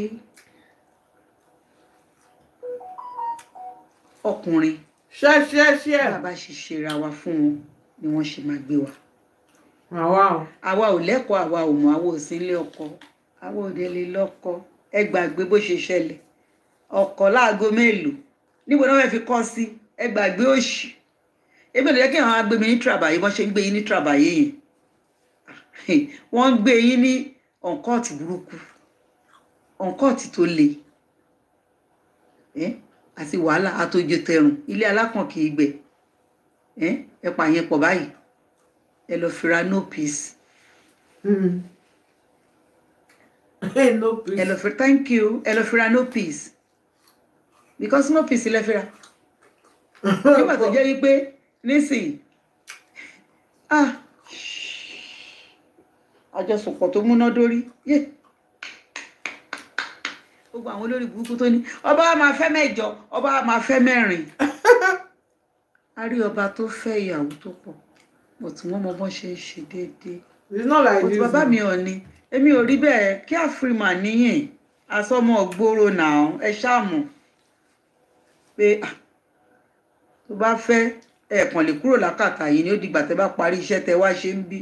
ọkùnrin ṣẹ́ṣẹ́ṣẹ́ bàbá ṣe ṣera wa fún wọn ni wọ́n ṣe máa gbé wa. àwa ò lẹ́kọ̀ọ́ àwa ò mọ̀ àwa ò sí ilé ọkọ àwa ò délé lọ́kọ ẹ gbàgbé bó ṣe ṣẹlẹ̀ ọkọ̀ láago mélòó níbo náà wọ́n fi kọ́ sí ẹ gbàgbé òṣì èmi ò lè jẹ́ kí àwọn agbèmí ní tìrabàyè wọ́n ṣe ń gbé yín ní tìrabàyè yẹn <laughs> wọ́n ń gbé yín ní ọ̀nkọ́ọ̀tì burúkú ọ̀nkọ́ọ̀tì tó le àti wàhálà àtòjò tẹrùn ilé alákàn kì í gbẹ ẹ pààyàn pọ̀ báyìí ẹ lọ fira no peace no peace. ẹ lọ fẹ́ thank you ẹ no peace because no peace lẹ fira <laughs> nígbà tó jẹ́ wípé nísìnyí ah àjọsọpọ̀ tó múná dórí yé gbogbo àwọn olórí burúkú tó ní ọba wa máa fẹ́ mẹ́jọ ọba wa máa fẹ́ mẹ́rin <laughs> a rí ọba tó fẹ́ ìyàwó tó pọ̀ bọ̀tún wọn mọ bọ́n ṣe ń ṣe déédéé bọ̀tún bàbá mi ò ní èmi ò rí bẹ́ẹ̀ kí àfìrìmà níyìn asọmọ gbòòrò náà ẹ ṣáàmù pé tó bá fẹ́ ẹ̀ẹ̀kan lè kúrò lákàtà yìí ni ó dìgbà tẹ́ bá parí iṣẹ́ tẹ́ wá ṣe ń bí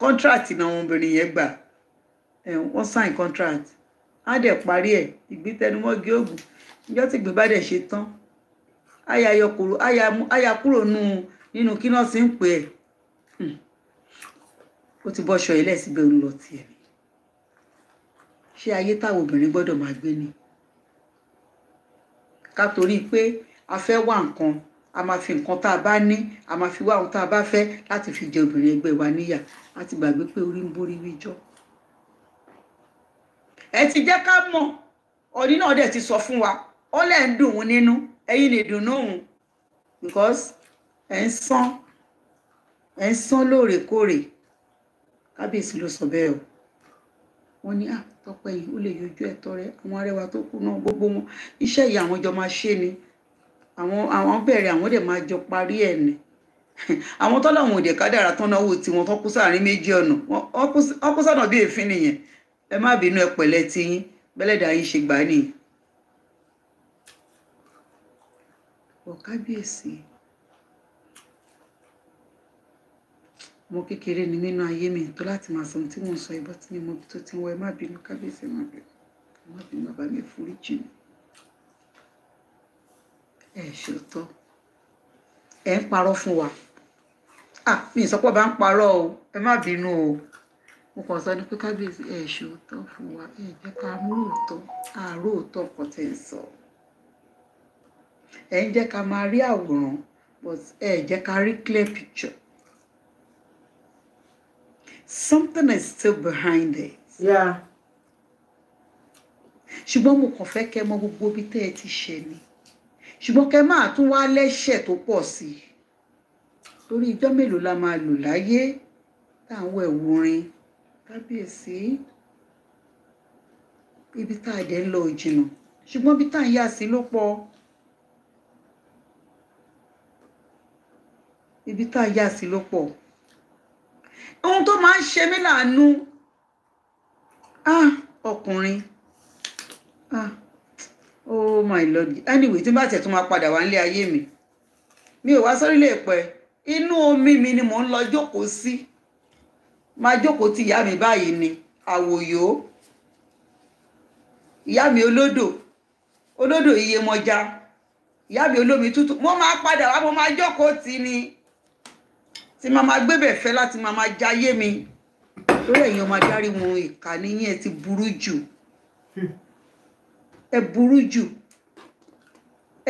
kọ́ńtráàtì náà wọn obìnrin yẹn gbà wọ́n sign contract á dẹ̀ parí ẹ̀ ìgbìtẹnumọ́gi oògùn ìjọ́ tí ìgbìn bá dẹ̀ ṣe tán àyà kúrò nínú kí náà sì ń pè ẹ́ hmm. ó ti bọ́ ṣọ ilé síbẹ̀ ń lọ tiẹ̀ ni ṣé ayé táwọn obìnrin gbọ́dọ̀ máa gbé ni ká torí pé a fẹ́ wá nǹkan a máa fi nǹkan tá a bá ní a máa fi wá ohun tá a bá fẹ́ láti fi jẹ obìnrin ẹgbẹ́ wa níyà a ti gbàgbé pé orí ń borí wíjọ́ ẹ ti jẹ́ ká mọ̀ ọ̀ní náà dẹ̀ ti sọ fún wa ó lẹ̀ ń dùn ún nínú ẹ̀yin lè dùn náà because ẹ̀ ń sán ẹ̀ ń sán lóòrèkóòrè kábíyèsí ló sọ bẹ́ẹ̀ o wọ́n ní ah Tọ́pẹ́ yìí ó lè yọjú ẹ̀tọ́ rẹ̀ àwọn arẹwà tó kù náà gbogbo wọn iṣẹ́ yìí àwọn jọ máa ṣe ni àwọn àwọn bẹ̀rẹ̀ àwọn dẹ̀ máa jọ parí ẹ̀ ni <laughs> àwọn tọ́lá àwọn òdè kádàrà tán náà wò tí wọ́n tọ́kú sáàrin méjì ọ̀nà ọkú sànà bí èéfín nìyẹn ẹ má bínú ẹ pẹ̀lẹ́ tiyín bẹ́lẹ́dà yín ṣe gbà nìyẹn. ọ̀kábíyèsí mo kékeré ni nínú ayé mi tó láti máa sọ tí mò sọ ìbọn tí tó ti wọ ẹ má bínú kábíyèsí má bínú má bínú bàbá mi forí jì mí ẹ ṣòótọ́ ẹ ń parọ́ fún wa bá ń parọ́ o ẹ má bínú o mo kàn sọ ni pé kábíyèsí ẹ ṣòótọ́ fún wa ẹ jẹ́ ká mú òótọ́ àárò clear picture. something is still behind it. Yeah. ṣùgbọ́n mo kàn fẹ́ kẹ́ mọ gbogbo ibi tẹ́ ẹ ti ṣe ni ṣùgbọ́n kẹ́ máa tún wá lẹ́ṣẹ̀ tó pọ̀ sí i torí ijọ́ mélòó la máa lò láyé táwọn ẹ̀wù rin kábíyèsí ibi tá a dẹ̀ ń lọ ìjìnà ṣùgbọ́n ibi tá a ń yà sí ló pọ̀ ibi tá a yà sí ló pọ̀ ohun tó máa ń ṣe mí láàánú ah ọkùnrin ah oh my lord anyway tí n bá tẹ̀ tún máa padà wá nílé ayé mi mi ò wá sórílẹ̀ pẹ́ inú omi mi ni mò ń lọ jókòó sí máa jókòó ti ìyá mi báyìí ni àwòyó ìyá mi olódò olódò iyemọja ìyá mi olómi tútù mo máa padà wá mo máa jókòó tì ní tí màmá gbébẹ̀ fẹ́ láti màmá jayé mi lórí ẹ̀yin ọmọ adarí wọn ìkà níyìn ẹ ti burú jù ẹ burú jù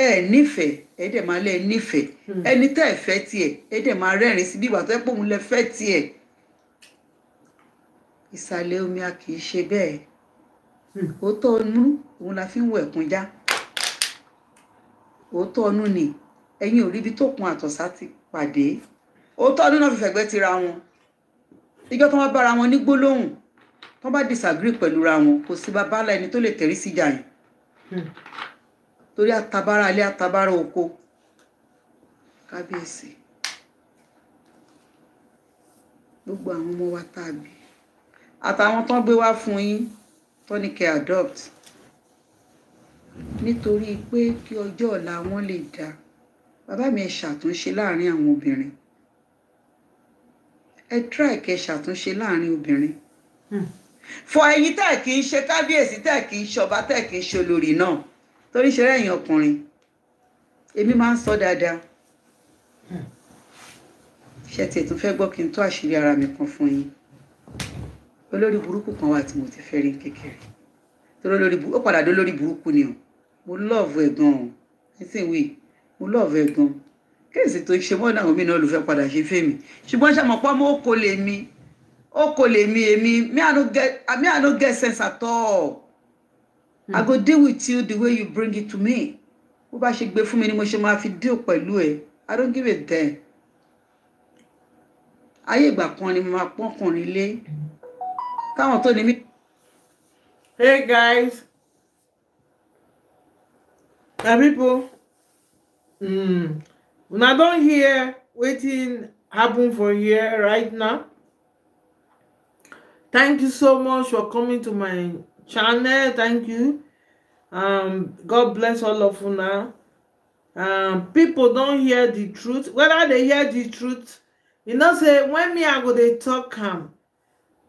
ẹ nífẹ̀ẹ́ ẹ dẹ̀ máa lẹ́ nífẹ̀ẹ́ ẹni tẹ́ ẹ fẹ́ tiẹ̀ ẹ dẹ̀ máa rẹ́rìn sí bí ìgbà tó ẹ pòun lẹ fẹ́ tiẹ̀ ìsàlẹ̀ omi a kì í ṣe bẹ́ẹ̀ òótọ́ ọnú òun la fi ń wọ ẹ̀kún já òótọ́ ọnú ni ẹ̀yin ò ríbi tó kun àtọ̀sá ti pàdé òótọ́ ọdún náà fi fẹ̀gbẹ́ tira wọn ìjọ tó wọn bára wọn ní gbólóhùn tó bá disagree pẹ̀lú ra wọn kò sí babalá ẹni tó lè tẹ̀rí síjà yẹn hmm. torí àtabára alẹ́ àtabára oko kábíyèsí gbogbo àwọn ọmọ wa tá a bí àtàwọn tó ń gbé wá fún yín tó ní kẹ́ adopt nítorí pé kí ọjọ́ ọ̀la wọn lè dáa bàbá mi ẹ̀ ṣàtúnṣe láàrin àwọn obìnrin ẹ try kẹ́ ṣàtúnṣe láàrin obìnrin hmm. fọ ẹ̀yin tẹ́ kì í ṣe kábíyèsí tẹ́ kì í ṣọba tẹ́ kì í ṣe olórí náà torí ṣe rẹyìn ọkùnrin èmi máa ń sọ dáadáa hmm. ṣe tiẹ̀ tún fẹ́ gbọ́ kí n tó àṣírí ara mi kan fún yín olórí burúkú kan wà tí mo ti fẹ́ rí kékeré torí olórí ó padà dé olórí burúkú ni o mo lọ́ọ̀vù ẹ̀gbọ́n o ẹ sì wí mo lọ́ọ̀vù ẹ̀gbọ́n kéèsì tó ṣe mọ́ náà omi padà ṣe fẹ́mi ṣùgbọ́n ṣàmọ̀ pọ́ mọ́ oko lè mi oko lè mi èmi me I no get sense at all hmm. I go deal with you the way you bring it to me bó bá ṣe gbé fún mi ni mo ṣe máa fi deal pẹ̀lú ẹ I don't give a damn ayé ìgbà kan ni mo máa pọ́nkùnrin lé káwọn tó ní mí. Hey guys, my people. Mm una don hear wetin happen for here right now thank you so much for coming to my channel thank you um god bless all of una um people don hear the truth whether they hear the truth you know say when me i go dey talk am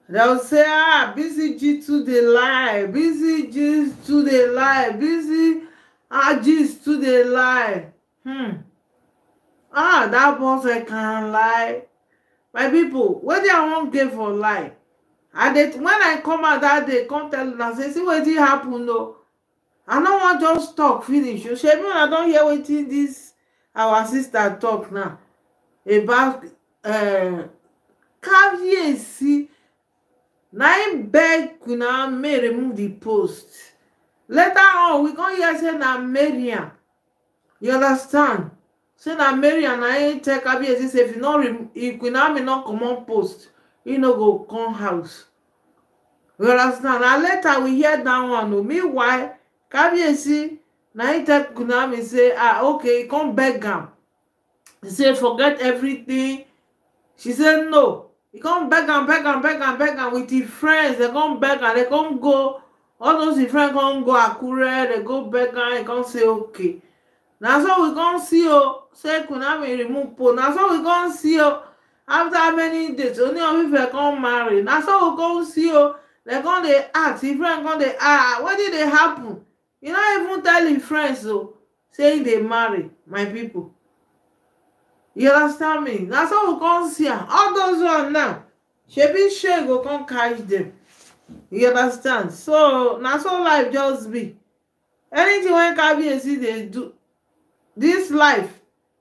They they'll say ah bcg too dey lie bcg too dey lie bcg ah gist too dey lie hmm ah dat one second lie my pipo wetin i wan give for lie And dey wen i come out that, day come tell una say see did happen no?" i no wan just talk finish o shebi I don't hear wetin This our sister talk now about caviarcy eh, na im beg una may remove the post later on we con hear say na mariam you understand say na mary and i tell kabiyesi say if you queen army no comot post He no go come house you now na later we hear dat one o meanwhile kabiyesi na him tell queen me say ah okay he come beg am he say forget everything she say no He come beg am beg am beg am beg am with him friends dem come beg am dem come go all those him friends come go akure dem go beg am e come say okay na so we come see o oh, say queen naomi remove pope na so we come see o oh, after many days only of Ife come marry na so we come see o dem come dey ask im friend come dey ah, ah wetin dey happen e no even tell im friends o oh, say im dey marry my pipo you understand me na so we come see am ah, all those one now shebi shey go come catch dem you understand so na so life just be anything wey kabiyesi dey do This life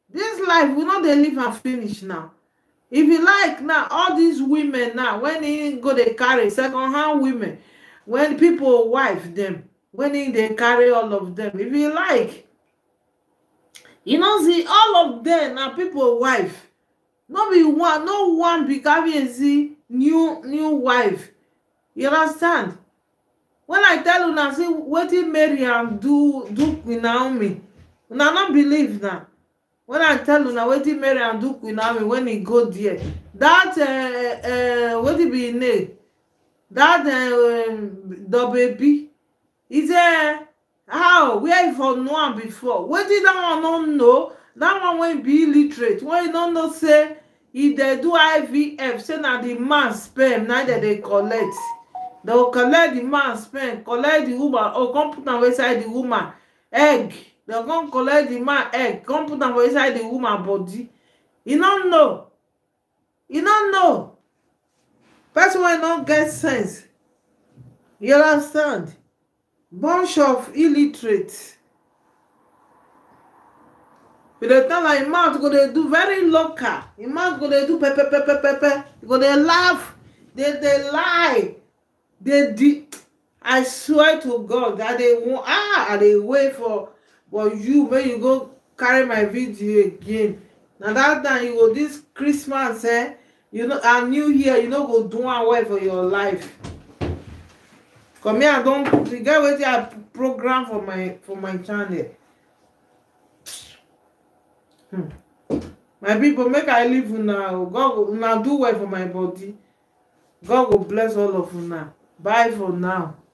this life we no dey live am finish now if you like now all these women now when e go they carry second hand women when people wife them, when e dey carry all of them. if you like you know see all of them now people wife no be one no one be kabiyesi new new wife you understand when i tell una see wetin mary am do do queen naomi una no believe na when i tell una wetin and do queen me when he go there that uh, eh, uh, eh, wetin be im name that eh, um, dobebi e say how where e for know am before wetin that one no know that one wey be illiterate wey e no know say e dey do ivf say na the man sperm na dem dey collect dem collect the man sperm collect the woman or come put am inside the woman egg dem come collect the man egg eh, come put am for inside the woman body e don't know e don't know person wey no get sense you understand bunch of illiterate we the time like im mouth go they do very local im mouth go they do pepepepepepe e go they laugh They they lie They di i swear to god that they dey ah i dey wait for but you when you go carry my video again na that time you go this christmas eh you know and new year you no go do am well for your life come here i don the guy wetin i program for my for my channel hmm. my people make i leave una o oh, god go una do well for my body god go bless all of una bye for now.